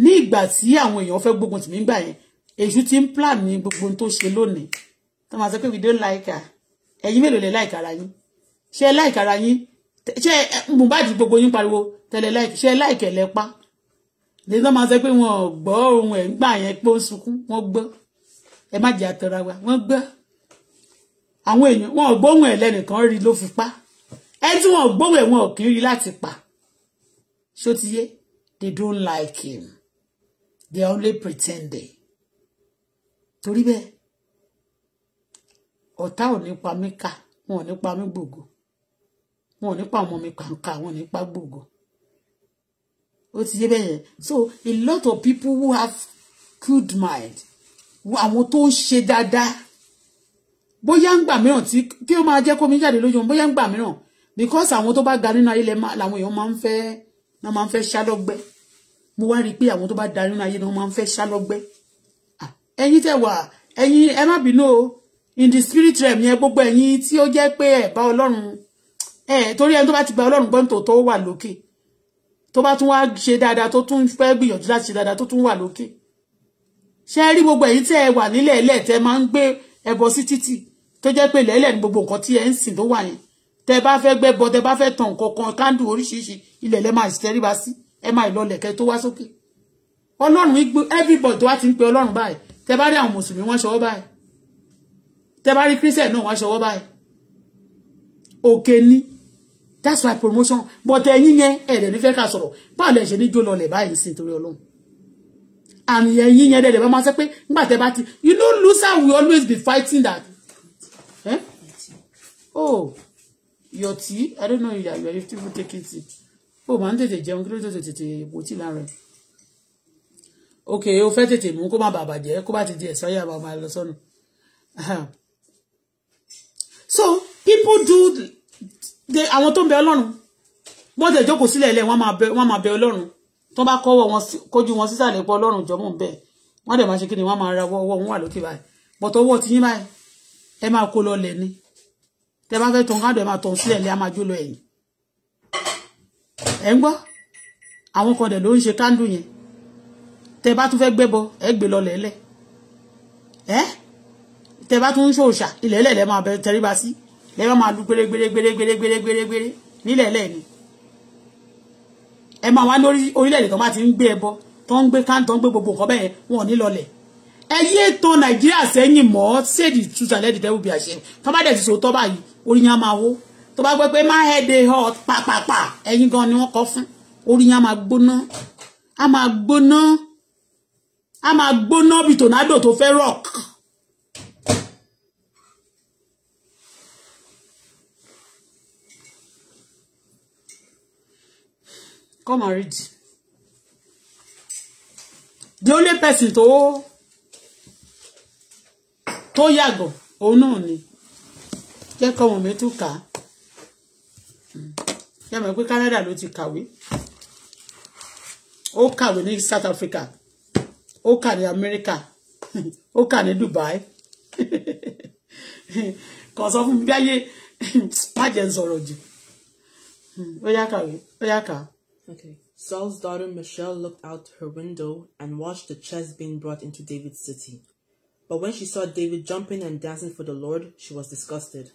Ní ìgbà tí àwọn èèyàn fẹ́ gbógun tì mí gbà yẹn, èṣù plan ni gbogbo ohun tó ṣe tó máa sọ pé we don't like her ẹ̀yin mélòó lè like ara yín ṣé ẹ like ara yín ṣé Mohbad gbogbo yín pariwo tẹ̀lé like ṣé ẹ like ẹ̀ lẹ́pa lè tó máa sọ pé wọn ò gbọ́ ohun ẹ̀ ń gbà yẹn pé ó ń sunkún wọ́n gbọ́ ẹ má jẹ́ àtọ́ra wa wọ́n gbọ́ àwọn èèyàn wọn ò gbóhùn ẹ̀ lẹ́nìkan rí ló fi pa ẹ tí wọn ò gbóhùn ẹ̀ wọn ò kì í rí láti pa ṣó ti yé they don't like him they only pretending torí bẹ́ẹ̀ ọ̀tá ò nípa mi kà wọn ò nípa mi gbògo wọn ò nípa ọmọ mi kàǹkà wọn ò nípa gbògo ó ti yé bẹ́ẹ̀ so a lot of people who have good mind àwọn tó ń ṣe dáadáa bóyá ń gbà mìíràn tí kí ó máa jẹ́ kómi jáde lójú wọn bóyá ń gbà mìíràn because àwọn tó bá ga nínú ayé làwọn èèyàn máa ń fẹ́ náà máa ń fẹ́ ṣálọ́gbẹ́ mo wá rí i pé àwọn tó bá da nínú ayé náà máa ń fẹ́ ṣálọ́gbẹ́ ẹ̀yin tẹ́ wà ẹ̀yin ẹ má bínú o in the spirit realm yẹn gbogbo ẹ̀yin tí ó jẹ́ pé ẹ bá Ọlọ́run ẹ torí ẹni tó bá ti gba Ọlọ́run gbọ́n tòótọ́ ó wà lókè tó bá tún wá ṣe dáadáa tó tún fẹ́ gbìyànjú láti ṣe dáadáa tó tún wà lókè ṣé ẹ rí gbogbo ẹ̀yin tí ẹ wà nílẹ̀ ẹlẹ̀ tẹ máa ń gbé ẹbọ sí títì tó jẹ́ pé lẹ́lẹ̀ ní gbogbo nǹkan tí ẹ ń sìn tó wà yẹn tẹ bá fẹ́ gbẹ́bọ tẹ bá fẹ́ tan nǹkan kan kándù oríṣiríṣi ilẹ̀ lẹ́ máa tẹríba sí ẹ máa ìlọlẹ̀ kẹ tó wá sókè ọlọ́run everybody tó wá ti ń pe ọlọ́run báyìí tẹ bá rí àwọn mùsùlùmí wọ́n ṣọwọ́ báyìí tẹ́ bá rí christian náà wọ́n aṣọ ọwọ́ báyìí òkè ni that's why promotion but ẹ̀yin yẹn ẹ̀rẹ̀ ní fẹ́ ká sọ̀rọ̀ báwo lẹ ṣe ní jó lọlẹ̀ báyìí sí torí ọlọ́run and ẹ̀yin yẹn dẹ̀dẹ̀ bá máa sọ pé nígbà tẹ́ bá ti you know loser will always be fighting that eh? oh your tea i don't know you are you still taking tea oh màá ń tètè jẹun kí ló tètè tètè èpò tí lára ẹ ok o fẹ́ tètè mú kó má bàbà jẹ́ kó bá ti di ẹ̀sán yà máa lọ sọ́nù. [laughs] so people do they àwọn tó ń bẹ ọlọ́run wọ́n tẹ̀ jókòó sílẹ̀ ilẹ̀ wọ́n máa bẹ wọ́n máa bẹ ọlọ́run tó bá kọ́wọ́ wọn kójú wọn sísàlẹ̀ pọ̀ ọlọ́run jọmọ́ ń bẹ̀ wọ́n dẹ̀ máa ṣe kí ni wọ́n máa ra ọwọ́ wọn wà lókè báyìí bọ̀tọ̀ owó ti yín báyìí ẹ máa kó lọ lẹ̀ ni tẹ bá fẹ́ tọ̀ ká dẹ̀ máa tọ̀ sílẹ̀ ilẹ̀ á máa jó lọ ẹ̀yìn ẹ̀ ń gbọ́ àwọn kan dẹ̀ ló ń ṣe kándù yẹn tẹ bá tún fẹ́ gbẹ́bọ ẹ gbé lọ lẹ̀ lẹ̀ ẹ́ tẹ bá tún ń ṣòòṣà ilẹ̀ ilẹ̀ lẹ́ máa bẹ tẹríba sí lẹ́ bá máa lu gbérégbérégbérégbérégbéré nílẹ̀ ilẹ̀ ni ẹ máa wá lórí orílẹ̀-èdè tó bá ti ń gbé ẹbọ tó ń gbé káńtó ń gbé gbogbo nǹkan bẹ́ẹ̀ wọn ò ní lọlẹ̀ ẹ yé tan nàìjíríà sẹ́yìn mọ́ ṣèdí tuntun alẹ́ dìtẹ́ òbí àṣẹ tó bá dẹ̀ ti sòótọ́ báyìí orí yẹn á máa wó tó bá gbé pé má head dey hot pàpàpà ẹ̀yin gan ni wọ́n kọ́ fún orí yẹn á máa gbóná á máa gbóná á máa gbóná bí tònádò tó fẹ́ rock. Come and read. The only person to to yago òun náà ni jẹ́ ka mi tún kà á yẹ mọ̀ pé Canada ti South Africa o ka ni America o ka ni Dubai [laughs] kàn sọ fún mi bí ayé [laughs] má jẹ́ ń Okay. Saul's daughter Michelle looked out her window and watched the chest being brought into David's city. But when she saw David jumping and dancing for the Lord, she was disgusted.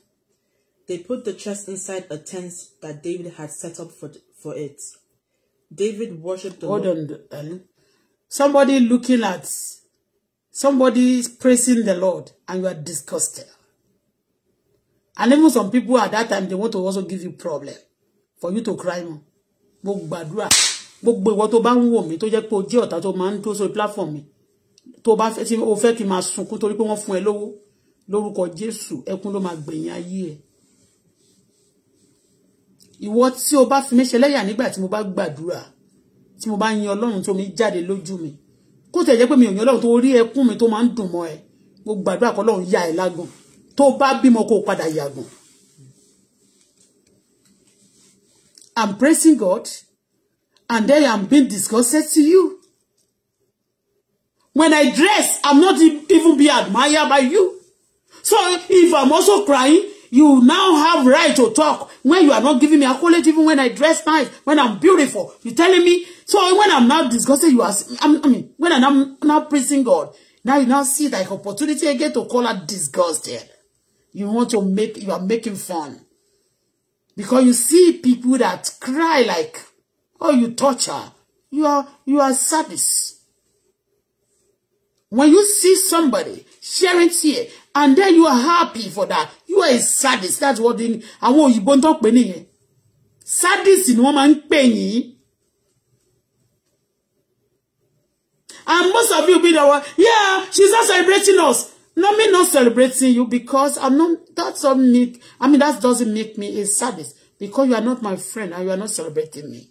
They put the chest inside a tent that David had set up for, for it. David worshipped the Hold Lord. Uh, somebody looking at somebody praising the Lord and you are disgusted. And even some people at that time, they want to also give you problem for you to cry more. mo gbàdúrà gbogbo ìwọ tó bá ń wò mí tó jẹ́ pé o ọ̀tá tó máa ń dó sórí platform mi tó bá fẹ́ tí o fẹ́ kí n máa sunkún torí pé wọ́n fún ẹ lówó lórúkọ Jésù ẹkún ló máa gbẹ̀yìn ayé ẹ ìwọ tí o bá fi mí ṣe lẹ́yà nígbà tí mo bá gbàdúrà tí mo bá yin Ọlọ́run tó mi jáde lójú mi kó tẹ̀ jẹ́ pé mi ò yin Ọlọ́run tó rí ẹkún mi tó máa ń dùn mọ́ ẹ mo gbàdúrà kọ́ Ọlọ́run yá ẹ lágùn tó bá bímọ kó padà yàgùn I'm praising God, and then I'm being disgusted to you. When I dress, I'm not e-, even be admired by you. So if I'm also crying, you now have right to talk when you are not giving me a accolades, even when I dress nice, when I'm beautiful. You're telling me. So when I'm now disgusted, you are, I'm, I mean, when I'm now praising God, now you now see that opportunity again to call her disgusted. You want to make, you are making fun. Because you see people that cry like, oh, you torture. You are, you are sadist. When you see somebody sharing tear, and then you are happy for that, you are a sadist. That's what in I òyìnbó You tọ́ pè nìyẹn. Sadist in woman penny. And most of you be the one, yeah, she's not celebrating us. Not me not celebrating you because I'm not, that's not me, I mean, that doesn't make me a sadist because you are not my friend and you are not celebrating me.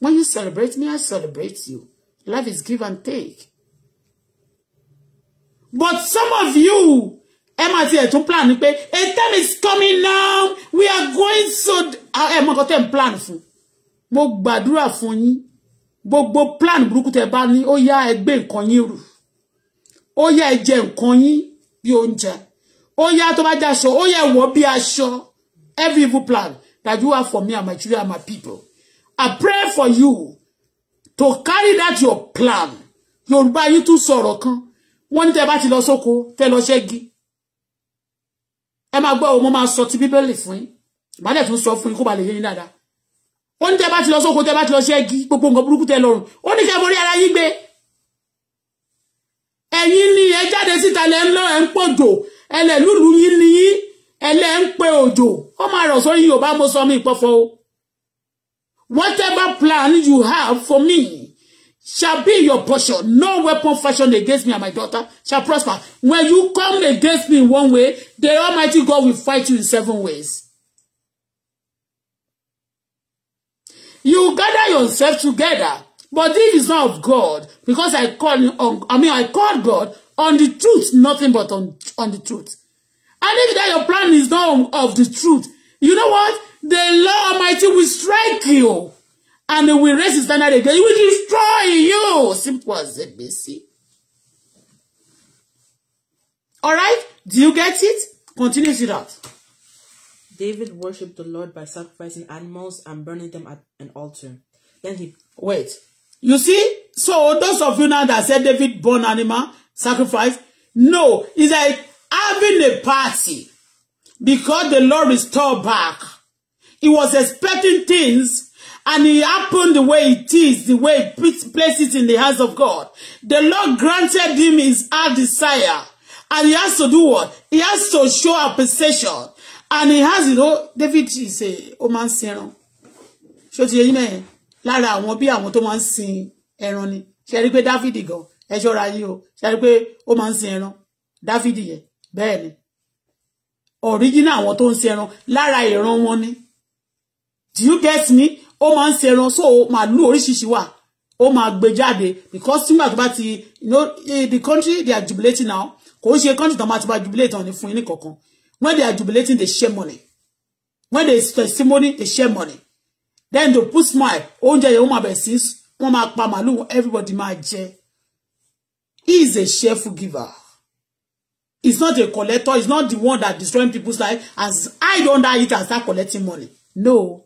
When you celebrate me, I celebrate you. Life is give and take. But some of you, Emma ti tún plan pé, a time is coming now. We are going so ẹ mọ nǹkan tẹ́ plan fún. Mo gbàdúrà fún yín. Gbogbo plan burúkú tẹ́ bá ní ó yá ẹ gbé ó yá ẹ jẹ nǹkan yín bí oúnjẹ ó yá tó bá jáṣọ ó yá ẹ̀wọ̀ bí aṣọ every evil plan that you have for me and my children and my people I pray for you to carry that your plan Yorùbá yìí tún sọ̀rọ̀ kan wọ́n ní tẹ́ bá ti lọ sóko tẹ́ lọ ṣẹ́gi ẹ máa gbọ́ ọmọ máa sọ ti bíbélì fún yín màá dẹ̀ tún sọ fún yín kó ba lè yé yín dáadáa ó ní tẹ́ bá ti lọ sóko tẹ́ bá ti lọ ṣẹ́gi gbogbo nǹkan burúkú tẹ́ lọ́rùn ó ní kẹ́ borí ara yín gbé ẹ̀yin ni ẹ jáde síta lẹ́ ń lọ ẹ̀ ń pòjò ẹlẹ́ lùlù yín ni yín ẹlẹ́ ń pe òjò ó máa rọ̀ sórí yorùbá mo sọ mí ìpọ́fọ́ whatever plan you have for me shall be your portion no weapon fashioned against me and my daughter shall prosper when you come against me in one way the almighty god will fight you in seven ways. You gather yourself together But this is not of God because I call on, I mean, I call God on the truth, nothing but on, on the truth. And if that your plan is not of the truth, you know what? The Lord Almighty will strike you and he will raise his standard again. He will destroy you. Simple as it, basic. All right? Do you get it? Continue it out. David worshipped the Lord by sacrificing animals and burning them at an altar. Then he. Wait. You see? So those of you now that said David born animal, sacrifice, no, it's like having a party because the Lord restored back. He was expecting things and it happened the way it is, the way it places in the hands of God. The Lord granted him his heart desire and he has to do what? He has to show appreciation and he has, you know, David is a woman serum. Show to you, amen lára àwọn bí àwọn tó máa ń sin ẹran ni ṣe rí pé dáfídì gan ẹ ṣọ́ra yín o ṣe rí pé ó máa ń sin ẹran dáfídì yẹn bẹ́ẹ̀ ni ọ̀ríjínà àwọn tó ń sin ẹran lára ìran wọn ni do you get me ó máa ń sin ẹran so màálù oríṣiríṣi wà ó máa gbé jáde because nígbà tó bá ti you know eh, the country they are jubilating now kò ń ṣe country tó máa ti bá jubilate wọn ní fún yín nìkankan when they are jubilating they share money when they testimony they share money then to put smile oúnjẹ yẹn wọ́n máa bẹ̀rẹ̀ sí wọ́n máa pa màlúù everybody máa jẹ he is a cheerful giver he is not a collector he is not the one that destroying people's life as I don die it and start collecting money no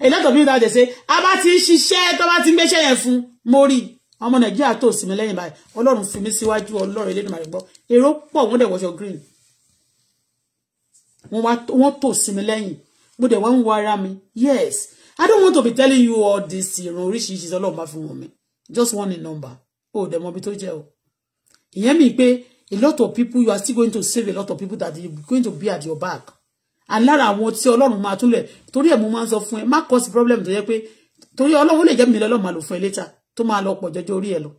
a lot of people now dey say a bá ti ń ṣiṣẹ́ tó bá ti ń gbéṣẹ́ yẹn fún mo rí ọmọ Nàìjíríà tó sì mí lẹ́yìn báyìí Ọlọ́run fi mí síwájú Ọlọ́run elédùn àrùgbọ́ èrò pọ̀ wọ́n dẹ̀ wọṣọ green wọ́n tò sí mi lẹ́yìn But they wá ń me. yes i don't want to be telling you all this You know, oríṣiríṣi is a lot of mi just one in number Oh, they mọ be told you. o ìyẹn mi pé a lot of people you are still going to save a lot of people that you're going to be at your back and now I want to máa tún lẹ̀ torí ẹ̀ mo máa ń sọ fún ẹ má cause problem tó yẹ pé torí ọlọ́run lè jẹ́ mi lọ́lọ́ máa lò fún ẹ later tó máa lọ pọ̀ jọjọ orí ẹ lọ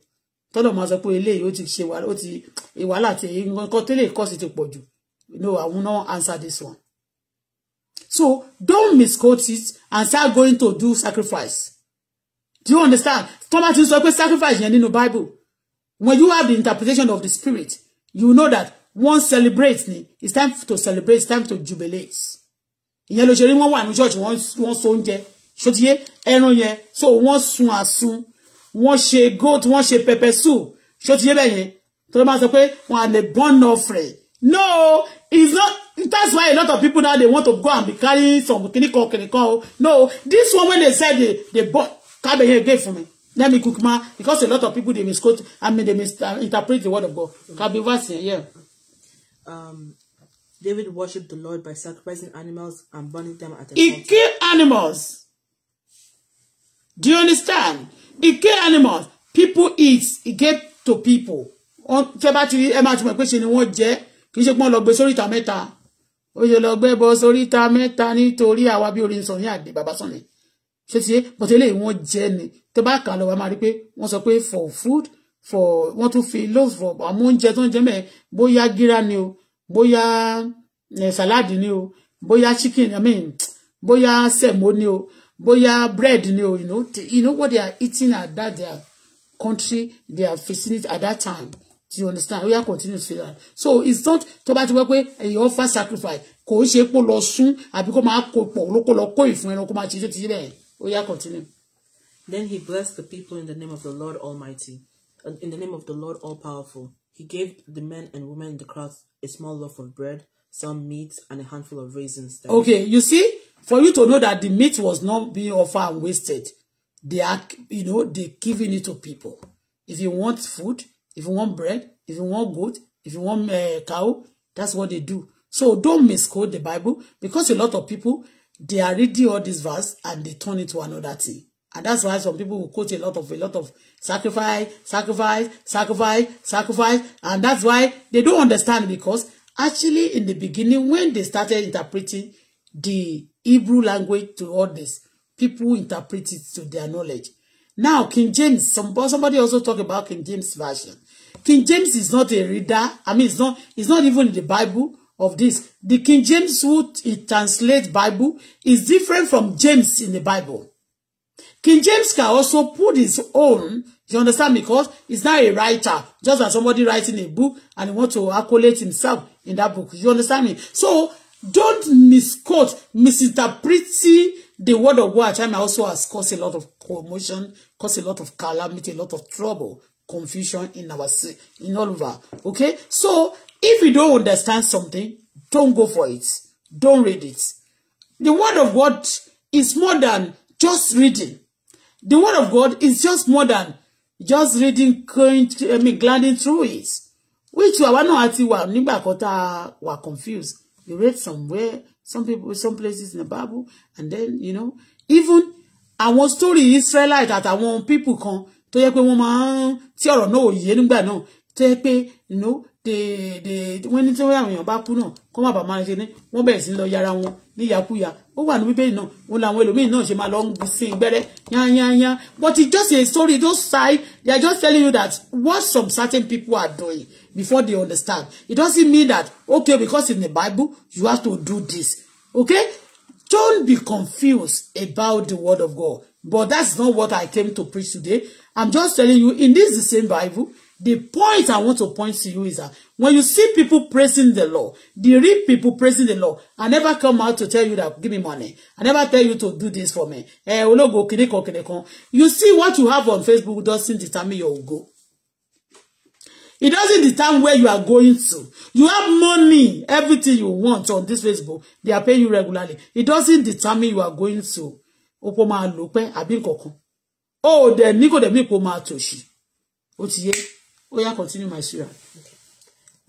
tọ́lọ̀ máa sọ pé eléyìí ó ti ṣe wàhálà ó ti ìwàhálà àti nǹkan tó lè cause ti pọ̀ jù no i will not answer this one So don't misquote it and start going to do sacrifice. Do you understand? Thomas ti sọ pé sacrifice yẹn nínú Bible. When you have the interpretation of the spirit, you know that one celebrates ni. It's time to celebrate, it's time to jubilate. In ló ṣe one wọ́n wà ní church one so oúnjẹ. Ṣòtíyé ẹran yẹn so one sun àsun. One she goat, One she pepper soup. Ṣòtíyé bẹ́ẹ̀ yẹn. Tó ló the sọ pé wọ́n á offering. No, it's not That's why a lot of people now they want to go and be carrying some kiniko kiniko. No, this one when they said they they bought come here again for me. Let me cook ma because a lot of people they misquote. I mean they misinterpret the word of God. Can be worse, yeah. Um, David worshipped the Lord by sacrificing animals and burning them at the He altar. killed animals. Do you understand? He killed animals. People eat. He gave to people. On bá ti rí ẹ máa ti mọ̀ pé ṣe ni wọ́n jẹ́ kì í ó yẹ lọ gbẹ́bọ sórí ta mẹ́ta nítorí àwa bí orin sọ ní àgbè bàbá sàn ni ṣé ti ṣe bọ́tẹ́ eléyìí wọ́n jẹ́ ni tó bá kà lọ wá máa rí pé wọ́n sọ pé for food for wọ́n tún fi loaves for àwọn oúnjẹ tó ń jẹ́ mẹ́ẹ̀ bóyá gíra ni o bóyá sàláàdì ni o bóyá chicken i mean bóyá sẹ̀mó ni o bóyá bread ni o you know, you know what they are eating at that their country their vicinity at that time do you understand oya continue to say that so it's not tó bá ti wẹ́ pé èyàn offer sacrifice kò ó ṣe kó lọ sún àbí kó máa kó pọ̀ ló lọ kó ìfún ẹran kó máa ṣe tó ti bẹ́ẹ̀ oya continue. Then he blessed the people in the name of the Lord Almighty, in the name of the Lord All-Powerful. He gave the men and women in the crowd a small loaf of bread, some meat, and a handful of raisins. Okay, you see, for you to know that the meat was not being offered and wasted, they are, you know, they giving it to people. If you want food, If you want bread, if you want goat, if you want uh, cow, that's what they do. So don't misquote the Bible because a lot of people, they are reading all this verse and they turn it to another thing. And that's why some people will quote a lot of a lot of sacrifice, sacrifice, sacrifice, sacrifice. And that's why they don't understand because actually in the beginning when they started interpreting the Hebrew language to all this, people interpret it to their knowledge. Now King James, some, somebody also talk about King James version. King James is not a reader. I mean, it's not, it's not even in the Bible of this. The King James who it translates Bible is different from James in the Bible. King James can also put his own, you understand, because he's not a writer, just like somebody writing a book and he wants to accolade himself in that book. You understand me? So don't misquote, misinterpret the word of God at time also has caused a lot of commotion, caused a lot of calamity, a lot of trouble confusion in our in all of our okay so if you don't understand something don't go for it don't read it the word of God is more than just reading the word of God is just more than just reading going I mean gliding through it which àwa náà àti wà nígbà kan tá a wà confused you read somewhere some people some places in the Bible and then you know even àwọn story Israelite àtàwọn people come tó yẹ pé wọ́n máa ń tí ọ̀rọ̀ náà ò yé nígbà náà tó yẹ pé no dèdè wọ́n ní tí wọ́n àwọn èèyàn bá kú náà kó má bàa máa ṣe ní wọ́n bẹ̀rẹ̀ sí lọ yára wọn ní yakuya ó wà ní bíbélì náà wọn làwọn ẹlòmíín náà ṣe máa lọ ń sí gbẹ́rẹ́ yányányá but it's just a story those side they are just telling you that what some certain people are doing before they understand it doesn't mean that okay because in the Bible you have to do this okay don't be confused about the word of God but that's not what I came to preach today I'm just telling you, in this the same Bible, the point I want to point to you is that when you see people praising the law, the rich people praising the law, I never come out to tell you that give me money. I never tell you to do this for me. Eh, you see what you have on Facebook doesn't determine your go. It doesn't determine where you are going to. You have money, everything you want on this Facebook, they are paying you regularly. It doesn't determine you are going to. Opo ma lo pe ó dẹ̀ ní kò dẹ̀ mí kó máa tòṣì ó ti yé ó yá continue my story.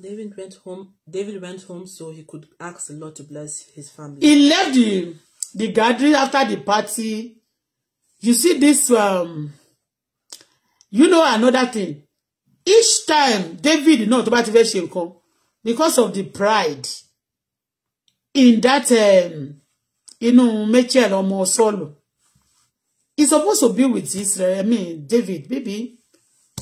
David went home. David went home so he could ask the Lord to bless his family. He left the, the gathering after the party. You see this, um, you know another thing. Each time David, not tó bá ti because of the pride in that, um, inú Michel ọmọ Sọ́ọ̀lù, he's supposed to be with Israel I mean David maybe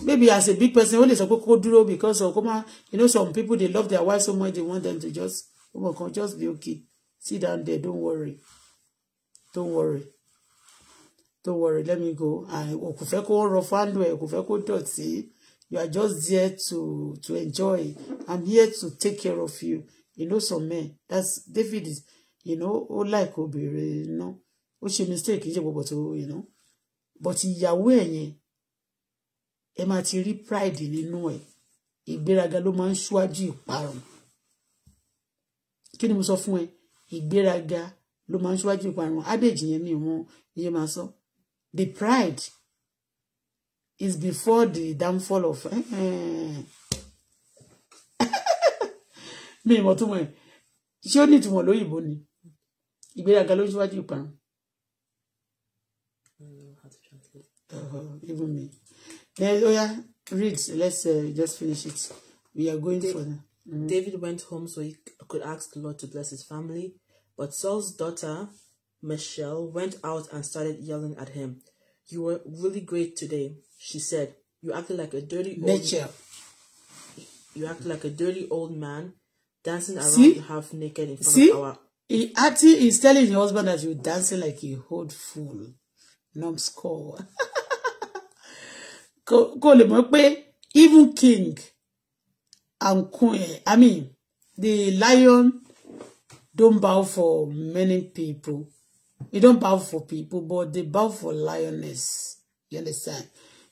maybe as a big person ó lè sọ pé kó dúró because of on, you know some people they love their wife so much they want them to just ọmọ kan just be okay sit down there don't worry don't worry don't worry let me go o kò fẹ́ kó rọ fáńdù ẹ̀ kò fẹ́ kó dọ̀tí you are just there to to enjoy I'm here to take care of you you know some men that's David is you know ó like obìnrin náà ó ṣe mistake kì í ṣe gbogbo tó you know but ìyàwó ẹ̀ yẹn ẹ máa ti rí pride nínú ẹ̀ ìgbéraga ló máa ń ṣíwájú ìparun kí ni mo sọ fún ẹ ìgbéraga ló máa ń ṣíwájú ìparun adage yẹn mi wọn iye máa sọ the pride is before the downfall of eh, eh. [laughs] mi ìmọ̀ tó mọ̀ ẹ̀ ṣé ó ní ìtumọ̀ lóyìnbó ni ìgbéraga ló ń ṣíwájú ìparun uh, even me. Then, oh yeah, read. Let's uh, just finish it. We are going da- for that. Mm. Mm-hmm. David went home so he could ask the Lord to bless his family. But Saul's daughter, Michelle, went out and started yelling at him. You were really great today, she said. You acted like a dirty old Nature. You acted like a dirty old man dancing around See? half naked in front See? of our he actually is telling your husband that you're dancing like a old fool. Numbskull. [laughs] kó lè mọ̀ pé even king and queen i mean the lion don't bow for many people he don't bow for people but they bow for lioness you understand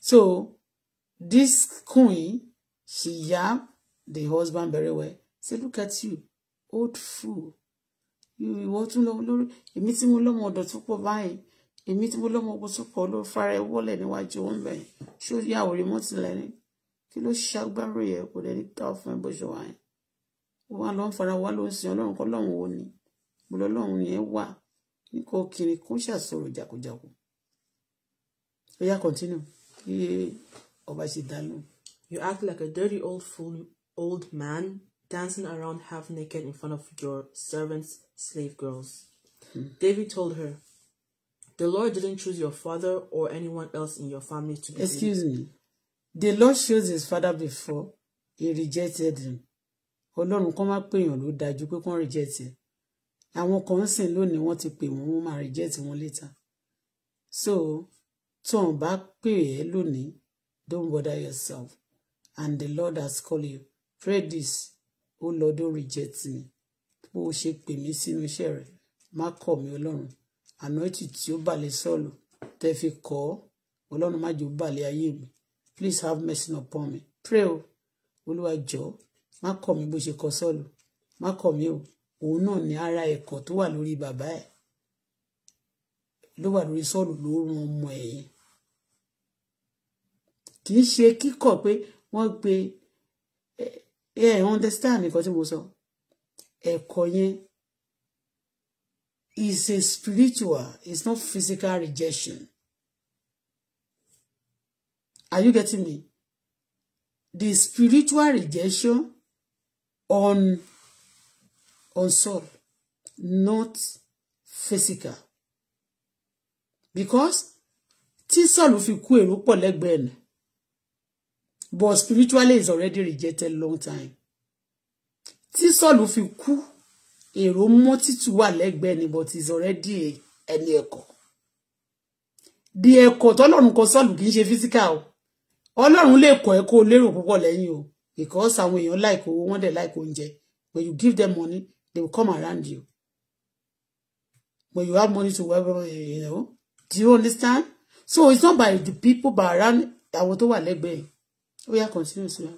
so this queen she yam the husband very well say look at you old fool ìwọ tún lọ lórí èmi tí mo lọ́mọ ọ̀dọ̀ tó pọ̀ báyìí èmi tí mo lọ́mọ ogun tó pọ̀ ló fara ẹ wọ́lẹ̀ níwájú òun bẹ̀ ṣé ó yà wòrè mọ́tì lẹ́rìn kí ló ṣàgbárò yẹ kò dẹ̀ ní ta fún ẹ bọ́ṣọ wa yẹn lọ fara wá ló ń ọlọ́run kọ́ lọ́run wo ni mo lọ lọ́run yẹn wà ní kò kiri kó ṣàṣọrò jákujàku ó yá continue kí ọba ṣe dánú. You act like a dirty old fool, old man, dancing around half naked in front of your servants, slave girls. Hmm. David told her, The Lord didn't choose your father or anyone else in your family to be. Excuse me. The Lord chose his father before he rejected him. Ọlọ́run kan máa pè yàn ló dájú pé kán reject ẹ̀. Àwọn kan ń sìn lónìí wọ́n ti pè wọ́n wọ́n máa reject wọn later. So tó ń bá pè ẹ́ don't bother yourself and the Lord has called you. Pray this, ó oh Lord don't reject me. Bó o ṣe pè mí sínú iṣẹ́ rẹ̀, má kọ̀ mí Ọlọ́run ànọ́tì tí ó balẹ̀ sọ́ọ̀lù tẹ́ fi kọ́ ọlọ́run má jò balẹ̀ ayé mi please have mercy upon me pray o olúwa jọ má kọ̀ mí bó ṣe kọ sọ́ọ̀lù má kọ̀ mí o òun náà ní ara ẹ̀kọ́ tó wà lórí bàbá ẹ̀ ló wà lórí sọ́ọ̀lù ló rún ọmọ ẹ̀yìn kì í ṣe kíkọ̀ pé wọ́n gbé ẹ ẹ understand nǹkan tí mo sọ ẹ̀kọ́ yẹn is a spiritual, it's not physical rejection. Are you getting me? The spiritual rejection on on soul, not physical. Because tisal Sọ́ọ̀lù fi kú èrò but spiritually is already rejected long time Tisal Sọ́ọ̀lù fi èrò multitude wà lẹ́gbẹ̀ẹ́ ni but is already ẹni ẹ̀kọ́ di ẹ̀kọ́ tọ́lọ́run kan sọ́ọ̀lù kì í ṣe physical o ọlọ́run lè kọ́ ẹ kó lérò púpọ̀ lẹ́yìn o because àwọn èèyàn like owó wọ́n dẹ̀ like oúnjẹ when you give them money they will come around you when you have money to wear you know do you understand so it's not by the people but around àwọn tó wà lẹ́gbẹ̀ẹ́ ó yá continue sí wa.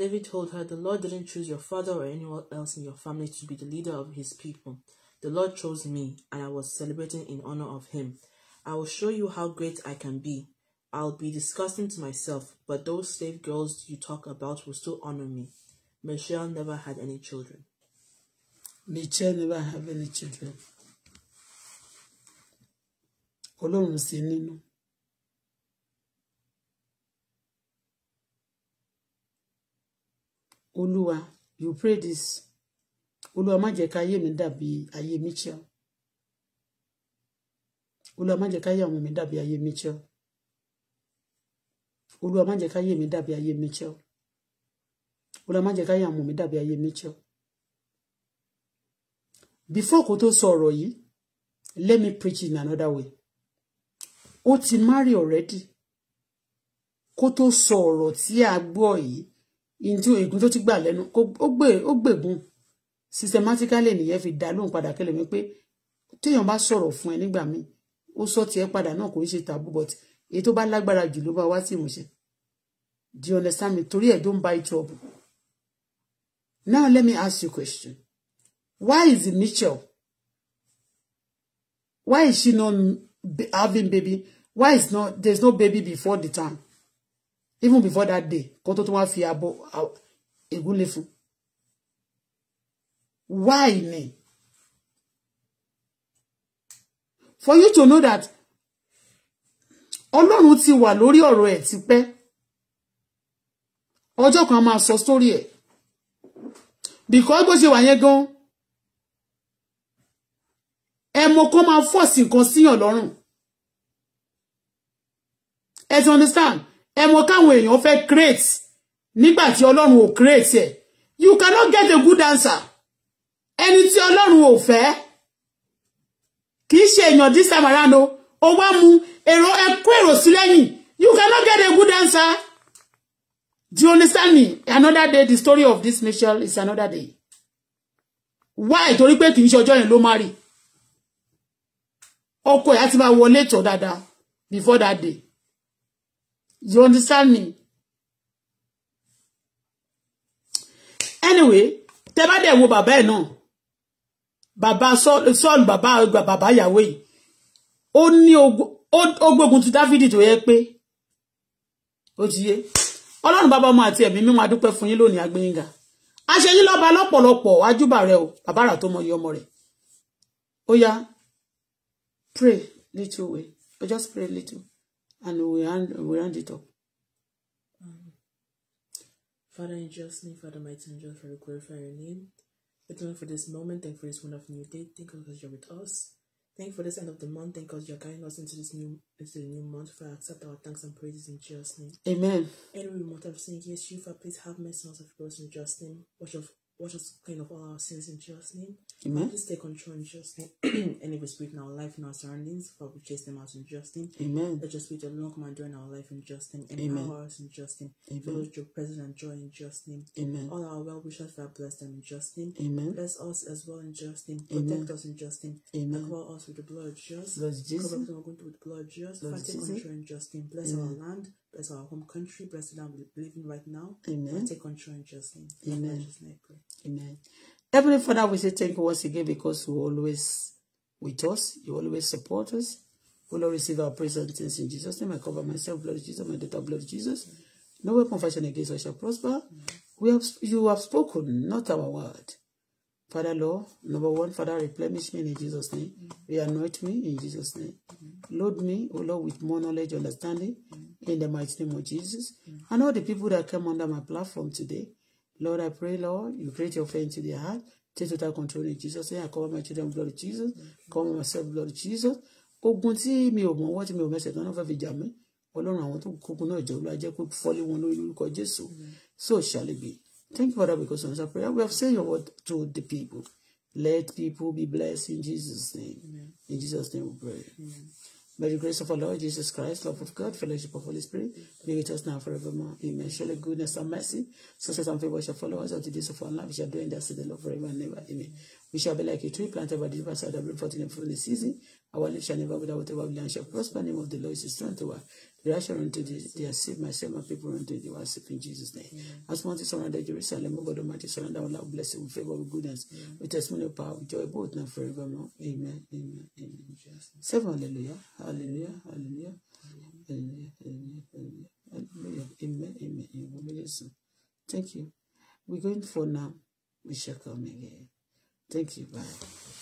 David told her, The Lord didn't choose your father or anyone else in your family to be the leader of his people. The Lord chose me, and I was celebrating in honor of him. I will show you how great I can be. I'll be disgusting to myself, but those slave girls you talk about will still honor me. Michelle never had any children. Michelle never had any children. olúwa you pray this olúwa má jẹ́ ká ayé mi dàbí ayé Mitchell olúwa má jẹ́ ká ayé ọmọ mi dàbí ayé Mitchell olúwa má jẹ́ ká ayé mi dàbí ayé Mitchell olúwa má jẹ́ ká ayé ọmọ mi dàbí ayé Mitchell before kò tó sọ ọ̀rọ̀ yìí let me preach in another way ó ti marry already kó tó sọ ọ̀rọ̀ tí a gbọ́ yìí ìjú ègún tó ti gbà lẹ́nu ó gbè ó gbègún systematically nìyẹn fi dá lóhùn padà kẹlẹ̀ mi pé téèyàn bá sọ̀rọ̀ fún ẹ nígbà míì ó sọ tiẹ̀ padà náà kò ń ṣe tàbú but èyí tó bá lágbára jù ló bá wá sí ìmúṣẹ do you understand me torí ẹ̀ don buy trouble now let me ask you a question why is Michelle why is she not having baby why is not there's no baby before the time even before that day kó tó tún wá fi abo ègúnlé fún why ni for you to know that Olorun ti wà lórí ọ̀rọ̀ ẹ̀ tipẹ́ Ojo kan máa sọ sórí ẹ̀ because bó ṣe wà yẹn gan ẹmọ kan máa fọ́ọ̀sì nǹkan síyàn lọ́rùn ẹ ti understand ẹ mọ̀ káwọn èèyàn fe create nígbà ti ọlọ́run ò create ẹ̀ you cannot get a good answer ẹni tí ọlọ́run ò fe. kì í ṣe this time around o ó wá mu ero e kó èrò sí lẹ́yìn you cannot get a good answer do you understand me another day the story of this nation is another day why torí pé kì í ṣe ọjọ́ yẹn Oko má rí ọkọ ẹ̀ á ti máa before that day. You understand me? Anyway, tẹ́ bá dẹ̀ Baba bàbá Baba náà bàbá Baba, Baba Yahweh. ìyàwó yìí ó ní ogbógun ti Dáfídì tó yẹ pé ó ti yé ọlọ́run bàbá ọmọ àti ẹ̀mí mímọ́ adúpẹ́ fún yín lónìí agbẹ́yìngà aṣèyí lọ́ba lo ajúbà rẹ o bàbá O, Baba mọ iye ọmọ rẹ̀ ó yá pray little way or just pray little. and we hand, we hand it up. Um, Father, in Jesus' name, Father, mighty angel, for we glorify your name. but thank for this moment. Thank for this wonderful new day. Thank you because you're with us. Thank for this end of the month. Thank because you're guiding us into this new into the new month. Father, accept our thanks and praises in Jesus' name. Amen. Anyone we might have sinned against you, Father, please have mercy on us of course in Jesus' name. Wash of? Watch us clean of all our sins in Jesus' name. Amen. Please take control in Jesus' name. Any evil spirit in our life, in our surroundings, for we chase them out in Jesus' name. Amen. Let your spirit alone come and join our life in Jesus' name. Empower us in Jesus' name. Amen. Fill us with your presence and joy in Jesus' name. Amen. All our well wishers, Father, bless them in Jesus' name. Amen. Bless us as well in Jesus' name. Protect us in Jesus' name. Amen. Cover us with the blood of Jesus. Lord Jesus. Cover us with the blood of Jesus. Lord Father, take control in Jesus' name. Bless Amen. our land. As our home country, bless the land we believe in right now. Amen. And take control in Jesus' name. Amen. Amen. Heavenly Father, we say thank you once again because you are always with us. You always support us. We will receive our praise and thanks in Jesus' name. I cover myself, blood of Jesus, my daughter, blood of Jesus. No way, confession against us shall prosper. We have, you have spoken, not our word. Father, Lord, number one, Father, replenish me in Jesus' name. Mm-hmm. Reanoint me in Jesus' name. Mm-hmm. Load me, O Lord, with more knowledge, understanding, mm-hmm. in the mighty name of Jesus. And all the people that come under my platform today, Lord, I pray, Lord, you create your faith into their heart. Take total control in Jesus' name. I cover my children, blood of Jesus. Cover myself, blood of Jesus. Ogun tí mi ò mọ̀ wọ́n tí mi ò mẹ́sẹ̀ tán náà fẹ́ fi jà mí. Ọlọ́run àwọn tó kókun náà jẹ́ olú ajẹ́ kó fọ́lé wọn lórí lórúkọ Jésù. So shall it be. Thank you, Father, because of our prayer. We have sent your word to the people. Let people be blessed in Jesus' name. Amen. In Jesus' name we pray. Amen. By the grace of our Lord Jesus Christ, love of God, fellowship of Holy Spirit, be with us now forevermore. Amen. Surely goodness and mercy, success and favor shall follow us until the days of our life. We shall do in the city Lord forever and ever. Amen. We shall be like a tree planted by the riverside of bring forth in the season. Our life shall never be whatever we land shall prosper. The name of the Lord is strength to us. The righteous are unto thee, they are saved. My saved, people unto thee, they are saved in Jesus' name. Mm-hmm. As mighty surrounded Jerusalem, O oh God Almighty, surround our love, bless it with favor, with goodness, mm with testimony of power, with joy, both now forevermore. Amen, amen, amen. Seven, hallelujah, hallelujah, hallelujah, hallelujah, hallelujah, hallelujah, hallelujah. Amen, amen, amen. Thank you. We're going for now. We shall come again. Thank you. Bye.